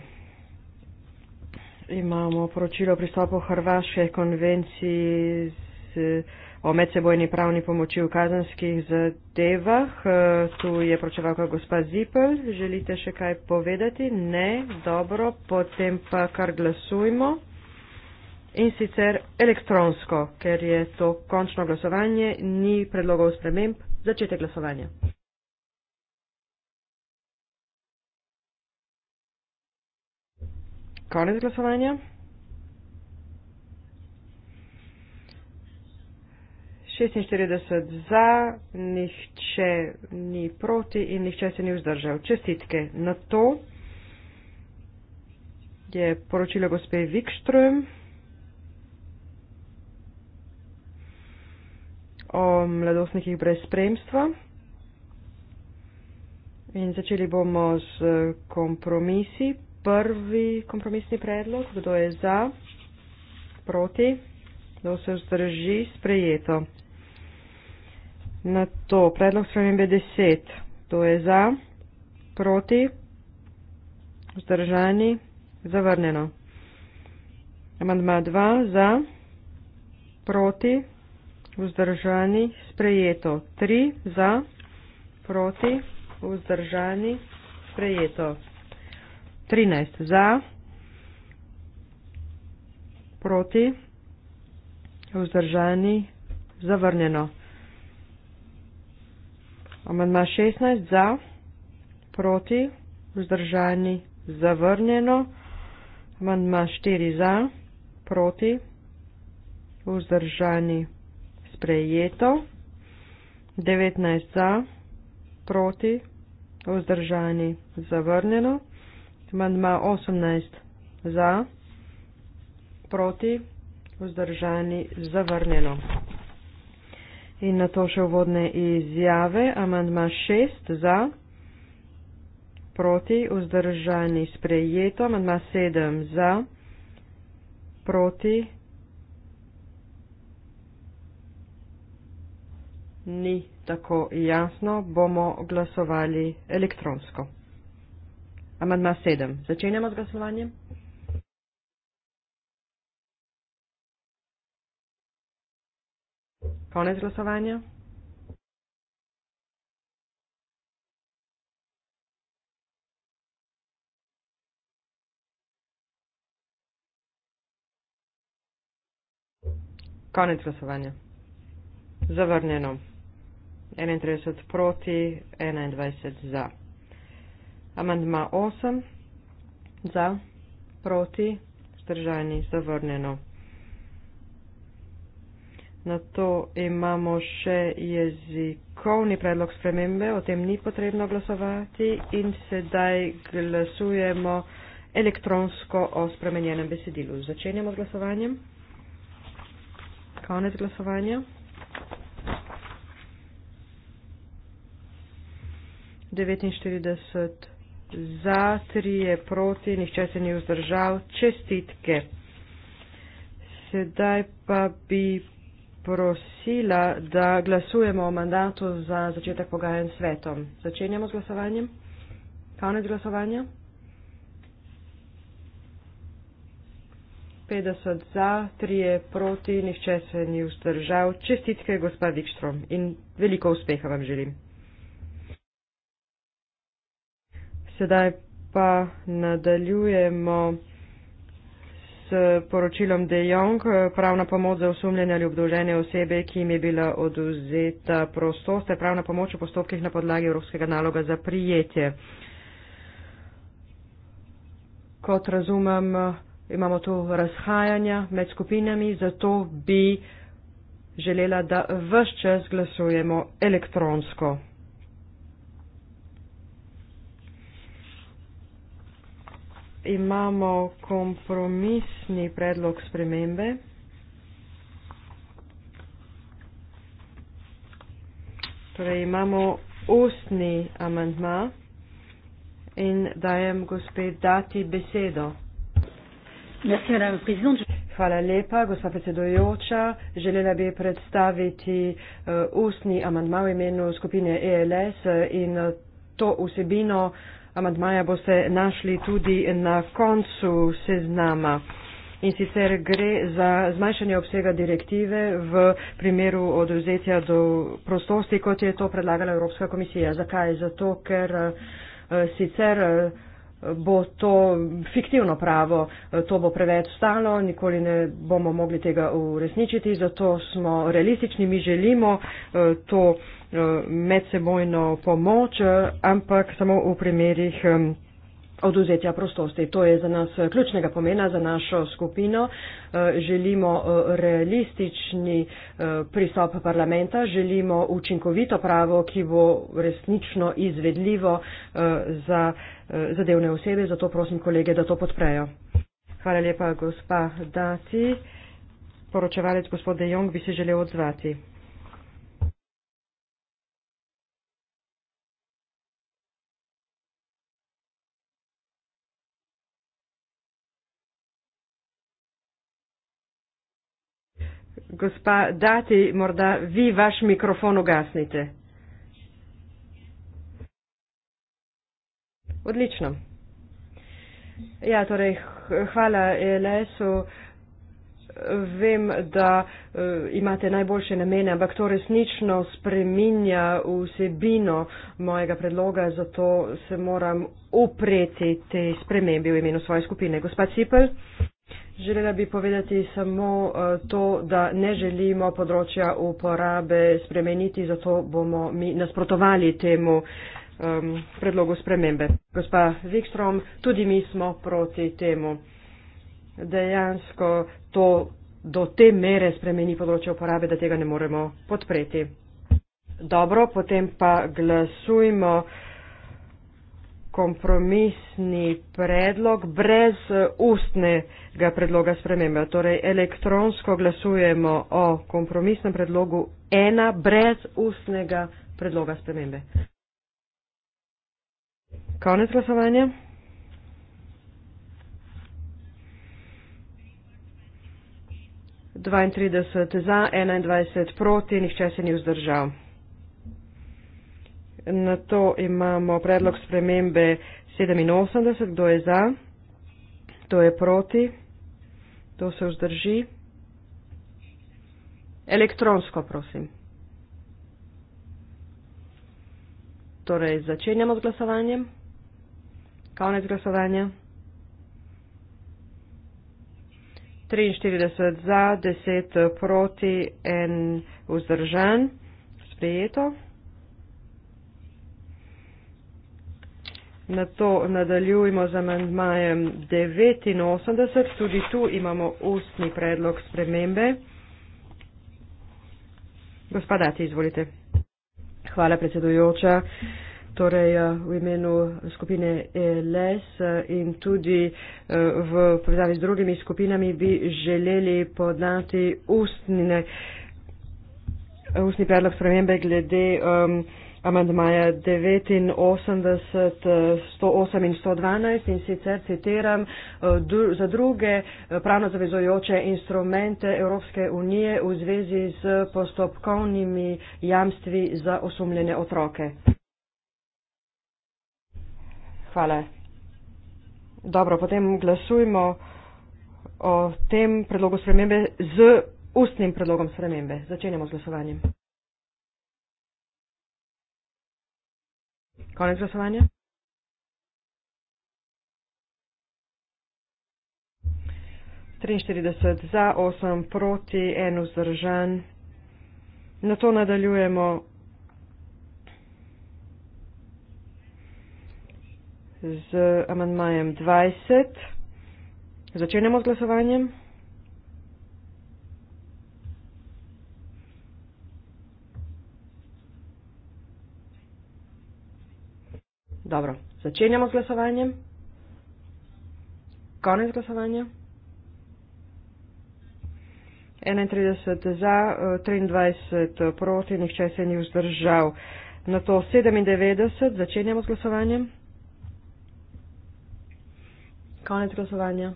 imamo poročilo o pristopu Hrvaške konvenciji z, o medsebojni pravni pomoči v kazanskih zadevah. Tu je pročevalka gospa Zipel. Želite še kaj povedati? Ne, dobro, potem pa kar glasujmo. In sicer elektronsko, ker je to končno glasovanje, ni predlogov sprememb, začete glasovanje. Konec glasovanja. za, nihče ni proti in nihče se ni vzdržal. Čestitke na to je poročilo gospe Vikström o mladostnikih brez spremstva. In začeli bomo z kompromisi, prvi kompromisni predlog. Kdo je za? Proti? Kdo se vzdrži? Sprejeto. Na to predlog spremembe 10. Kdo je za? Proti? Vzdržani? Zavrnjeno. Amandma 2. Za? Proti? Vzdržani? Sprejeto. 3. Za? Proti? Vzdržani? Sprejeto. 13 za, proti, vzdržani, zavrnjeno. Amandma 16 za, proti, vzdržani, zavrnjeno. Amandma 4 za, proti, vzdržani, sprejeto. 19 za, proti, vzdržani, zavrnjeno. Amandma 18 za, proti, vzdržani, zavrnjeno. In na to še uvodne izjave. Amandma 6 za, proti, vzdržani, sprejeto. Amandma 7 za, proti, ni tako jasno, bomo glasovali elektronsko. Amandma 7. Začenjamo z glasovanjem. Konec glasovanja. Konec glasovanja. Zavrnjeno. 31 proti, 21 za. Amandma 8. Za, proti, vzdržani, zavrnjeno. Na to imamo še jezikovni predlog spremembe, o tem ni potrebno glasovati in sedaj glasujemo elektronsko o spremenjenem besedilu. Začenjamo glasovanjem. Konec glasovanja. Devetinštirideset za, tri je proti, nihče se ni vzdržal, čestitke. Sedaj pa bi prosila, da glasujemo o mandatu za začetek pogajanj svetom. Začenjamo z glasovanjem. Konec glasovanja. 50 za, 3 je proti, nihče se ni vzdržal. Čestitke, gospa Vikstrom, in veliko uspeha vam želim. Sedaj pa nadaljujemo s poročilom De Jong, pravna pomoč za osumljene ali obdolžene osebe, ki jim je bila oduzeta prostost, pravna pomoč v postopkih na podlagi Evropskega naloga za prijetje. Kot razumem, imamo tu razhajanja med skupinami, zato bi želela, da vse čas glasujemo elektronsko. imamo kompromisni predlog spremembe. Torej imamo ustni amantma in dajem gospod dati besedo. Hvala lepa, gospod predsedojoča. Želela bi predstaviti uh, ustni amantma v imenu skupine ELS eh, in uh, to vsebino uh, Amandmaja boste našli tudi na koncu seznama. In sicer gre za zmanjšanje obsega direktive v primeru odvzetja do prostosti, kot je to predlagala Evropska komisija. Zakaj? Zato, ker eh, sicer eh, bo to fiktivno pravo, eh, to bo preveč stalo, nikoli ne bomo mogli tega uresničiti, zato smo realistični, mi želimo to. Eh, medsebojno pomoč, ampak samo v primerih eh, oduzetja prostosti. To je za nas eh, ključnega pomena, za našo skupino. Želimo realistični pristop parlamenta, želimo učinkovito pravo, ki bo resnično izvedljivo za zadevne osebe, zato prosim kolege, da to podprejo. Hvala lepa, gospa Dati. Poročevalec gospod De Jong bi se želel odzvati. Gospa Dati, morda vi vaš mikrofon ugasnite. Odlično. Ja, torej, hvala ELS-u. Vem, da uh, imate najboljše namene, ampak to resnično spreminja vsebino mojega predloga, zato se moram upreti te spremembe v imenu svoje skupine. Gospa Cipel. Želela bi povedati samo eh, to, da ne želimo področja uporabe spremeniti, zato bomo mi nasprotovali temu um, predlogu spremembe. Gospa Vikstrom, tudi mi smo proti temu. Dejansko to do te mere spremeni področje uporabe, da tega ne moremo podpreti. Dobro, potem pa glasujmo kompromisni predlog brez ustnega predloga spremembe. Torej elektronsko glasujemo o kompromisnem predlogu ena brez ustnega predloga spremembe. Konec glasovanja. dvaintrideset za enaindvajset proti nihče se ni vzdržal Na to imamo predlog spremembe 87. Kdo je za? Kdo je proti? Kdo se vzdrži? Elektronsko, prosim. Torej, začenjamo z glasovanjem. Konec glasovanja. 43 za, 10 proti, 1 vzdržan. Sprejeto. Na to nadaljujemo z amandmajem 89. Tudi tu imamo ustni predlog spremembe. Gospodati, izvolite. Hvala, predsedujoča. Torej, eh, v imenu skupine e LS eh, in tudi eh, v povezavi z drugimi skupinami bi želeli podati ustni, ustni predlog spremembe glede. Um, amandmaja 89, 108 in 112 in sicer citiram eh, za druge eh, pravno zavezojoče instrumente Evropske unije v zvezi z postopkovnimi jamstvi za osumljene otroke. Hvala. Dobro, potem glasujmo o tem predlogu spremembe z ustnim predlogom spremembe. Začenjamo z glasovanjem. Konec glasovanja. za, 8 proti, 1 vzdržan. Na to nadaljujemo z amandmajem 20. Začenjamo z glasovanjem. Dobro, začenjamo z glasovanjem. Konec glasovanja. 31 za, 23 proti, nihče se ni vzdržal. Na to 97, začenjamo z glasovanjem. Konec glasovanja.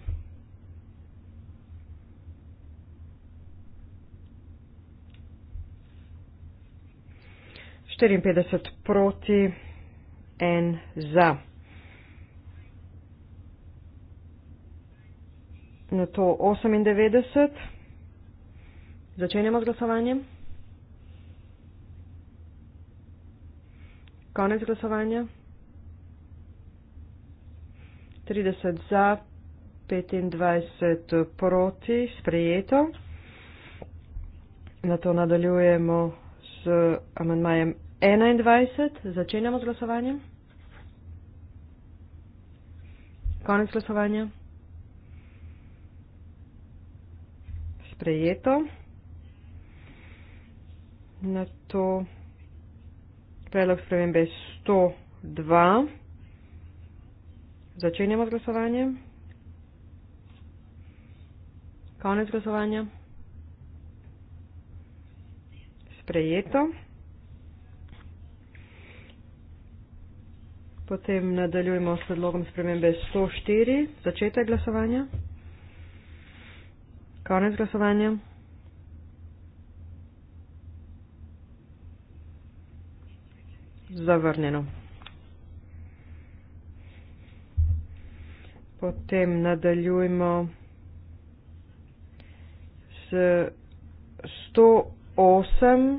54 proti, en za. Na to 98. Začenjamo z glasovanjem. Konec glasovanja. 30 za, 25 proti, sprejeto. Na to nadaljujemo z amendmajem 21. Začenjamo z glasovanjem. Konec glasovanja. Sprejeto. Na to predlog spremembe 102. Začenjamo z glasovanjem. Konec glasovanja. Sprejeto. Okay. Potem nadaljujemo s predlogom spremembe 104, začetek glasovanja. Konec glasovanja. Zavrnjeno. Potem nadaljujemo s 108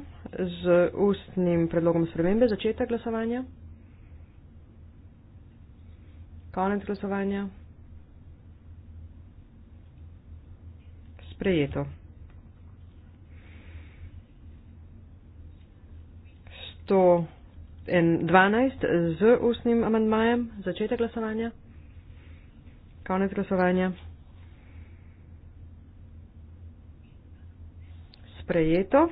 z ustnim predlogom spremembe začetka glasovanja. Konec glasovanja. Sprejeto. 112 z ustnim amandmajem. Začetek glasovanja. Konec glasovanja. Sprejeto.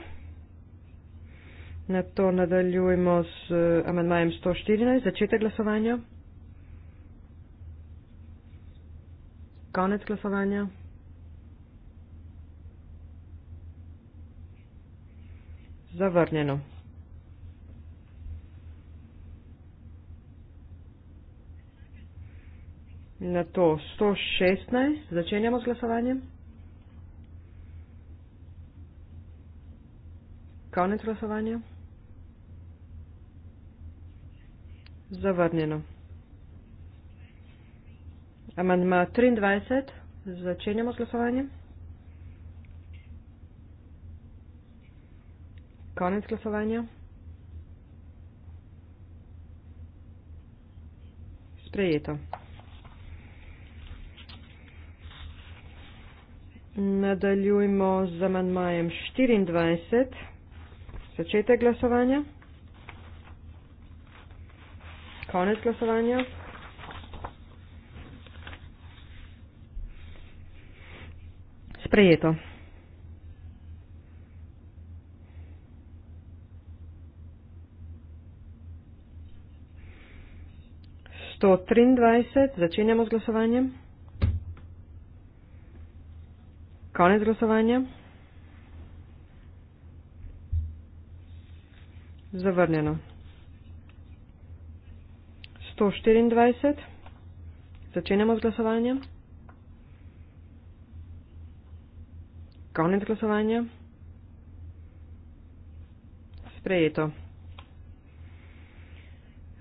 Na to nadaljujemo z amandmajem 114, začetek glasovanja. konec glasovanja. Zavrnjeno. Na to 116 začenjamo z glasovanjem. Konec glasovanja. Zavrnjeno. Amandma 23. Začenjamo z glasovanjem. Konec glasovanja. Sprejeto. Nadaljujmo z amandmajem 24. Začetek glasovanja. Konec glasovanja. Konec glasovanja. sprejeto. Sto triindvajset, začenjamo z glasovanjem. Konec glasovanja. Zavrnjeno. Sto štiriindvajset, začenjamo z glasovanjem. Prekovnem glasovanju. Sprejeto.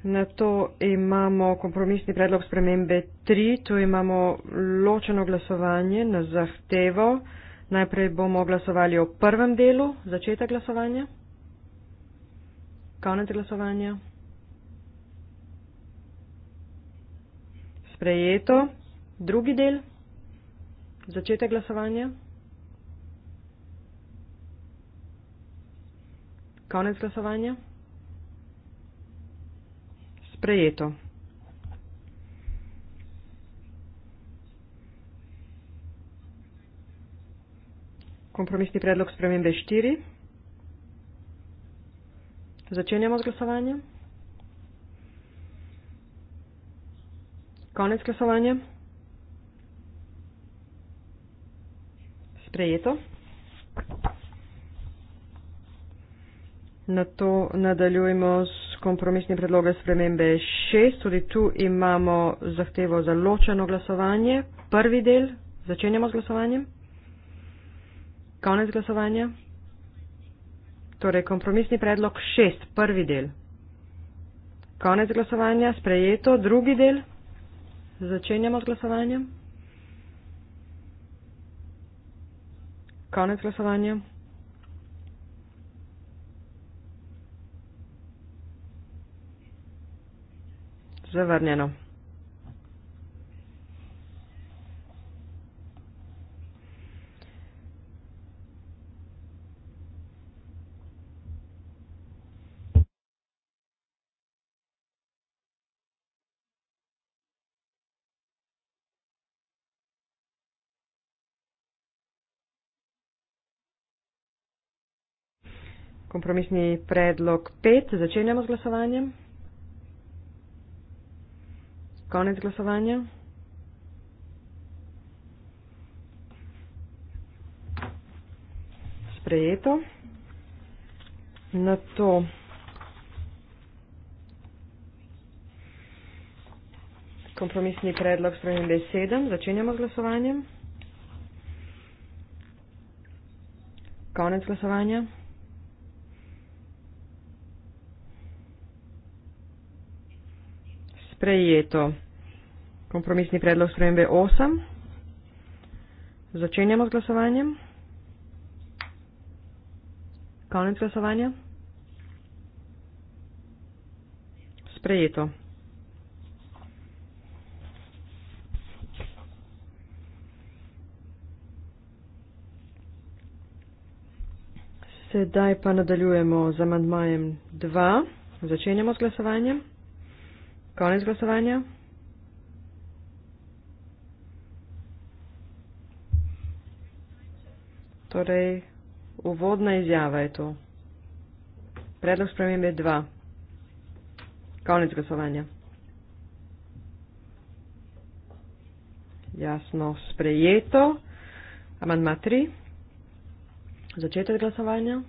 Na to imamo kompromisni predlog spremembe 3. Tu imamo ločeno glasovanje na zahtevo. Najprej bomo glasovali o prvem delu, začetek glasovanja. Konec glasovanja. Sprejeto. Drugi del. Začetek glasovanja. Konec glasovanja. Sprejeto. Kompromisni predlog spremembe 4. Začenjamo z glasovanjem. Konec glasovanja. Sprejeto. Na to nadaljujemo s kompromisni predloge spremembe 6. Tudi tu imamo zahtevo za ločeno glasovanje. Prvi del, začenjamo z glasovanjem. Konec glasovanja. Torej, kompromisni predlog 6, prvi del. Konec glasovanja, sprejeto, drugi del. Začenjamo z glasovanjem. Konec glasovanja. zavrnjeno. Kompromisni predlog 5. Začenjamo z glasovanjem. Konec glasovanja. Sprejeto. Na to kompromisni predlog strani D7. Začenjamo z glasovanjem. Konec glasovanja. sprejeto. Kompromisni predlog spremembe 8. Začenjamo z glasovanjem. Konec glasovanja. Sprejeto. Sedaj pa nadaljujemo z amandmajem 2. Začenjamo z glasovanjem. Konec glasovanja. Torej, uvodna izjava je to. Predlog spremembe je dva. Konec glasovanja. Jasno sprejeto. Amandma tri. Začetek glasovanja.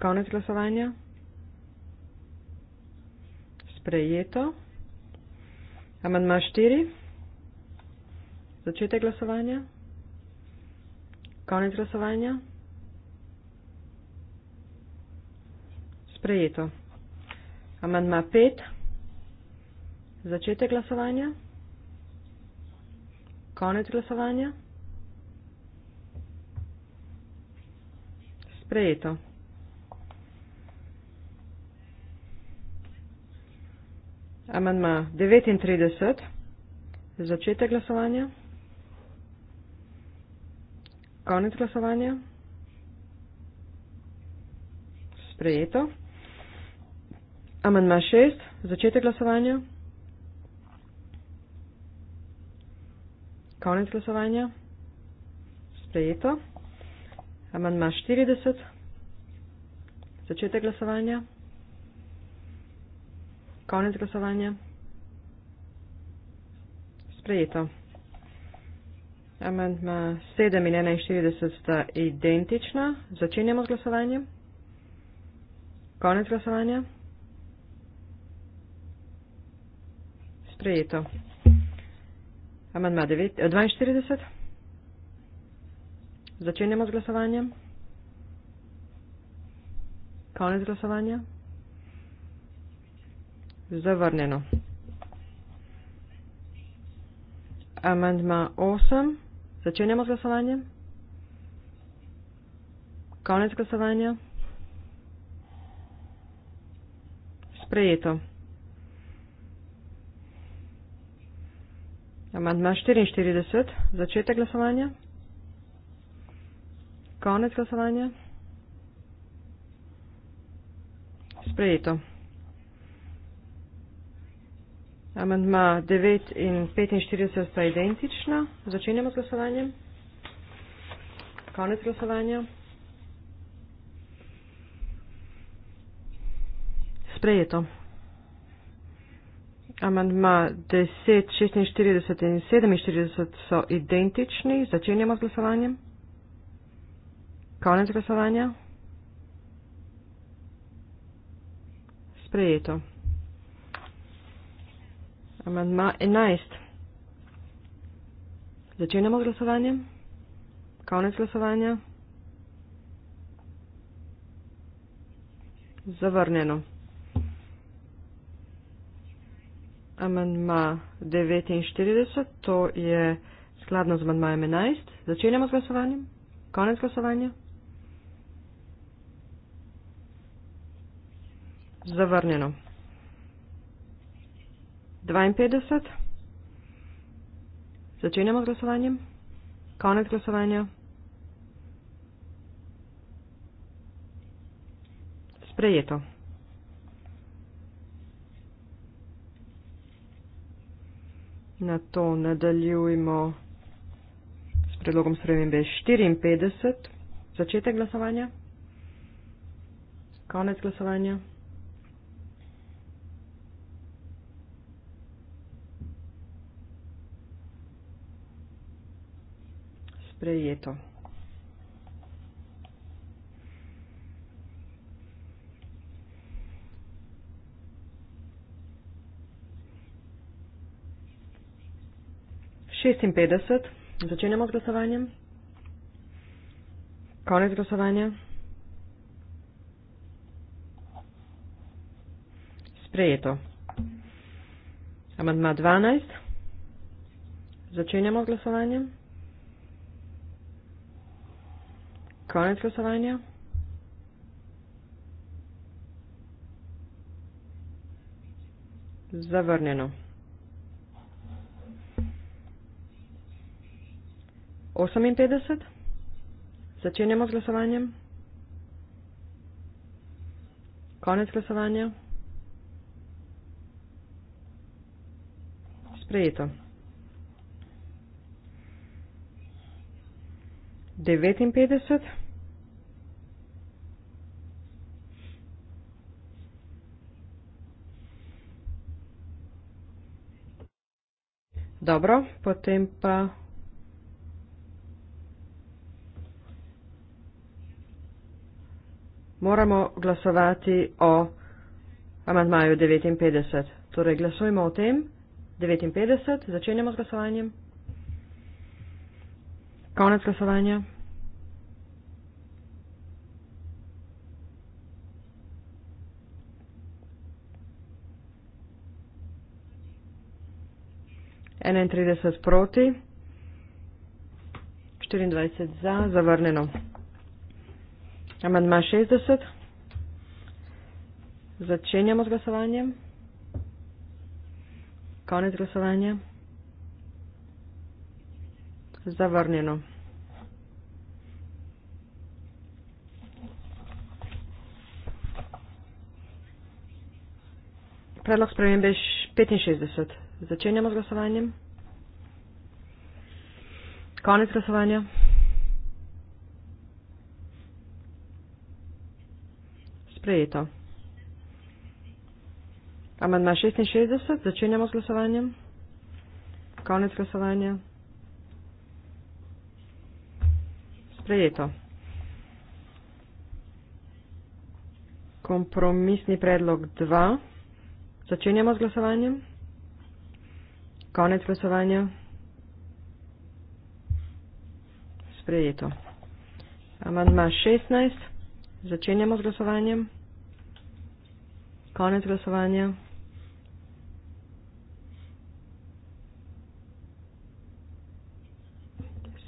Konec glasovanja sprejeto. Amandma 4. Začete glasovanja. Konec glasovanja. Sprejeto. Amandma 5. Začete glasovanja. Konec glasovanja. Sprejeto. Amandma 39, začetek glasovanja, konec glasovanja, sprejeto. Amandma 6, začetek glasovanja, konec glasovanja, sprejeto. Amandma 40, začetek glasovanja. Konec glasovanja. Sprejeto. Amendma 7 in 41 sta identična. Začenjamo z glasovanjem. Konec glasovanja. Sprejeto. Amendma 42. Eh, Začenjamo z glasovanjem. Konec glasovanja. Zavrnjeno. Amendma 8. Začenjamo z glasovanjem. Konec glasovanja. Sprejeto. Amendma 44. Začetek glasovanja. Konec glasovanja. Sprejeto. Amandma 9 in 45 sta identična. Začenjamo z glasovanjem. Konec glasovanja. Sprejeto. Amandma 10, 46 in 47 so identični. Začenjamo z glasovanjem. Konec glasovanja. Sprejeto. Amandma 11. Začenjamo glasovanje. Konec glasovanja. Zavrnjeno. Amandma 49, to je skladno z amandmajem 11. Začenjamo z glasovanjem. Konec glasovanja. Zavrnjeno. 52. Začenjamo z glasovanjem. Konec glasovanja. Sprejeto. Na to nadaljujemo s predlogom spremembe 54. Začetek glasovanja. Konec glasovanja. sprejeto. Šestinpetdeset. Začenjamo z glasovanjem. Konec glasovanja. Sprejeto. Amandma dvanajst. Začenjamo z glasovanjem. konec glasovanja. Zavrnjeno. 58. Začenjamo z glasovanjem. Konec glasovanja. Sprejeto. 59. Dobro, potem pa. Moramo glasovati o amantmaju 59. Torej, glasujmo o tem 59, začenjamo z glasovanjem. Konec glasovanja. 31 proti, 24 za, zavrnjeno. Amandma 60. Začenjamo z glasovanjem. Konec glasovanja. Zavrnjeno. Predlog spremembe 65. Začenjamo z glasovanjem. Konec glasovanja. Sprejeto. Amandma 66. Začenjamo z glasovanjem. Konec glasovanja. Sprejeto. Kompromisni predlog 2. Začenjamo z glasovanjem. Konec glasovanja. Sprejeto. Amandma 16. Začenjamo z glasovanjem. Konec glasovanja.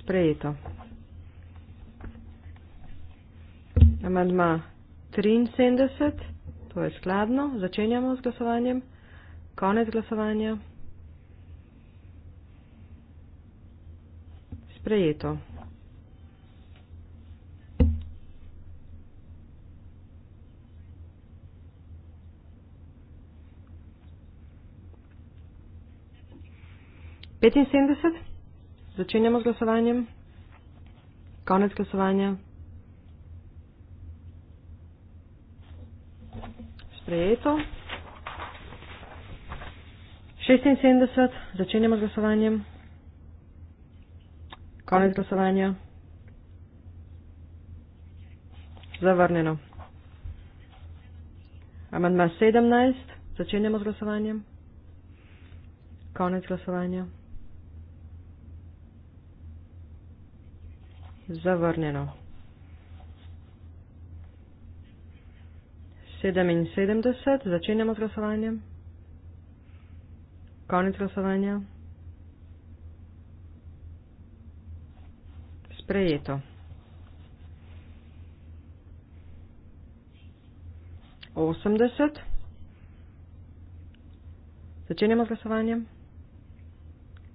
Sprejeto. Amandma 73. To je skladno. Začenjamo z glasovanjem. Konec glasovanja. Sprejeto. Petinsedemdeset. Začenjamo z glasovanjem. Konec glasovanja. sprejeto. 76, začenjamo z glasovanjem. Konec glasovanja. Zavrnjeno. Amandma 17, začenjamo z glasovanjem. Konec glasovanja. Zavrnjeno. 77, začenjamo z glasovanjem. Konec glasovanja. Sprejeto. Osemdeset. Začenjamo z glasovanjem.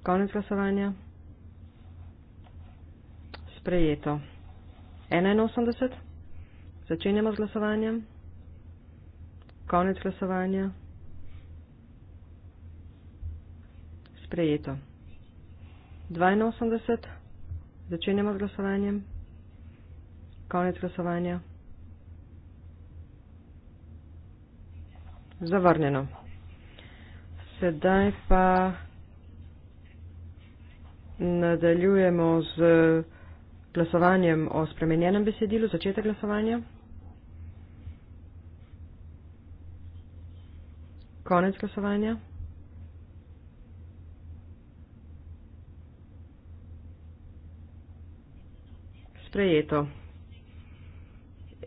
Konec glasovanja. Sprejeto. Enajstdeset. Začenjamo z glasovanjem. Konec glasovanja. Sprejeto. 82. Začenjamo z glasovanjem. Konec glasovanja. Zavrnjeno. Sedaj pa nadaljujemo z glasovanjem o spremenjenem besedilu, začetek glasovanja. konec glasovanja. Sprejeto.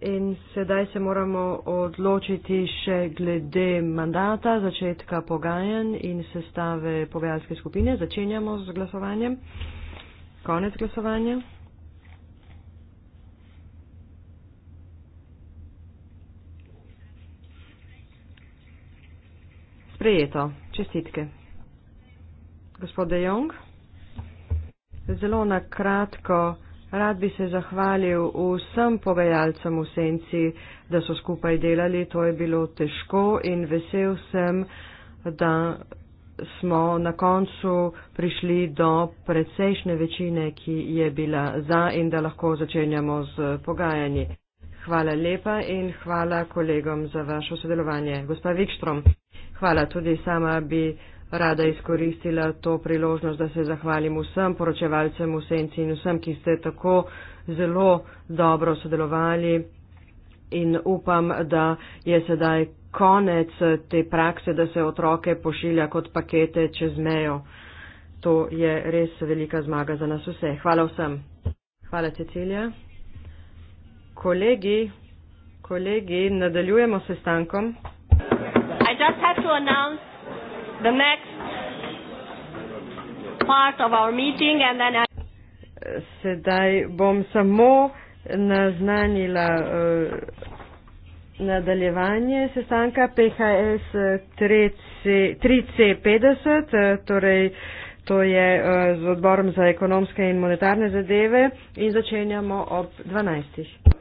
In sedaj se moramo odločiti še glede mandata, začetka pogajanj in sestave pogajalske skupine. Začenjamo z glasovanjem. Konec glasovanja. sprejeto. Čestitke. Gospod De Jong. Zelo na kratko. Rad bi se zahvalil vsem pogajalcem v senci, da so skupaj delali. To je bilo težko in vesel sem, da smo na koncu prišli do precejšnje večine, ki je bila za in da lahko začenjamo z pogajanji. Hvala lepa in hvala kolegom za vašo sodelovanje. Gospa Vikstrom. Hvala, tudi sama bi rada izkoristila to priložnost, da se zahvalim vsem poročevalcem v senci in vsem, ki ste tako zelo dobro sodelovali in upam, da je sedaj konec te prakse, da se otroke pošilja kot pakete čez mejo. To je res velika zmaga za nas vse. Hvala vsem. Hvala, Cecilija. Kolegi, kolegi, nadaljujemo sestankom to announce the next part of our meeting and then I sedaj bom samo naznanila uh, nadaljevanje sestanka PHS 3C50, uh, torej to je uh, z odborom za ekonomske in monetarne zadeve in začenjamo ob 12.